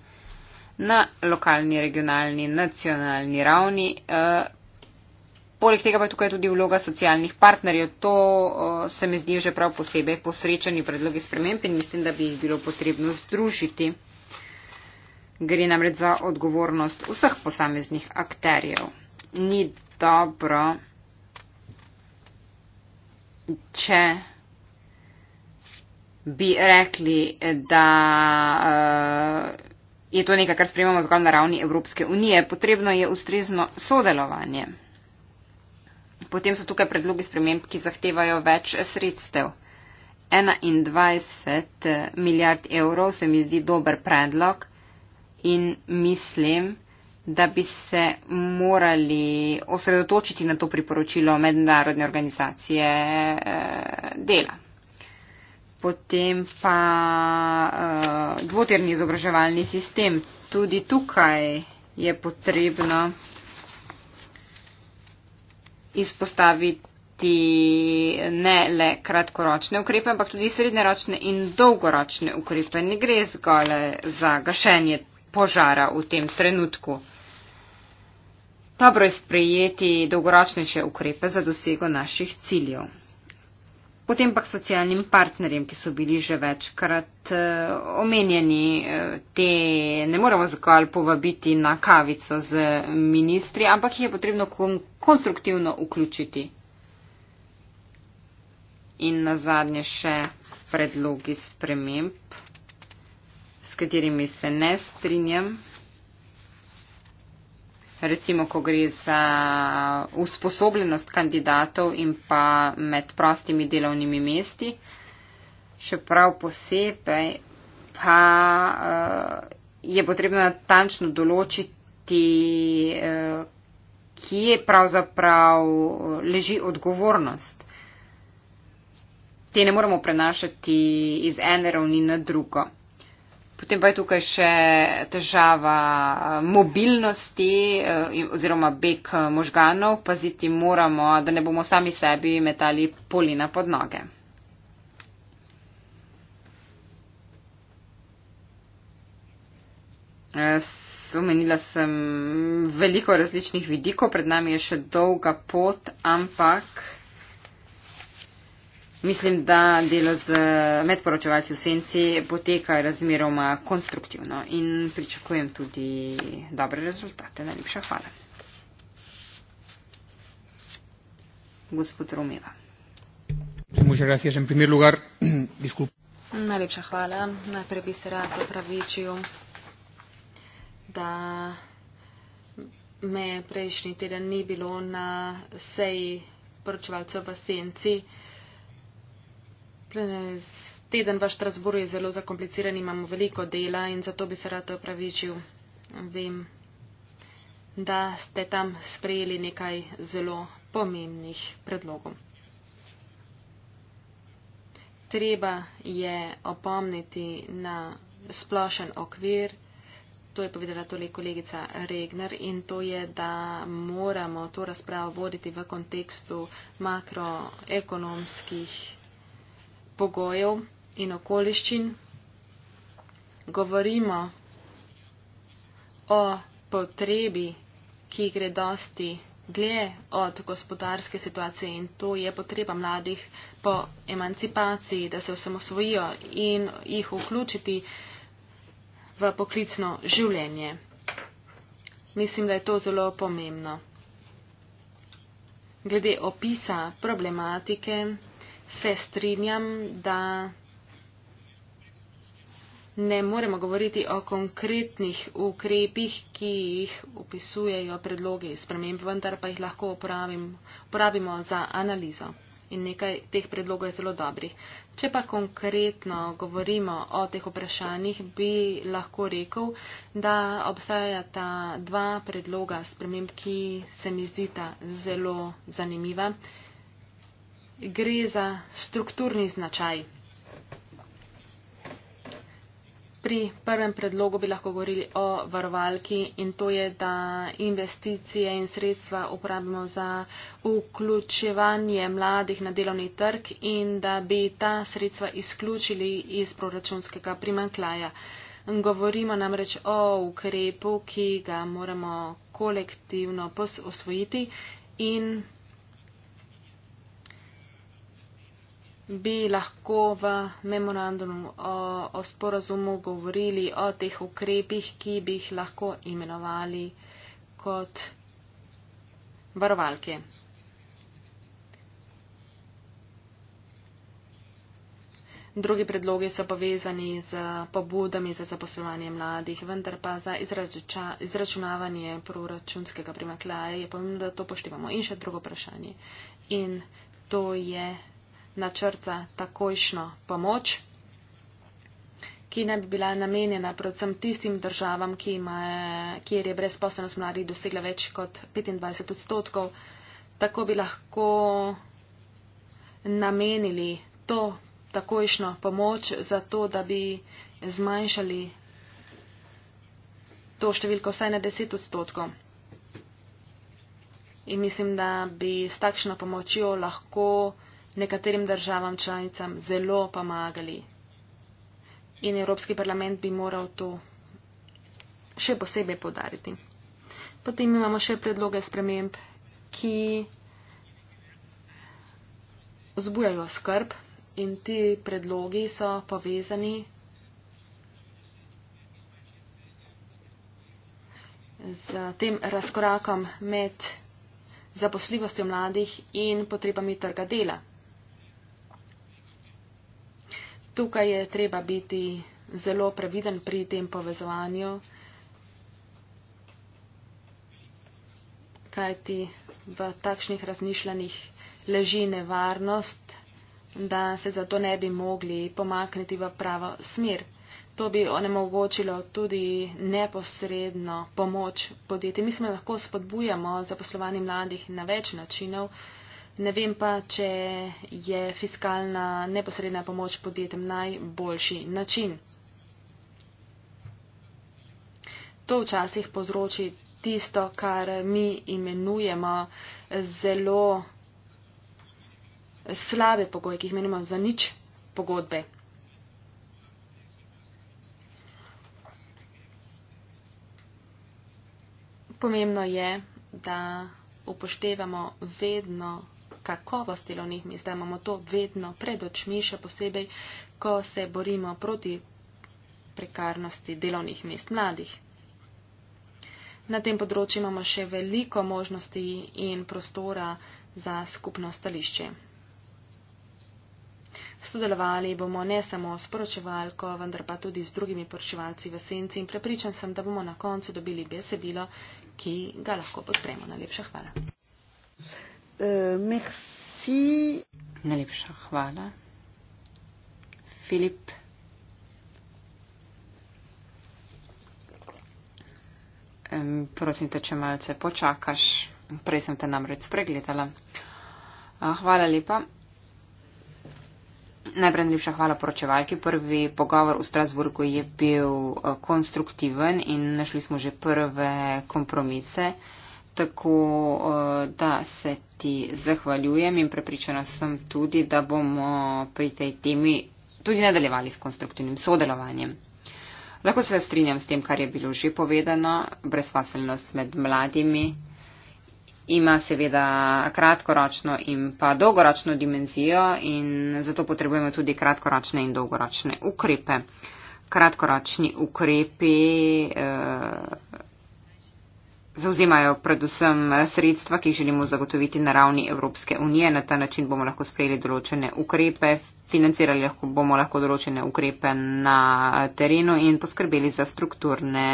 na lokalni, regionalni, nacionalni ravni. Eh, poleg tega pa je tukaj tudi vloga socialnih partnerjev. To eh, se mi zdi že prav posebej posrečeni predlogi sprememb in mislim, da bi jih bilo potrebno združiti. Gre namreč za odgovornost vseh posameznih akterjev. Ni dobro če bi rekli, da uh, je to nekaj, kar sprejemamo zgolj na ravni Evropske unije, potrebno je ustrezno sodelovanje. Potem so tukaj predlogi sprememb, ki zahtevajo več sredstev. 21 milijard evrov se mi zdi dober predlog in mislim, da bi se morali osredotočiti na to priporočilo mednarodne organizacije eh, dela. Potem pa eh, dvotirni izobraževalni sistem. Tudi tukaj je potrebno izpostaviti ne le kratkoročne ukrepe, ampak tudi srednjeročne in dolgoročne ukrepe. Ne gre zgolj za gašenje požara v tem trenutku. Dobro je sprejeti dolgoročnejše ukrepe za dosego naših ciljev. Potem pa k socialnim partnerjem, ki so bili že večkrat eh, omenjeni, eh, te ne moramo zgolj povabiti na kavico z ministri, ampak jih je potrebno konstruktivno vključiti. In na zadnje še predlogi sprememb, s katerimi se ne strinjam recimo, ko gre za usposobljenost kandidatov in pa med prostimi delovnimi mesti. Še prav posebej pa uh, je potrebno natančno določiti, uh, kje pravzaprav eh, leži odgovornost. Te ne moremo prenašati iz ene ravni na drugo. Potem pa je tukaj še težava eh, mobilnosti eh, oziroma beg eh, možganov. Paziti moramo, da ne bomo sami sebi metali polina pod noge. Omenila sem veliko različnih vidikov, pred nami je še dolga pot, ampak. Mislim, da delo z medporočevalci v senci poteka razmeroma konstruktivno in pričakujem tudi dobre rezultate. Najlepša hvala. Gospod Romeva. *clears throat* Najlepša hvala. Najprej bi se rad opravičil, da me prejšnji teden ni bilo na seji poročevalcev v senci. Teden v Štrasburu je zelo zakompliciran, imamo veliko dela in zato bi se rado opravičil. Vem, da ste tam sprejeli nekaj zelo pomembnih predlogov. Treba je opomniti na splošen okvir, to je povedala tudi kolegica Regner, in to je, da moramo to razpravo voditi v kontekstu makroekonomskih pogojev in okoliščin, govorimo o potrebi, ki gre dosti dlje od gospodarske situacije in to je potreba mladih po emancipaciji, da se osamosvojijo in jih vključiti v poklicno življenje. Mislim, da je to zelo pomembno. Glede opisa problematike se strinjam, da ne moremo govoriti o konkretnih ukrepih, ki jih opisujejo predloge sprememb, vendar pa jih lahko uporabimo za analizo. In nekaj teh predlogov je zelo dobrih. Če pa konkretno govorimo o teh vprašanjih, bi lahko rekel, da obstajata dva predloga sprememb, ki se mi zdita zelo zanimiva. Uh, gre za strukturni značaj. Pri prvem predlogu bi lahko govorili o varovalki in to je, da investicije in sredstva uporabimo za vključevanje mladih na delovni trg in da bi ta sredstva izključili iz proračunskega primanklaja. Govorimo namreč o ukrepu, ki ga moramo kolektivno posvojiti in bi lahko v memorandumu o, o sporazumu govorili o teh ukrepih, ki bi jih lahko imenovali kot varovalke. Drugi predlogi so povezani z pobudami za zaposlovanje mladih, vendar pa za izračunavanje proračunskega primaklaja je pomembno, da to poštevamo. In še drugo vprašanje. In to je načrta takojšno pomoč, ki ne bi bila namenjena predvsem tistim državam, ima, kjer je brezposobnost mladih dosegla več kot 25 odstotkov. Tako bi lahko namenili to takojšno pomoč za to, da bi zmanjšali to številko vsaj na 10 odstotkov. In mislim, da bi s takšno pomočjo lahko nekaterim državam članicam zelo pomagali. In Evropski parlament bi moral to še posebej podariti. Potem imamo še predloge sprememb, ki zbujajo skrb in ti predlogi so povezani z tem razkorakom med zaposljivostjo mladih in potrebami trga dela tukaj je treba biti zelo previden pri tem povezovanju, kajti v takšnih razmišljanjih leži nevarnost, da se zato ne bi mogli pomakniti v pravo smer. To bi onemogočilo tudi neposredno pomoč podjetij. Mi smo lahko spodbujamo zaposlovanje mladih na več načinov. Ne vem pa, če je fiskalna neposredna pomoč podjetjem najboljši način. To včasih povzroči tisto, kar mi imenujemo zelo slabe pogoje, ki jih menimo za nič pogodbe. Pomembno je, da upoštevamo vedno kakovost delovnih mest, da imamo to vedno pred očmi, še posebej, ko se borimo proti prekarnosti delovnih mest mladih. Na tem področju imamo še veliko možnosti in prostora za skupno stališče. Sodelovali bomo ne samo s poročevalko, vendar pa tudi z drugimi poročevalci v senci in prepričan sem, da bomo na koncu dobili besedilo, ki ga lahko podpremo. Najlepša hvala. Euh, merci. Najlepša hvala. Filip. Um, prosim te, če malce počakaš. Prej sem te namreč spregledala. Uh, hvala lepa. Najprej najlepša hvala poročevalki. Prvi pogovor v Strasburgu je bil uh, konstruktiven in našli smo že prve kompromise. Uh, Tako eh, da se ti zahvaljujem in prepričana sem tudi, da bomo pri tej temi tudi nadaljevali s konstruktivnim sodelovanjem. Lahko se strinjam s tem, kar je bilo že povedano, brezfaselnost med mladimi ima seveda kratkoročno in pa dolgoročno dimenzijo in zato potrebujemo tudi kratkoročne in dolgoročne ukrepe. Kratkoročni ukrepi. Eh, zauzemajo predvsem eh, sredstva, ki želimo zagotoviti na ravni Evropske unije. Na ta način bomo lahko sprejeli določene ukrepe, financirali lahko, bomo lahko določene ukrepe na eh, terenu in poskrbeli za strukturne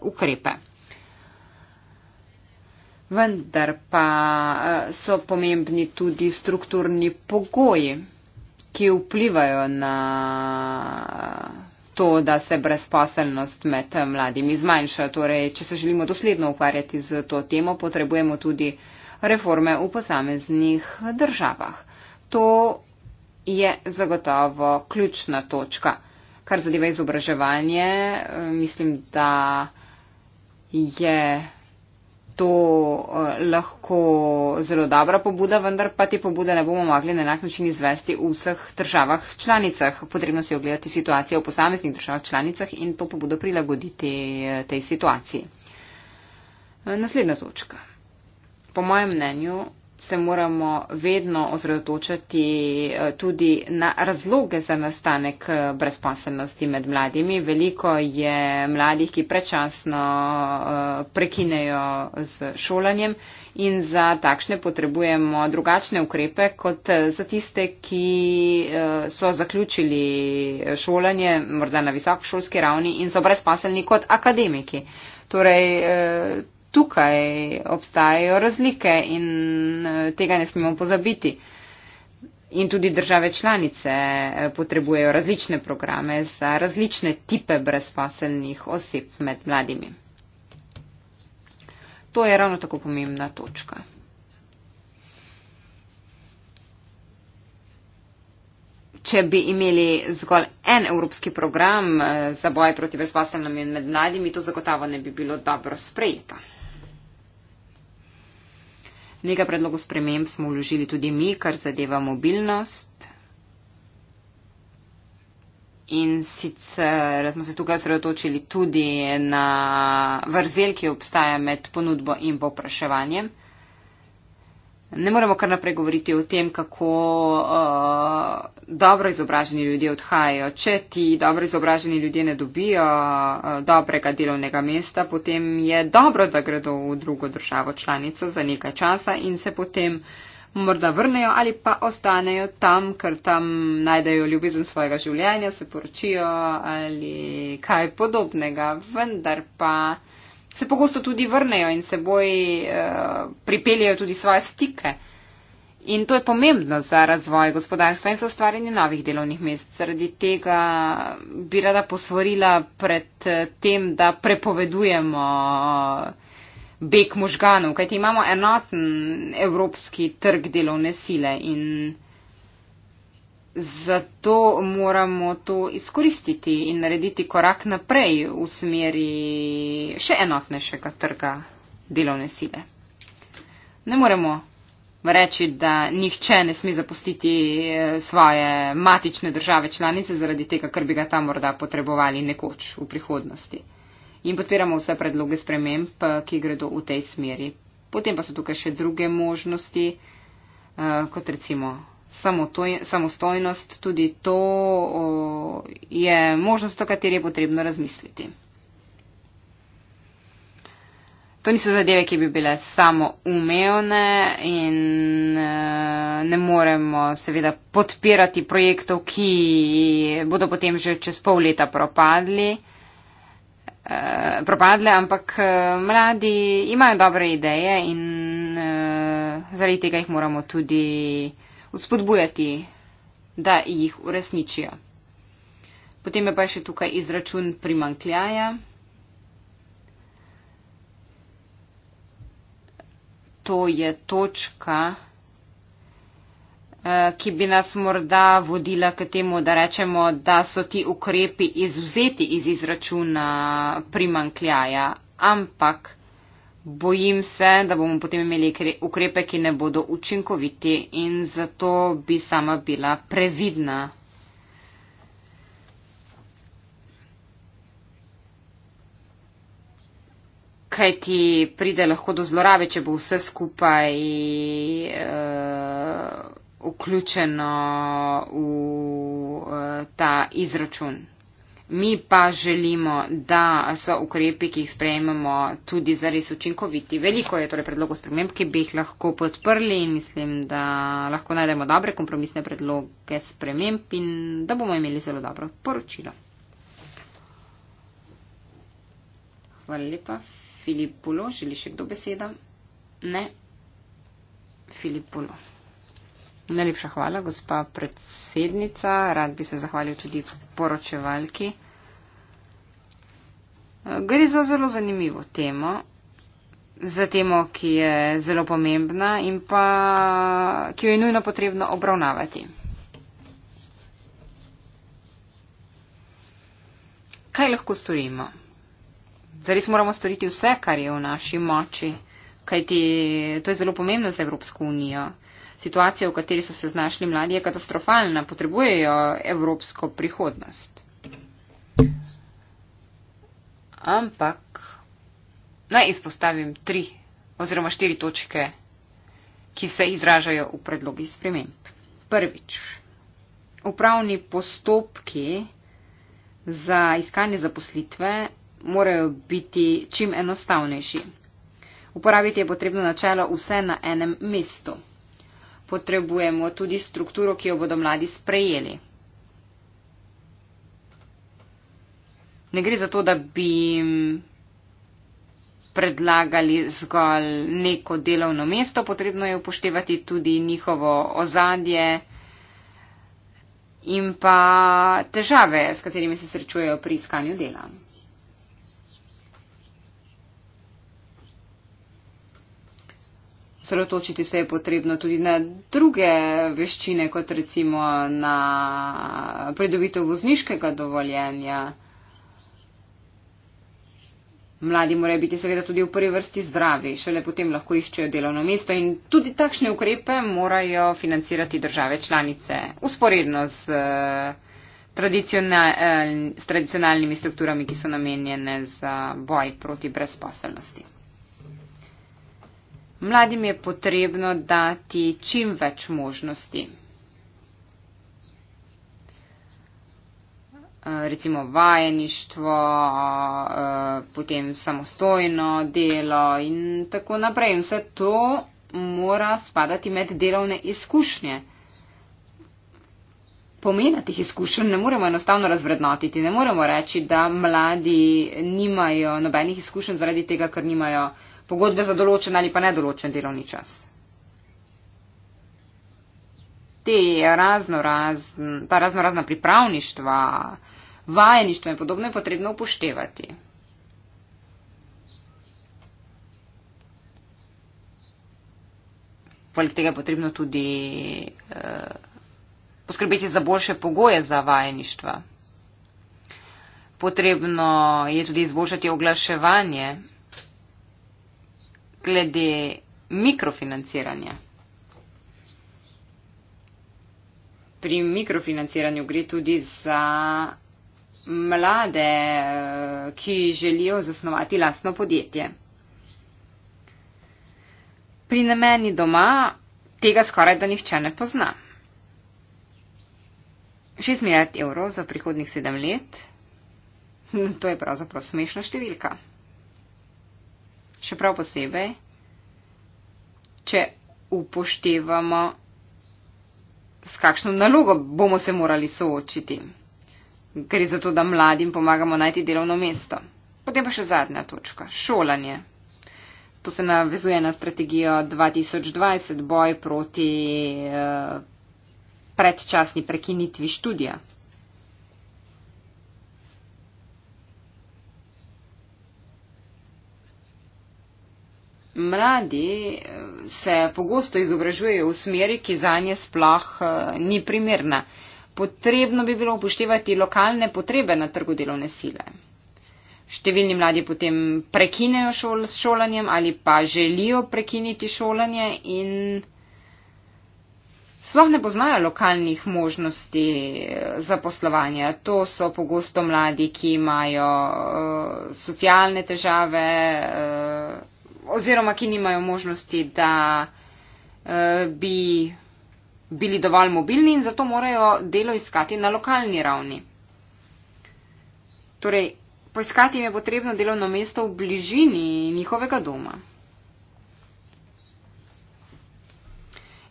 ukrepe. Vendar pa eh, so pomembni tudi strukturni pogoji, ki vplivajo na to, da se brezposelnost med eh, mladimi zmanjša. Torej, če se želimo dosledno ukvarjati z to temo, potrebujemo tudi reforme v posameznih državah. To je zagotovo ključna točka. Kar zadeva izobraževanje, eh, mislim, da je to eh, lahko zelo dobra pobuda, vendar pa te pobude ne bomo mogli na enak način izvesti v vseh državah članicah. Potrebno se je ogledati situacijo v posameznih državah članicah in to pobudo prilagoditi eh, tej situaciji. Eh, naslednja točka. Po mojem mnenju se moramo vedno ozredotočati eh, tudi na razloge za nastanek eh, brezposelnosti med mladimi. Veliko je mladih, ki prečasno eh, prekinejo z šolanjem in za takšne potrebujemo drugačne ukrepe kot za tiste, ki so zaključili šolanje morda na visokošolski ravni in so brezposelni kot akademiki. Torej, tukaj obstajajo razlike in eh, tega ne smemo pozabiti. In tudi države članice eh, potrebujejo različne programe za različne tipe brezpaselnih oseb med mladimi. To je ravno tako pomembna točka. Če bi imeli zgolj en evropski program eh, za boj proti brezpaselnim in med mladimi, to zagotavo ne bi bilo dobro sprejeto. Nekaj predlogov sprememb smo vložili tudi mi, kar zadeva mobilnost. In sicer smo se tukaj sredotočili tudi na vrzel, ki obstaja med ponudbo in popraševanjem. Ne moremo kar naprej govoriti o tem, kako uh, dobro izobraženi ljudje odhajajo. Če ti dobro izobraženi ljudje ne dobijo uh, dobrega delovnega mesta, potem je dobro, da gredo v drugo državo članico za nekaj časa in se potem morda vrnejo ali pa ostanejo tam, ker tam najdejo ljubezen svojega življenja, se poročijo ali kaj podobnega. Vendar pa se pogosto tudi vrnejo in seboj uh, eh, pripeljajo tudi svoje stike. In to je pomembno za razvoj gospodarstva in za ustvarjanje novih delovnih mest. Zaradi tega bi rada posvorila pred eh, tem, da prepovedujemo eh, beg možganov, kajti imamo enoten evropski trg delovne sile in zato moramo to izkoristiti in narediti korak naprej v smeri še enotnejšega trga delovne sile. Ne moremo reči, da nihče ne sme zapustiti eh, svoje matične države članice zaradi tega, ker bi ga tam morda potrebovali nekoč v prihodnosti. In podpiramo vse predloge sprememb, eh, ki gredo v tej smeri. Potem pa so tukaj še druge možnosti, eh, kot recimo samostojnost, tudi to je možnost, o kateri je potrebno razmisliti. To niso zadeve, ki bi bile samo umevne in eh, ne moremo seveda podpirati projektov, ki bodo potem že čez pol leta propadli. Eh, propadle, ampak eh, mladi imajo dobre ideje in zaradi tega jih moramo tudi vzpodbujati, da jih uresničijo. Potem je pa še tukaj izračun primankljaja. To je točka, eh, ki bi nas morda vodila k temu, da rečemo, da so ti ukrepi izuzeti iz izračuna primankljaja, ampak Bojim se, da bomo potem imeli ukrepe, ki ne bodo učinkoviti in zato bi sama bila previdna. Kaj ti pride lahko do zlorabe, če bo vse skupaj uh, vključeno v uh, ta izračun? Mi pa želimo, da so ukrepi, ki jih sprejmemo, tudi zares učinkoviti. Veliko je torej predlogov sprememb, ki bi jih lahko podprli in mislim, da lahko najdemo dobre kompromisne predloge sprememb in da bomo imeli zelo dobro poročilo. Hvala lepa. Filip Pulo, želi še kdo beseda? Ne. Filip Pulo. Najlepša hvala, gospa predsednica. Rad bi se zahvalil tudi poročevalki. Gre za zelo zanimivo temo, za temo, ki je zelo pomembna in pa, ki jo je nujno potrebno obravnavati. Kaj lahko storimo? Zares moramo storiti vse, kar je v naši moči, kajti to je zelo pomembno za Evropsko unijo. Situacija, v kateri so se znašli mladi, je katastrofalna. Potrebujejo evropsko prihodnost. Ampak naj izpostavim tri oziroma štiri točke, ki se izražajo v predlogi sprememb. Prvič, upravni postopki za iskanje zaposlitve morajo biti čim enostavnejši. Uporabiti je potrebno načelo vse na enem mestu potrebujemo tudi strukturo, ki jo bodo mladi sprejeli. Ne gre za to, da bi jim predlagali zgolj neko delovno mesto, potrebno je upoštevati tudi njihovo ozadje in pa težave, s katerimi se srečujejo pri iskanju dela. Sredotočiti se je potrebno tudi na druge veščine, kot recimo na pridobitev vozniškega dovoljenja. Mladi morajo biti seveda tudi v prvi vrsti zdravi, šele potem lahko iščejo delovno mesto in tudi takšne ukrepe morajo financirati države članice, usporedno s, eh, tradicional, s tradicionalnimi strukturami, ki so namenjene za boj proti brezposelnosti. Mladim je potrebno dati čim več možnosti. Eh, recimo vajeništvo, eh, potem samostojno delo in tako naprej. Vse to mora spadati med delovne izkušnje. Pomena tih izkušenj ne moremo enostavno razvrednotiti. Ne moremo reči, da mladi nimajo nobenih izkušenj zaradi tega, ker nimajo pogodbe za določen ali pa nedoločen delovni čas. Te razno razn, ta razno razna pripravništva, vajeništva in podobno je potrebno upoštevati. Poleg tega je potrebno tudi eh, poskrbeti za boljše pogoje za vajeništva. Potrebno je tudi izboljšati oglaševanje, glede mikrofinanciranja. Pri mikrofinanciranju gre tudi za mlade, eh, ki želijo zasnovati lastno podjetje. Pri nameni doma tega skoraj da nihče ne pozna. 6 milijard evrov za prihodnih 7 let, *laughs* to je pravzaprav smešna številka še prav posebej, če upoštevamo, s kakšno nalogo bomo se morali soočiti. Gre za to, da mladim pomagamo najti delovno mesto. Potem pa še zadnja točka - šolanje. To se navezuje na strategijo 2020 boj proti eh, predčasni prekinitvi študija. Mladi eh, se pogosto izobražujejo v smeri, ki za nje sploh eh, ni primerna. Potrebno bi bilo upoštevati lokalne potrebe na trgu delovne sile. Številni mladi potem prekinejo šol s šolanjem ali pa želijo prekiniti šolanje in sploh ne poznajo lokalnih možnosti eh, zaposlovanja. To so pogosto mladi, ki imajo uh, socialne težave. Uh, oziroma ki nimajo možnosti, da eh, bi bili dovolj mobilni in zato morajo delo iskati na lokalni ravni. Torej, poiskati jim je potrebno delovno mesto v bližini njihovega doma.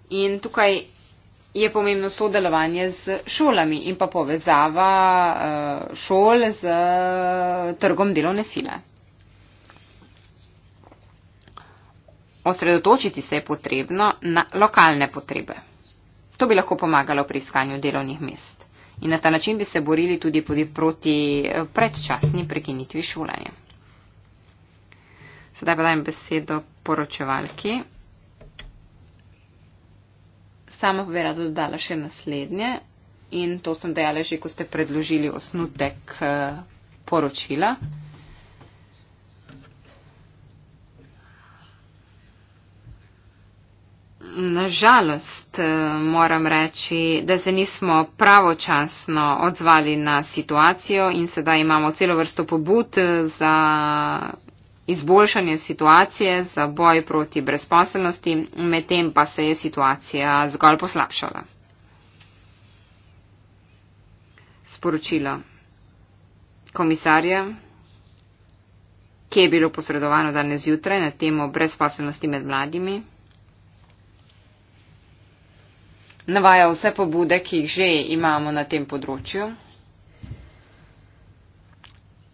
In tukaj je pomembno sodelovanje z šolami in pa povezava eh, šol z eh, trgom delovne sile. Osredotočiti se je potrebno na lokalne potrebe. To bi lahko pomagalo pri iskanju delovnih mest. In na ta način bi se borili tudi proti eh, predčasni prekinitvi šolanja. Sedaj pa dajem besedo poročevalki. Sama bi rada dodala še naslednje in to sem dejala že, ko ste predložili osnutek eh, poročila. nažalost eh, moram reči, da se nismo pravočasno odzvali na situacijo in sedaj imamo celo vrsto pobud eh, za izboljšanje situacije, za boj proti brezposelnosti, medtem pa se je situacija zgolj poslabšala. Sporočilo komisarja, ki je bilo posredovano danes zjutraj na temo brezposelnosti med mladimi. navaja vse pobude, ki jih že imamo na tem področju.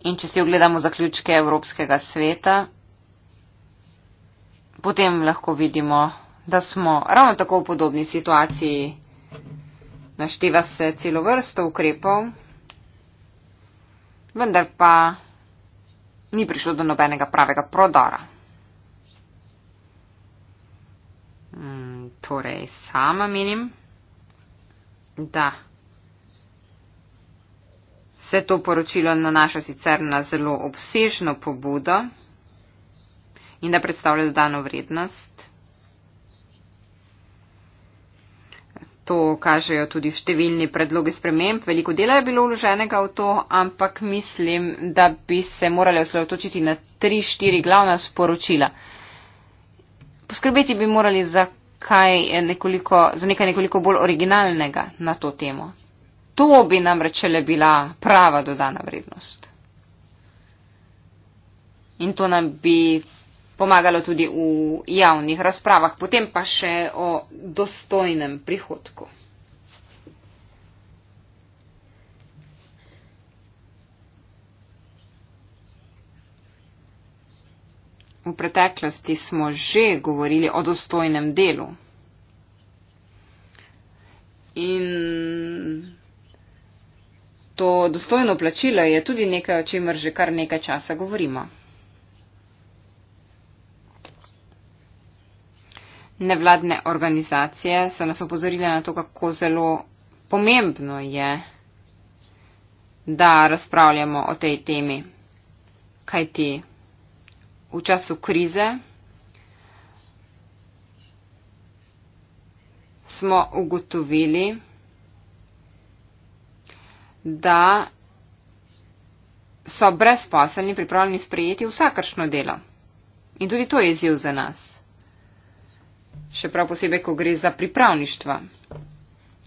In če si ogledamo zaključke Evropskega sveta, potem lahko vidimo, da smo ravno tako v podobni situaciji. Našteva se celo vrsto ukrepov, vendar pa ni prišlo do nobenega pravega prodora. Hmm, torej, sama menim. Da. Se to poročilo nanaša sicer na zelo obsežno pobudo in da predstavlja dodano vrednost. To kažejo tudi številni predlogi sprememb. Veliko dela je bilo vloženega v to, ampak mislim, da bi se morali osredotočiti na tri, štiri glavna sporočila. Poskrbeti bi morali za kaj je nekoliko, za nekaj nekoliko bolj originalnega na to temo. To bi namreč le bila prava dodana vrednost. In to nam bi pomagalo tudi v javnih razpravah, potem pa še o dostojnem prihodku. V preteklosti smo že govorili o dostojnem delu. In to dostojno plačilo je tudi nekaj, o čemer že kar nekaj časa govorimo. Nevladne organizacije so nas opozorile na to, kako zelo pomembno je, da razpravljamo o tej temi. Kaj ti? Te v času krize smo ugotovili, da so brezposelni pripravljeni sprejeti vsakršno delo. In tudi to je izjiv za nas. Še prav posebej, ko gre za pripravništva.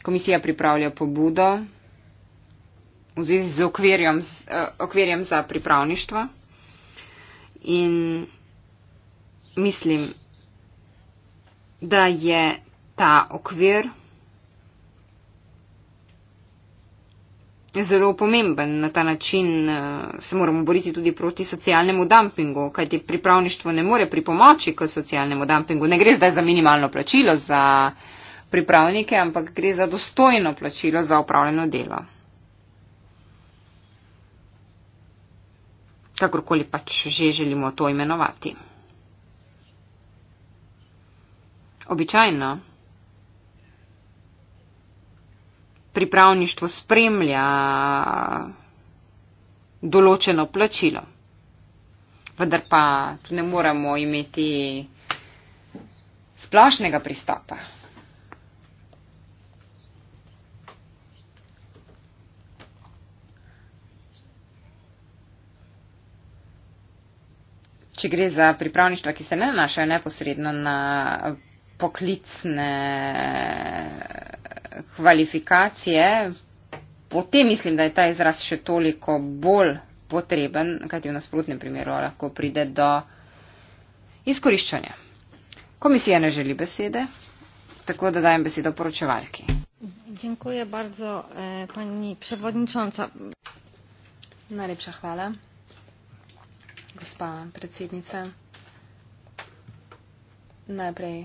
Komisija pripravlja pobudo v zvezi z okvirjem, z, eh, okvirjem za pripravništva. In mislim, da je ta okvir zelo pomemben. Na ta način eh, se moramo boriti tudi proti socialnemu dumpingu, kajti pripravništvo ne more pripomoči k socialnemu dumpingu. Ne gre zdaj za minimalno plačilo za pripravnike, ampak gre za dostojno plačilo za upravljeno delo. kakorkoli pač že želimo to imenovati. Običajno pripravništvo spremlja določeno plačilo, vendar pa tu ne moramo imeti splošnega pristopa. če gre za pripravništva, ki se ne nanašajo neposredno na poklicne eh, kvalifikacije, potem mislim, da je ta izraz še toliko bolj potreben, kajti v nasprotnem primeru lahko pride do izkoriščanja. Komisija ne želi besede, tako da dajem besedo poročevalki. Dziękuję bardzo e, pani przewodnicząca. Najlepsza chwala gospa predsednica. Najprej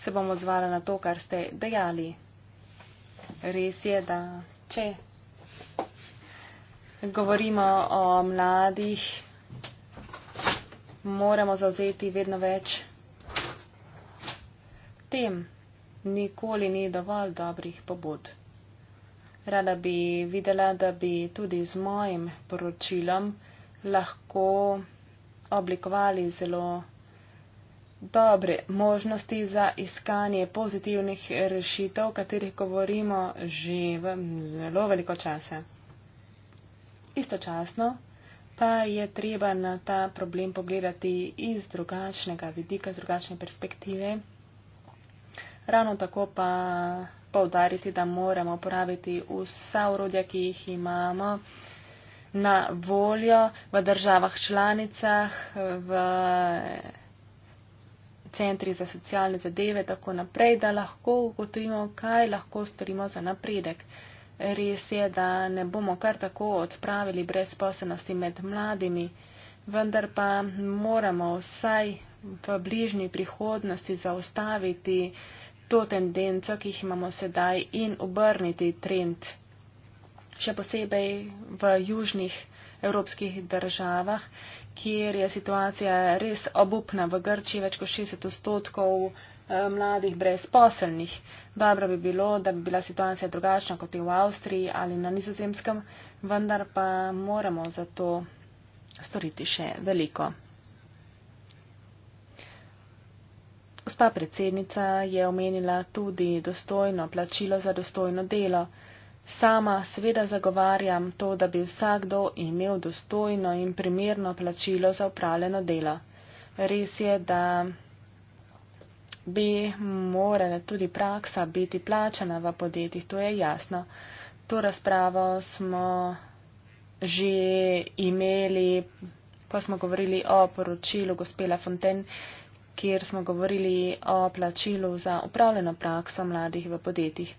se bom odzvala na to, kar ste dejali. Res je, da če govorimo o mladih, moramo zauzeti vedno več tem. Nikoli ni dovolj dobrih pobud. Rada bi videla, da bi tudi z mojim poročilom lahko oblikovali zelo dobre možnosti za iskanje pozitivnih rešitev, o katerih govorimo že v zelo veliko časa. Istočasno pa je treba na ta problem pogledati iz drugačnega vidika, z drugačne perspektive. Ravno tako pa poudariti, da moramo uporabiti vsa urodja, ki jih imamo na voljo v državah članicah, v centri za socialne zadeve, tako naprej, da lahko ugotovimo, kaj lahko storimo za napredek. Res je, da ne bomo kar tako odpravili brezposobnosti med mladimi, vendar pa moramo vsaj v bližnji prihodnosti zaustaviti to tendenco, ki jih imamo sedaj in obrniti trend še posebej v južnih evropskih državah, kjer je situacija res obupna. V Grči več kot 60 odstotkov eh, mladih brezposelnih. Dobro bi bilo, da bi bila situacija drugačna kot je v Avstriji ali na nizozemskem, vendar pa moramo za to storiti še veliko. Gospa predsednica je omenila tudi dostojno plačilo za dostojno delo. Sama seveda zagovarjam to, da bi vsakdo imel dostojno in primerno plačilo za upravljeno delo. Res je, da bi morala tudi praksa biti plačana v podjetjih, to je jasno. To razpravo smo že imeli, ko smo govorili o poročilu gospela Fonten, kjer smo govorili o plačilu za upravljeno prakso mladih v podjetjih.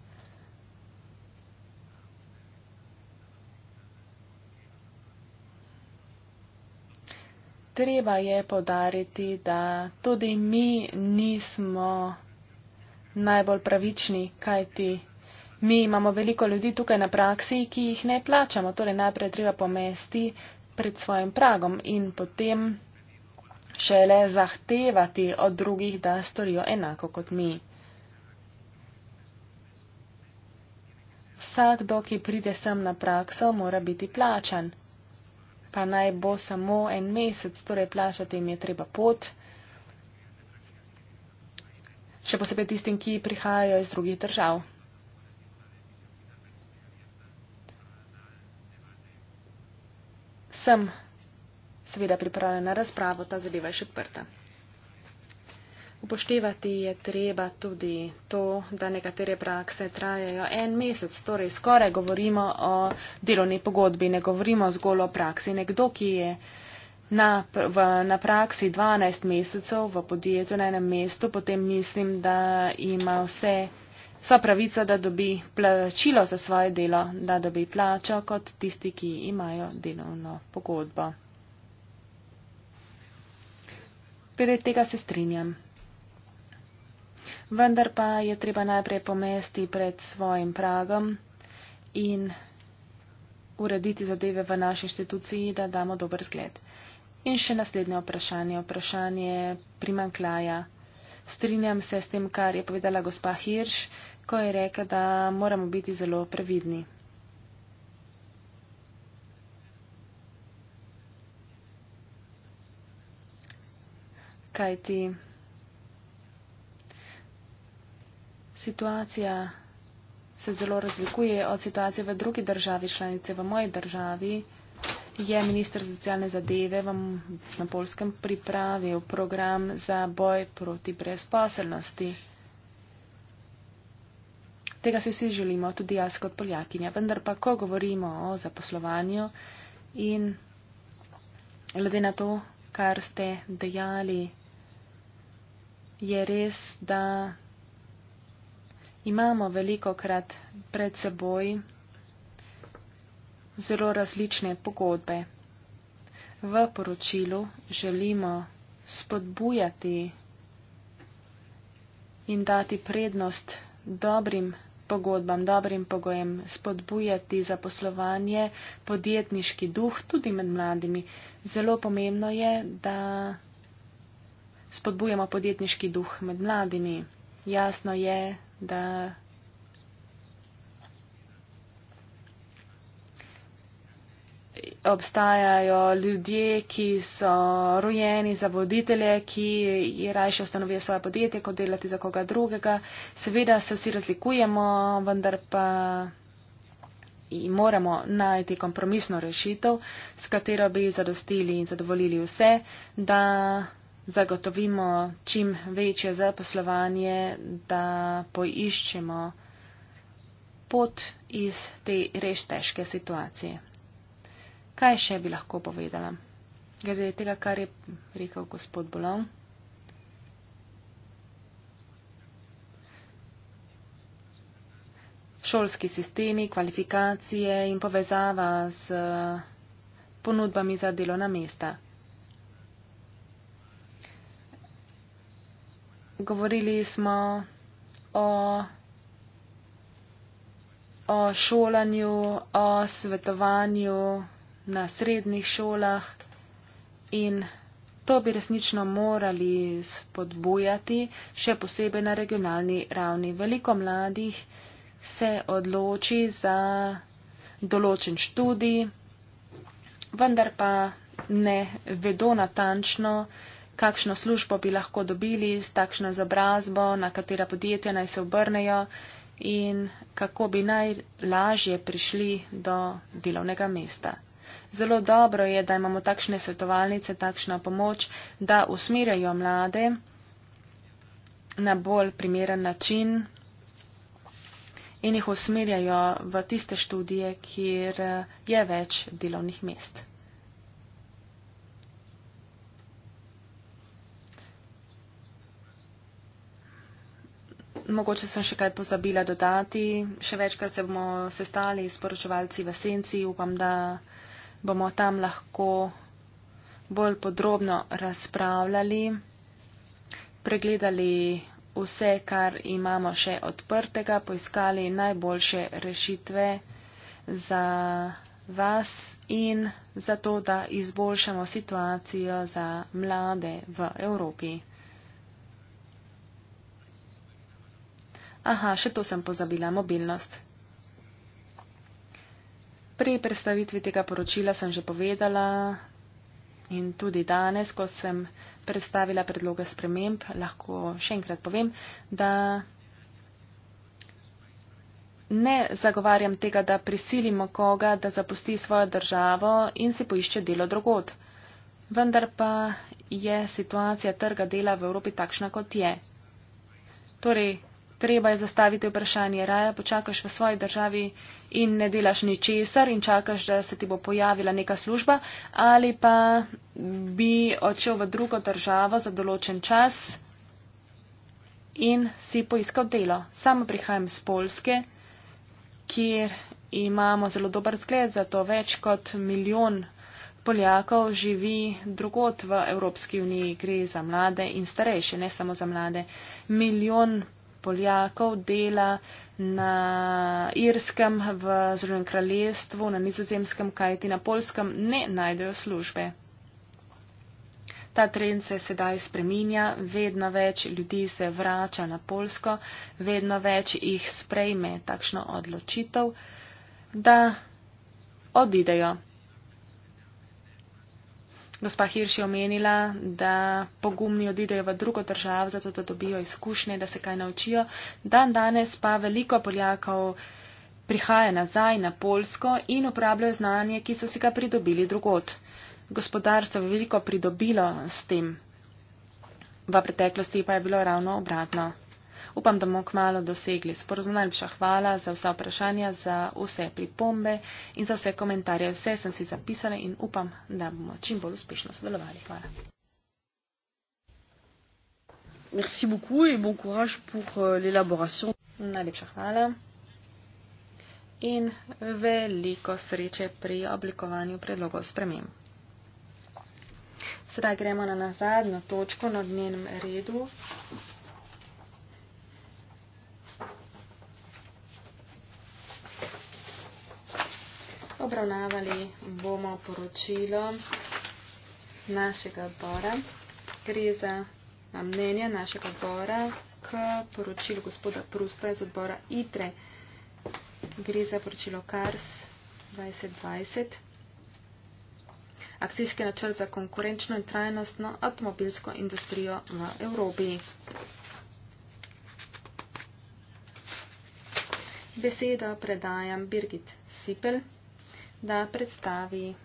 treba je podariti, da tudi mi nismo najbolj pravični, kajti mi imamo veliko ljudi tukaj na praksi, ki jih ne plačamo. Torej najprej treba pomesti pred svojim pragom in potem šele zahtevati od drugih, da storijo enako kot mi. Vsakdo, ki pride sem na prakso, mora biti plačan pa naj bo samo en mesec, torej plačati jim je treba pot, še posebej tistim, ki prihajajo iz drugih držav. Sem seveda pripravljena na razpravo, ta zadeva je še odprta. Upoštevati je treba tudi to, da nekatere prakse trajajo en mesec, torej skoraj govorimo o delovni pogodbi, ne govorimo zgolj o praksi. Nekdo, ki je na, v, na praksi 12 mesecev v podjetju na enem mestu, potem mislim, da ima vse, vso pravico, da dobi plačilo za svoje delo, da dobi plačo kot tisti, ki imajo delovno pogodbo. Pred tega se strinjam vendar pa je treba najprej pomesti pred svojim pragom in urediti zadeve v naši inštituciji, da damo dober zgled. In še naslednje vprašanje, vprašanje primankljaja. Strinjam se s tem, kar je povedala gospa Hirš, ko je rekla, da moramo biti zelo previdni. Kaj ti? situacija se zelo razlikuje od situacije v drugi državi članice. V moji državi je minister za socialne zadeve vam na polskem pripravil program za boj proti brezposelnosti. Tega si vsi želimo, tudi jaz kot poljakinja. Vendar pa, ko govorimo o zaposlovanju in glede na to, kar ste dejali, je res, da imamo veliko krat pred seboj zelo različne pogodbe. V poročilu želimo spodbujati in dati prednost dobrim pogodbam, dobrim pogojem, spodbujati zaposlovanje, podjetniški duh tudi med mladimi. Zelo pomembno je, da spodbujamo podjetniški duh med mladimi. Jasno je, da obstajajo ljudje, ki so rojeni za voditelje, ki rajše ustanovijo svoje podjetje, kot delati za koga drugega. Seveda se vsi razlikujemo, vendar pa moramo najti kompromisno rešitev, s katero bi zadostili in zadovoljili vse, da zagotovimo čim večje zaposlovanje, da poiščemo pot iz te reš težke situacije. Kaj še bi lahko povedala? Glede tega, kar je rekel gospod Bolon. Šolski sistemi, kvalifikacije in povezava z ponudbami za delovna mesta. govorili smo o, o šolanju, o svetovanju na srednjih šolah in to bi resnično morali spodbujati, še posebej na regionalni ravni. Veliko mladih se odloči za določen študij, vendar pa ne vedo natančno, kakšno službo bi lahko dobili, s takšno izobrazbo, na katera podjetja naj se obrnejo in kako bi najlažje prišli do delovnega mesta. Zelo dobro je, da imamo takšne svetovalnice, takšno pomoč, da usmerjajo mlade na bolj primeren način in jih usmerjajo v tiste študije, kjer je več delovnih mest. mogoče sem še kaj pozabila dodati. Še večkrat se bomo sestali s poročevalci v Senci. Upam, da bomo tam lahko bolj podrobno razpravljali, pregledali vse, kar imamo še odprtega, poiskali najboljše rešitve za vas in za to, da izboljšamo situacijo za mlade v Evropi. Aha, še to sem pozabila, mobilnost. Pri predstavitvi tega poročila sem že povedala in tudi danes, ko sem predstavila predloge sprememb, lahko še enkrat povem, da ne zagovarjam tega, da prisilimo koga, da zapusti svojo državo in si poišče delo drugot. Vendar pa je situacija trga dela v Evropi takšna, kot je. Torej, treba je zastaviti vprašanje, raje počakaš v svoji državi in ne delaš ničesar in čakaš, da se ti bo pojavila neka služba, ali pa bi odšel v drugo državo za določen čas in si poiskal delo. Samo prihajam z Polske, kjer imamo zelo dober zgled, zato več kot milijon. Poljakov živi drugot v Evropski uniji, gre za mlade in starejše, ne samo za mlade. Milijon Poljakov dela na Irskem, v Združenem kraljestvu, na Nizozemskem, kajti na Polskem ne najdejo službe. Ta trend se sedaj spreminja, vedno več ljudi se vrača na Polsko, vedno več jih sprejme takšno odločitev, da odidejo gospa Hirš je omenila, da pogumni odidejo v drugo državo, zato da dobijo izkušnje, da se kaj naučijo. Dan danes pa veliko Poljakov prihaja nazaj na Polsko in uporabljajo znanje, ki so si ga pridobili drugot. Gospodarstvo je veliko pridobilo s tem. V preteklosti pa je bilo ravno obratno. Upam, da bomo kmalo dosegli sporozum. Najlepša hvala za vsa vprašanja, za vse pripombe in za vse komentarje. Vse sem si zapisala in upam, da bomo čim bolj uspešno sodelovali. Hvala. Merci beaucoup et bon courage pour euh, l'élaboration. Najlepša hvala in veliko sreče pri oblikovanju predlogov sprememb. Sedaj gremo na nazadnjo točko na dnevnem redu. Obravnavali bomo poročilo našega odbora. Gre za mnenje našega odbora k poročilu gospoda Prusta iz odbora ITRE. Gre za poročilo KARS 2020. Akcijski načrt za konkurenčno in trajnostno avtomobilsko industrijo v Evropi. Besedo predajam Birgit Sipel da predstavi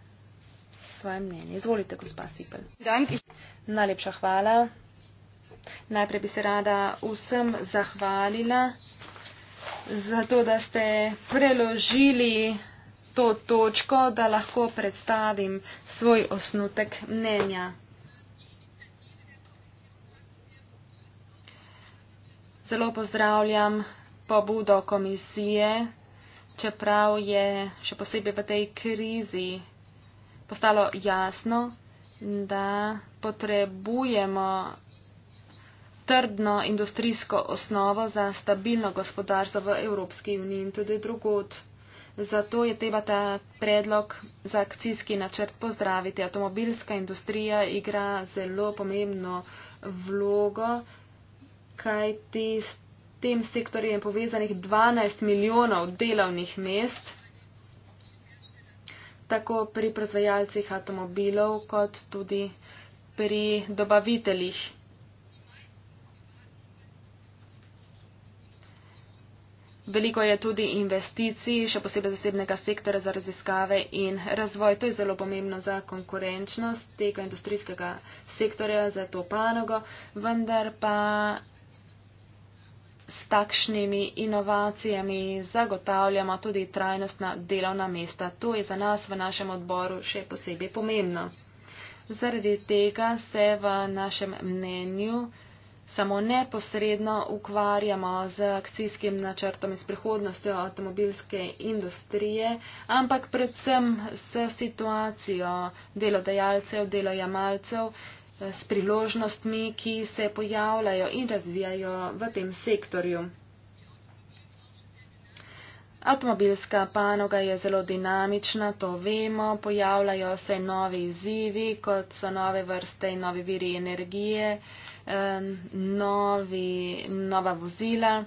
svoje mnenje. Izvolite, gospa Sipel. Najlepša hvala. Najprej bi se rada vsem zahvalila za to, da ste preložili to točko, da lahko predstavim svoj osnutek mnenja. Zelo pozdravljam pobudo komisije čeprav je še posebej v tej krizi postalo jasno, da potrebujemo trdno industrijsko osnovo za stabilno gospodarstvo v Evropski uniji in tudi drugod. Zato je treba ta predlog za akcijski načrt pozdraviti. Automobilska industrija igra zelo pomembno vlogo, kaj ti s tem sektorju je povezanih 12 milijonov delovnih mest, tako pri proizvajalcih avtomobilov, kot tudi pri dobaviteljih. Veliko je tudi investicij, še posebej zasebnega sektora za raziskave in razvoj. To je zelo pomembno za konkurenčnost tega industrijskega sektorja, za to panogo, vendar pa s takšnimi inovacijami zagotavljamo tudi trajnostna delovna mesta. To je za nas v našem odboru še posebej pomembno. Zaradi tega se v našem mnenju samo neposredno ukvarjamo z akcijskim načrtom in s prihodnostjo avtomobilske industrije, ampak predvsem s situacijo delodajalcev, delojamalcev, s priložnostmi, ki se pojavljajo in razvijajo v tem sektorju. Avtomobilska panoga je zelo dinamična, to vemo, pojavljajo se novi izzivi, kot so nove vrste in novi viri energije, novi, nova vozila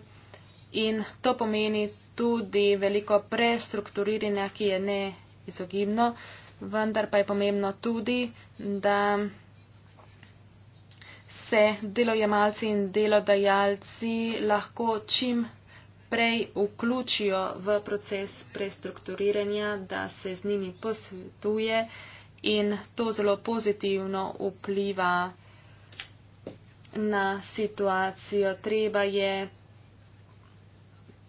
in to pomeni tudi veliko prestrukturiranja, ki je neizogibno, vendar pa je pomembno tudi, da se delojemalci in delodajalci lahko čim prej vključijo v proces prestrukturiranja, da se z njimi posvetuje in to zelo pozitivno vpliva na situacijo. Treba je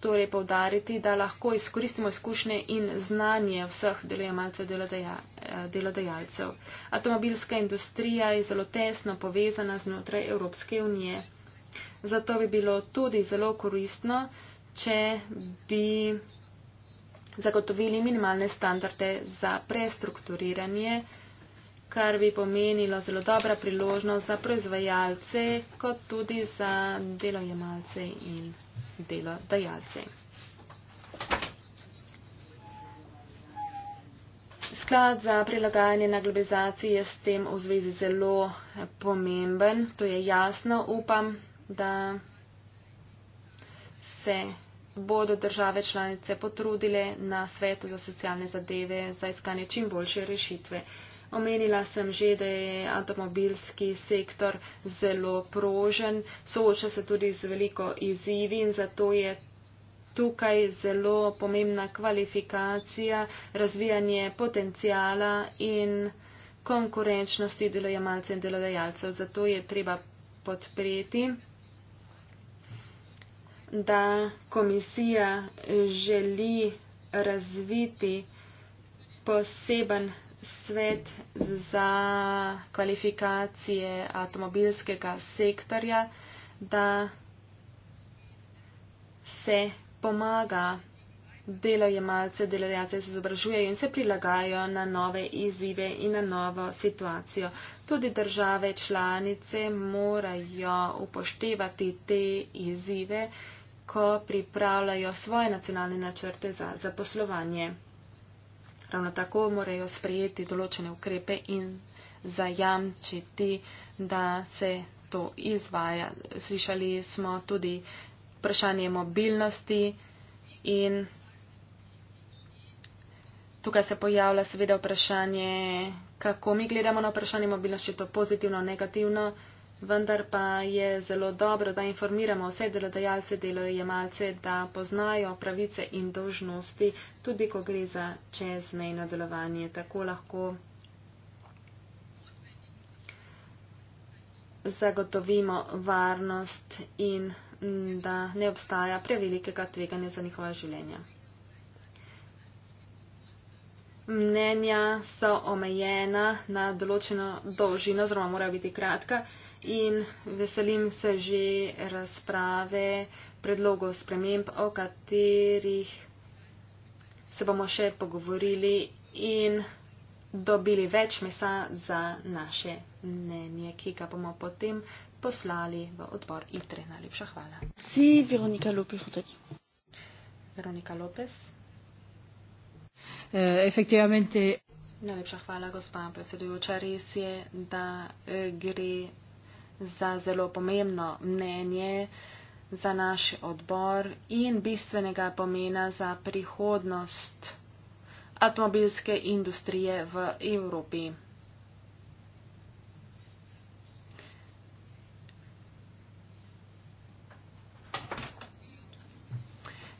torej povdariti, da lahko izkoristimo izkušnje in znanje vseh delojemalcev delodajalcev delodajalcev. Avtomobilska industrija je zelo tesno povezana znotraj Evropske unije. Zato bi bilo tudi zelo koristno, če bi zagotovili minimalne standarde za prestrukturiranje, kar bi pomenilo zelo dobra priložnost za proizvajalce, kot tudi za delojemalce in delodajalce. Sklad za prilagajanje na globalizaciji je s tem v zvezi zelo eh, pomemben. To je jasno, upam, da se bodo države članice potrudile na svetu za socialne zadeve za iskanje čim boljše rešitve. Omenila sem že, da je avtomobilski sektor zelo prožen, sooča se tudi z veliko izzivi in zato je tukaj zelo pomembna kvalifikacija, razvijanje potencijala in konkurenčnosti delojemalcev in delodajalcev. Zato je treba podpreti, da komisija želi razviti poseben svet za kvalifikacije avtomobilskega sektorja, da se pomaga delojemalce, delojemalce se izobražujejo in se prilagajajo na nove izzive in na novo situacijo. Tudi države članice morajo upoštevati te izzive, ko pripravljajo svoje nacionalne načrte za zaposlovanje. Ravno tako morajo sprejeti določene ukrepe in zajamčiti, da se to izvaja. Slišali smo tudi vprašanje mobilnosti in tukaj se pojavlja seveda vprašanje, kako mi gledamo na vprašanje mobilnosti, če je to pozitivno, negativno, vendar pa je zelo dobro, da informiramo vse delodajalce, delojemalce, da poznajo pravice in dožnosti, tudi ko gre za čezmejno delovanje. Tako lahko zagotovimo varnost in vprašanje da ne obstaja prevelikega tveganja za njihova življenja. Mnenja so omejena na določeno dolžino, oziroma morajo biti kratka, in veselim se že razprave, predlogov sprememb, o katerih se bomo še pogovorili in dobili več mesa za naše mnenje, ki ga bomo potem poslali v odbor ITRE. Najlepša hvala. Si, Veronika Lopez. Veronika Lopez. Eh, Efektivamente. Najlepša hvala, gospa predsedujoča. Res je, da eh, gre za zelo pomembno mnenje za naš odbor in bistvenega pomena za prihodnost avtomobilske industrije v Evropi.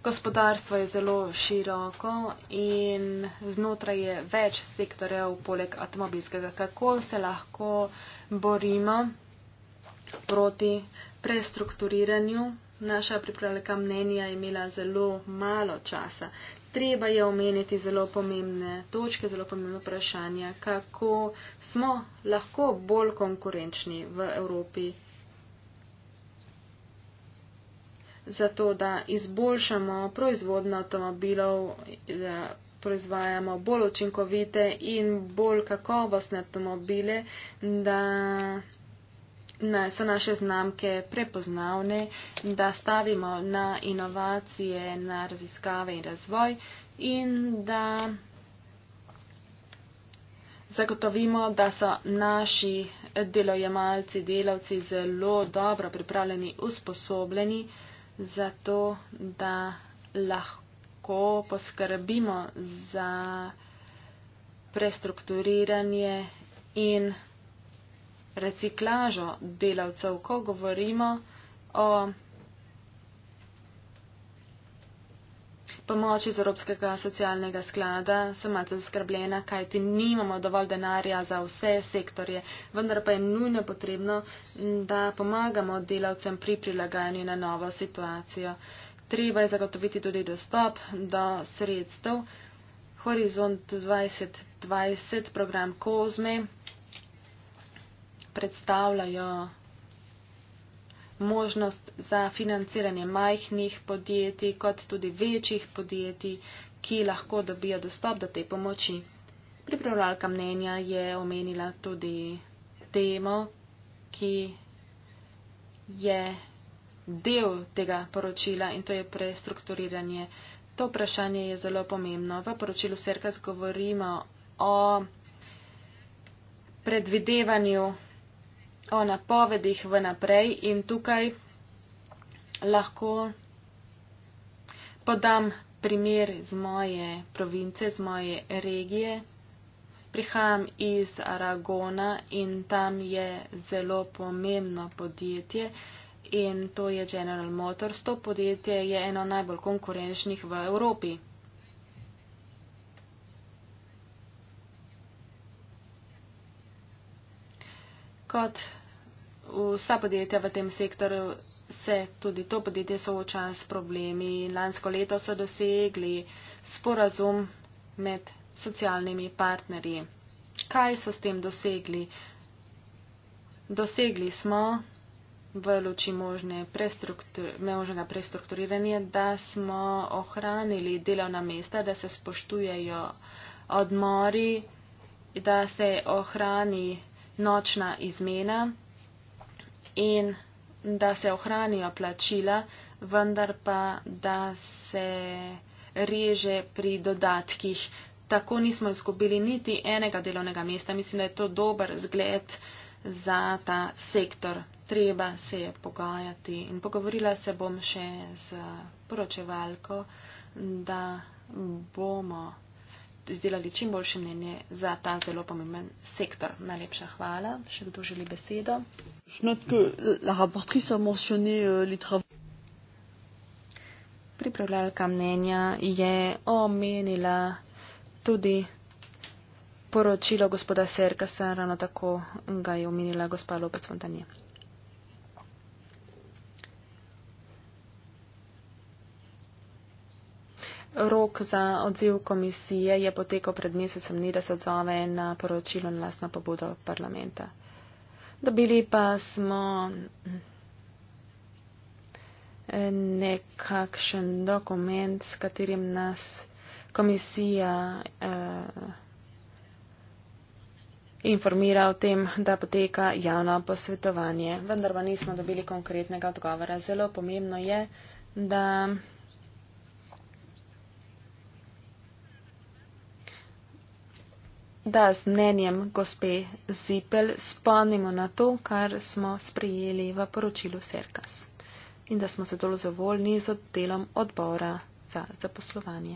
Gospodarstvo je zelo široko in znotraj je več sektorjev poleg avtomobilskega. Kako se lahko borimo proti prestrukturiranju? Naša pripravljaka mnenja je imela zelo malo časa. Treba je omeniti zelo pomembne točke, zelo pomembne vprašanja, kako smo lahko bolj konkurenčni v Evropi zato da izboljšamo proizvodno avtomobilov, da proizvajamo bolj učinkovite in bolj kakovostne avtomobile, da na, so naše znamke prepoznavne, da stavimo na inovacije, na raziskave in razvoj in da zagotovimo, da so naši delojemalci, delavci zelo dobro pripravljeni, usposobljeni zato da lahko poskrbimo za prestrukturiranje in reciklažo delavcev, ko govorimo o pomoč iz Evropskega socialnega sklada, sem malce zaskrbljena, kajti nimamo dovolj denarja za vse sektorje, vendar pa je nujno potrebno, da pomagamo delavcem pri prilagajanju na novo situacijo. Treba je zagotoviti tudi dostop do sredstev. Horizont 2020, program Kozme predstavljajo možnost za financiranje majhnih podjetij kot tudi večjih podjetij, ki lahko dobijo dostop do te pomoči. Pripravljalka mnenja je omenila tudi temo, ki je del tega poročila in to je prestrukturiranje. To vprašanje je zelo pomembno. V poročilu Serkas govorimo o predvidevanju o napovedih vnaprej in tukaj lahko podam primer iz moje province, iz moje regije. Prihajam iz Aragona in tam je zelo pomembno podjetje in to je General Motors. To podjetje je eno najbolj konkurenčnih v Evropi. kot vsa podjetja v tem sektorju se tudi to podjetje sooča s problemi. Lansko leto so dosegli sporazum med socialnimi partnerji. Kaj so s tem dosegli? Dosegli smo v luči možne prestruktur, možnega prestrukturiranja, da smo ohranili delovna mesta, da se spoštujejo odmori, da se ohrani nočna izmena in da se ohranijo plačila, vendar pa da se reže pri dodatkih. Tako nismo izgubili niti enega delovnega mesta. Mislim, da je to dober zgled za ta sektor. Treba se je pogajati in pogovorila se bom še z poročevalko, da bomo izdelali čim boljše mnenje za ta zelo pomemben sektor. Najlepša hvala. Še kdo želi besedo? Euh, Pripravljalka mnenja je omenila tudi poročilo gospoda Serkasa, ravno tako ga je omenila gospa Lopez Fontanje. Rok za odziv komisije je potekal pred mesecem dni, da se odzove na poročilo na lasno pobudo parlamenta. Dobili pa smo nekakšen dokument, s katerim nas komisija eh, informira o tem, da poteka javno posvetovanje. Vendar pa nismo dobili konkretnega odgovora. Zelo pomembno je, da. da z mnenjem gospe Zipel spomnimo na to, kar smo sprejeli v poročilu Serkas in da smo zelo zavoljni z delom odbora za zaposlovanje.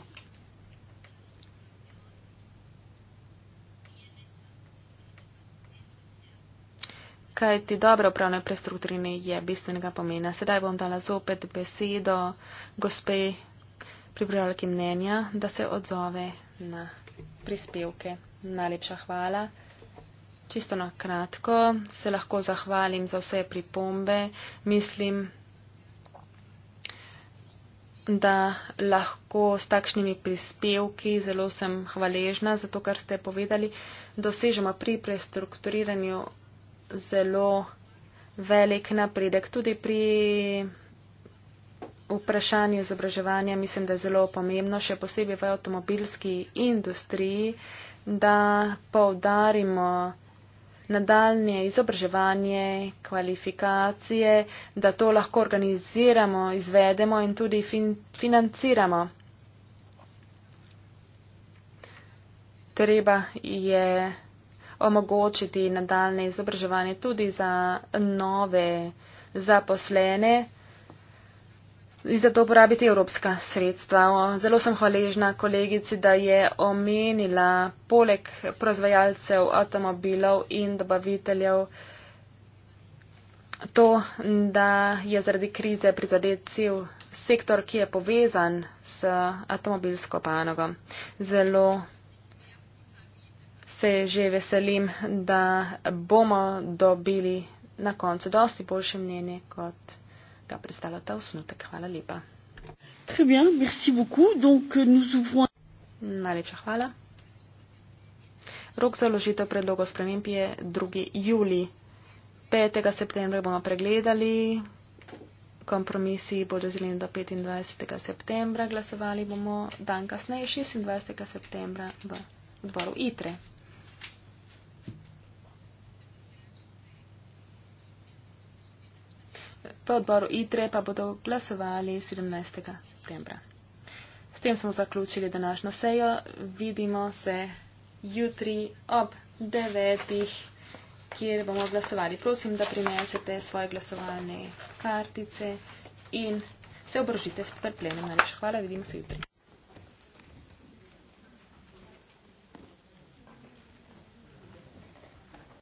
Kaj ti dobro upravne prestrukturine je bistvenega pomena. Sedaj bom dala zopet besedo gospe pripravljaki mnenja, da se odzove na prispevke. Najlepša hvala. Čisto na kratko se lahko zahvalim za vse pripombe. Mislim, da lahko s takšnimi prispevki, zelo sem hvaležna za to, kar ste povedali, dosežemo pri prestrukturiranju zelo velik napredek. Tudi pri vprašanju izobraževanja mislim, da je zelo pomembno, še posebej v avtomobilski industriji, da povdarimo nadaljnje izobraževanje, kvalifikacije, da to lahko organiziramo, izvedemo in tudi fin financiramo. Treba je omogočiti nadaljne izobraževanje tudi za nove zaposlene in zato uporabiti evropska sredstva. Zelo sem hvaležna kolegici, da je omenila poleg proizvajalcev avtomobilov in dobaviteljev to, da je zaradi krize prizadecil sektor, ki je povezan s avtomobilsko panogo. Zelo se že veselim, da bomo dobili na koncu dosti boljše mnenje kot ga predstavlja ta osnutek. Hvala lepa. Bien, merci Donc, nous ouvrons... Najlepša hvala. Rok za ložitev predlogov sprememb je 2. juli. 5. septembra bomo pregledali. Kompromisi bodo zeleni do 25. septembra. Glasovali bomo dan kasneje, 26. septembra v dvoru ITRE. na odboru ITRE pa bodo glasovali 17. septembra. S tem smo zaključili današnjo sejo. Vidimo se jutri ob 9. kjer bomo glasovali. Prosim, da prinesete svoje glasovalne kartice in se obrožite s potrpljenjem. Najlepša hvala, vidimo se jutri.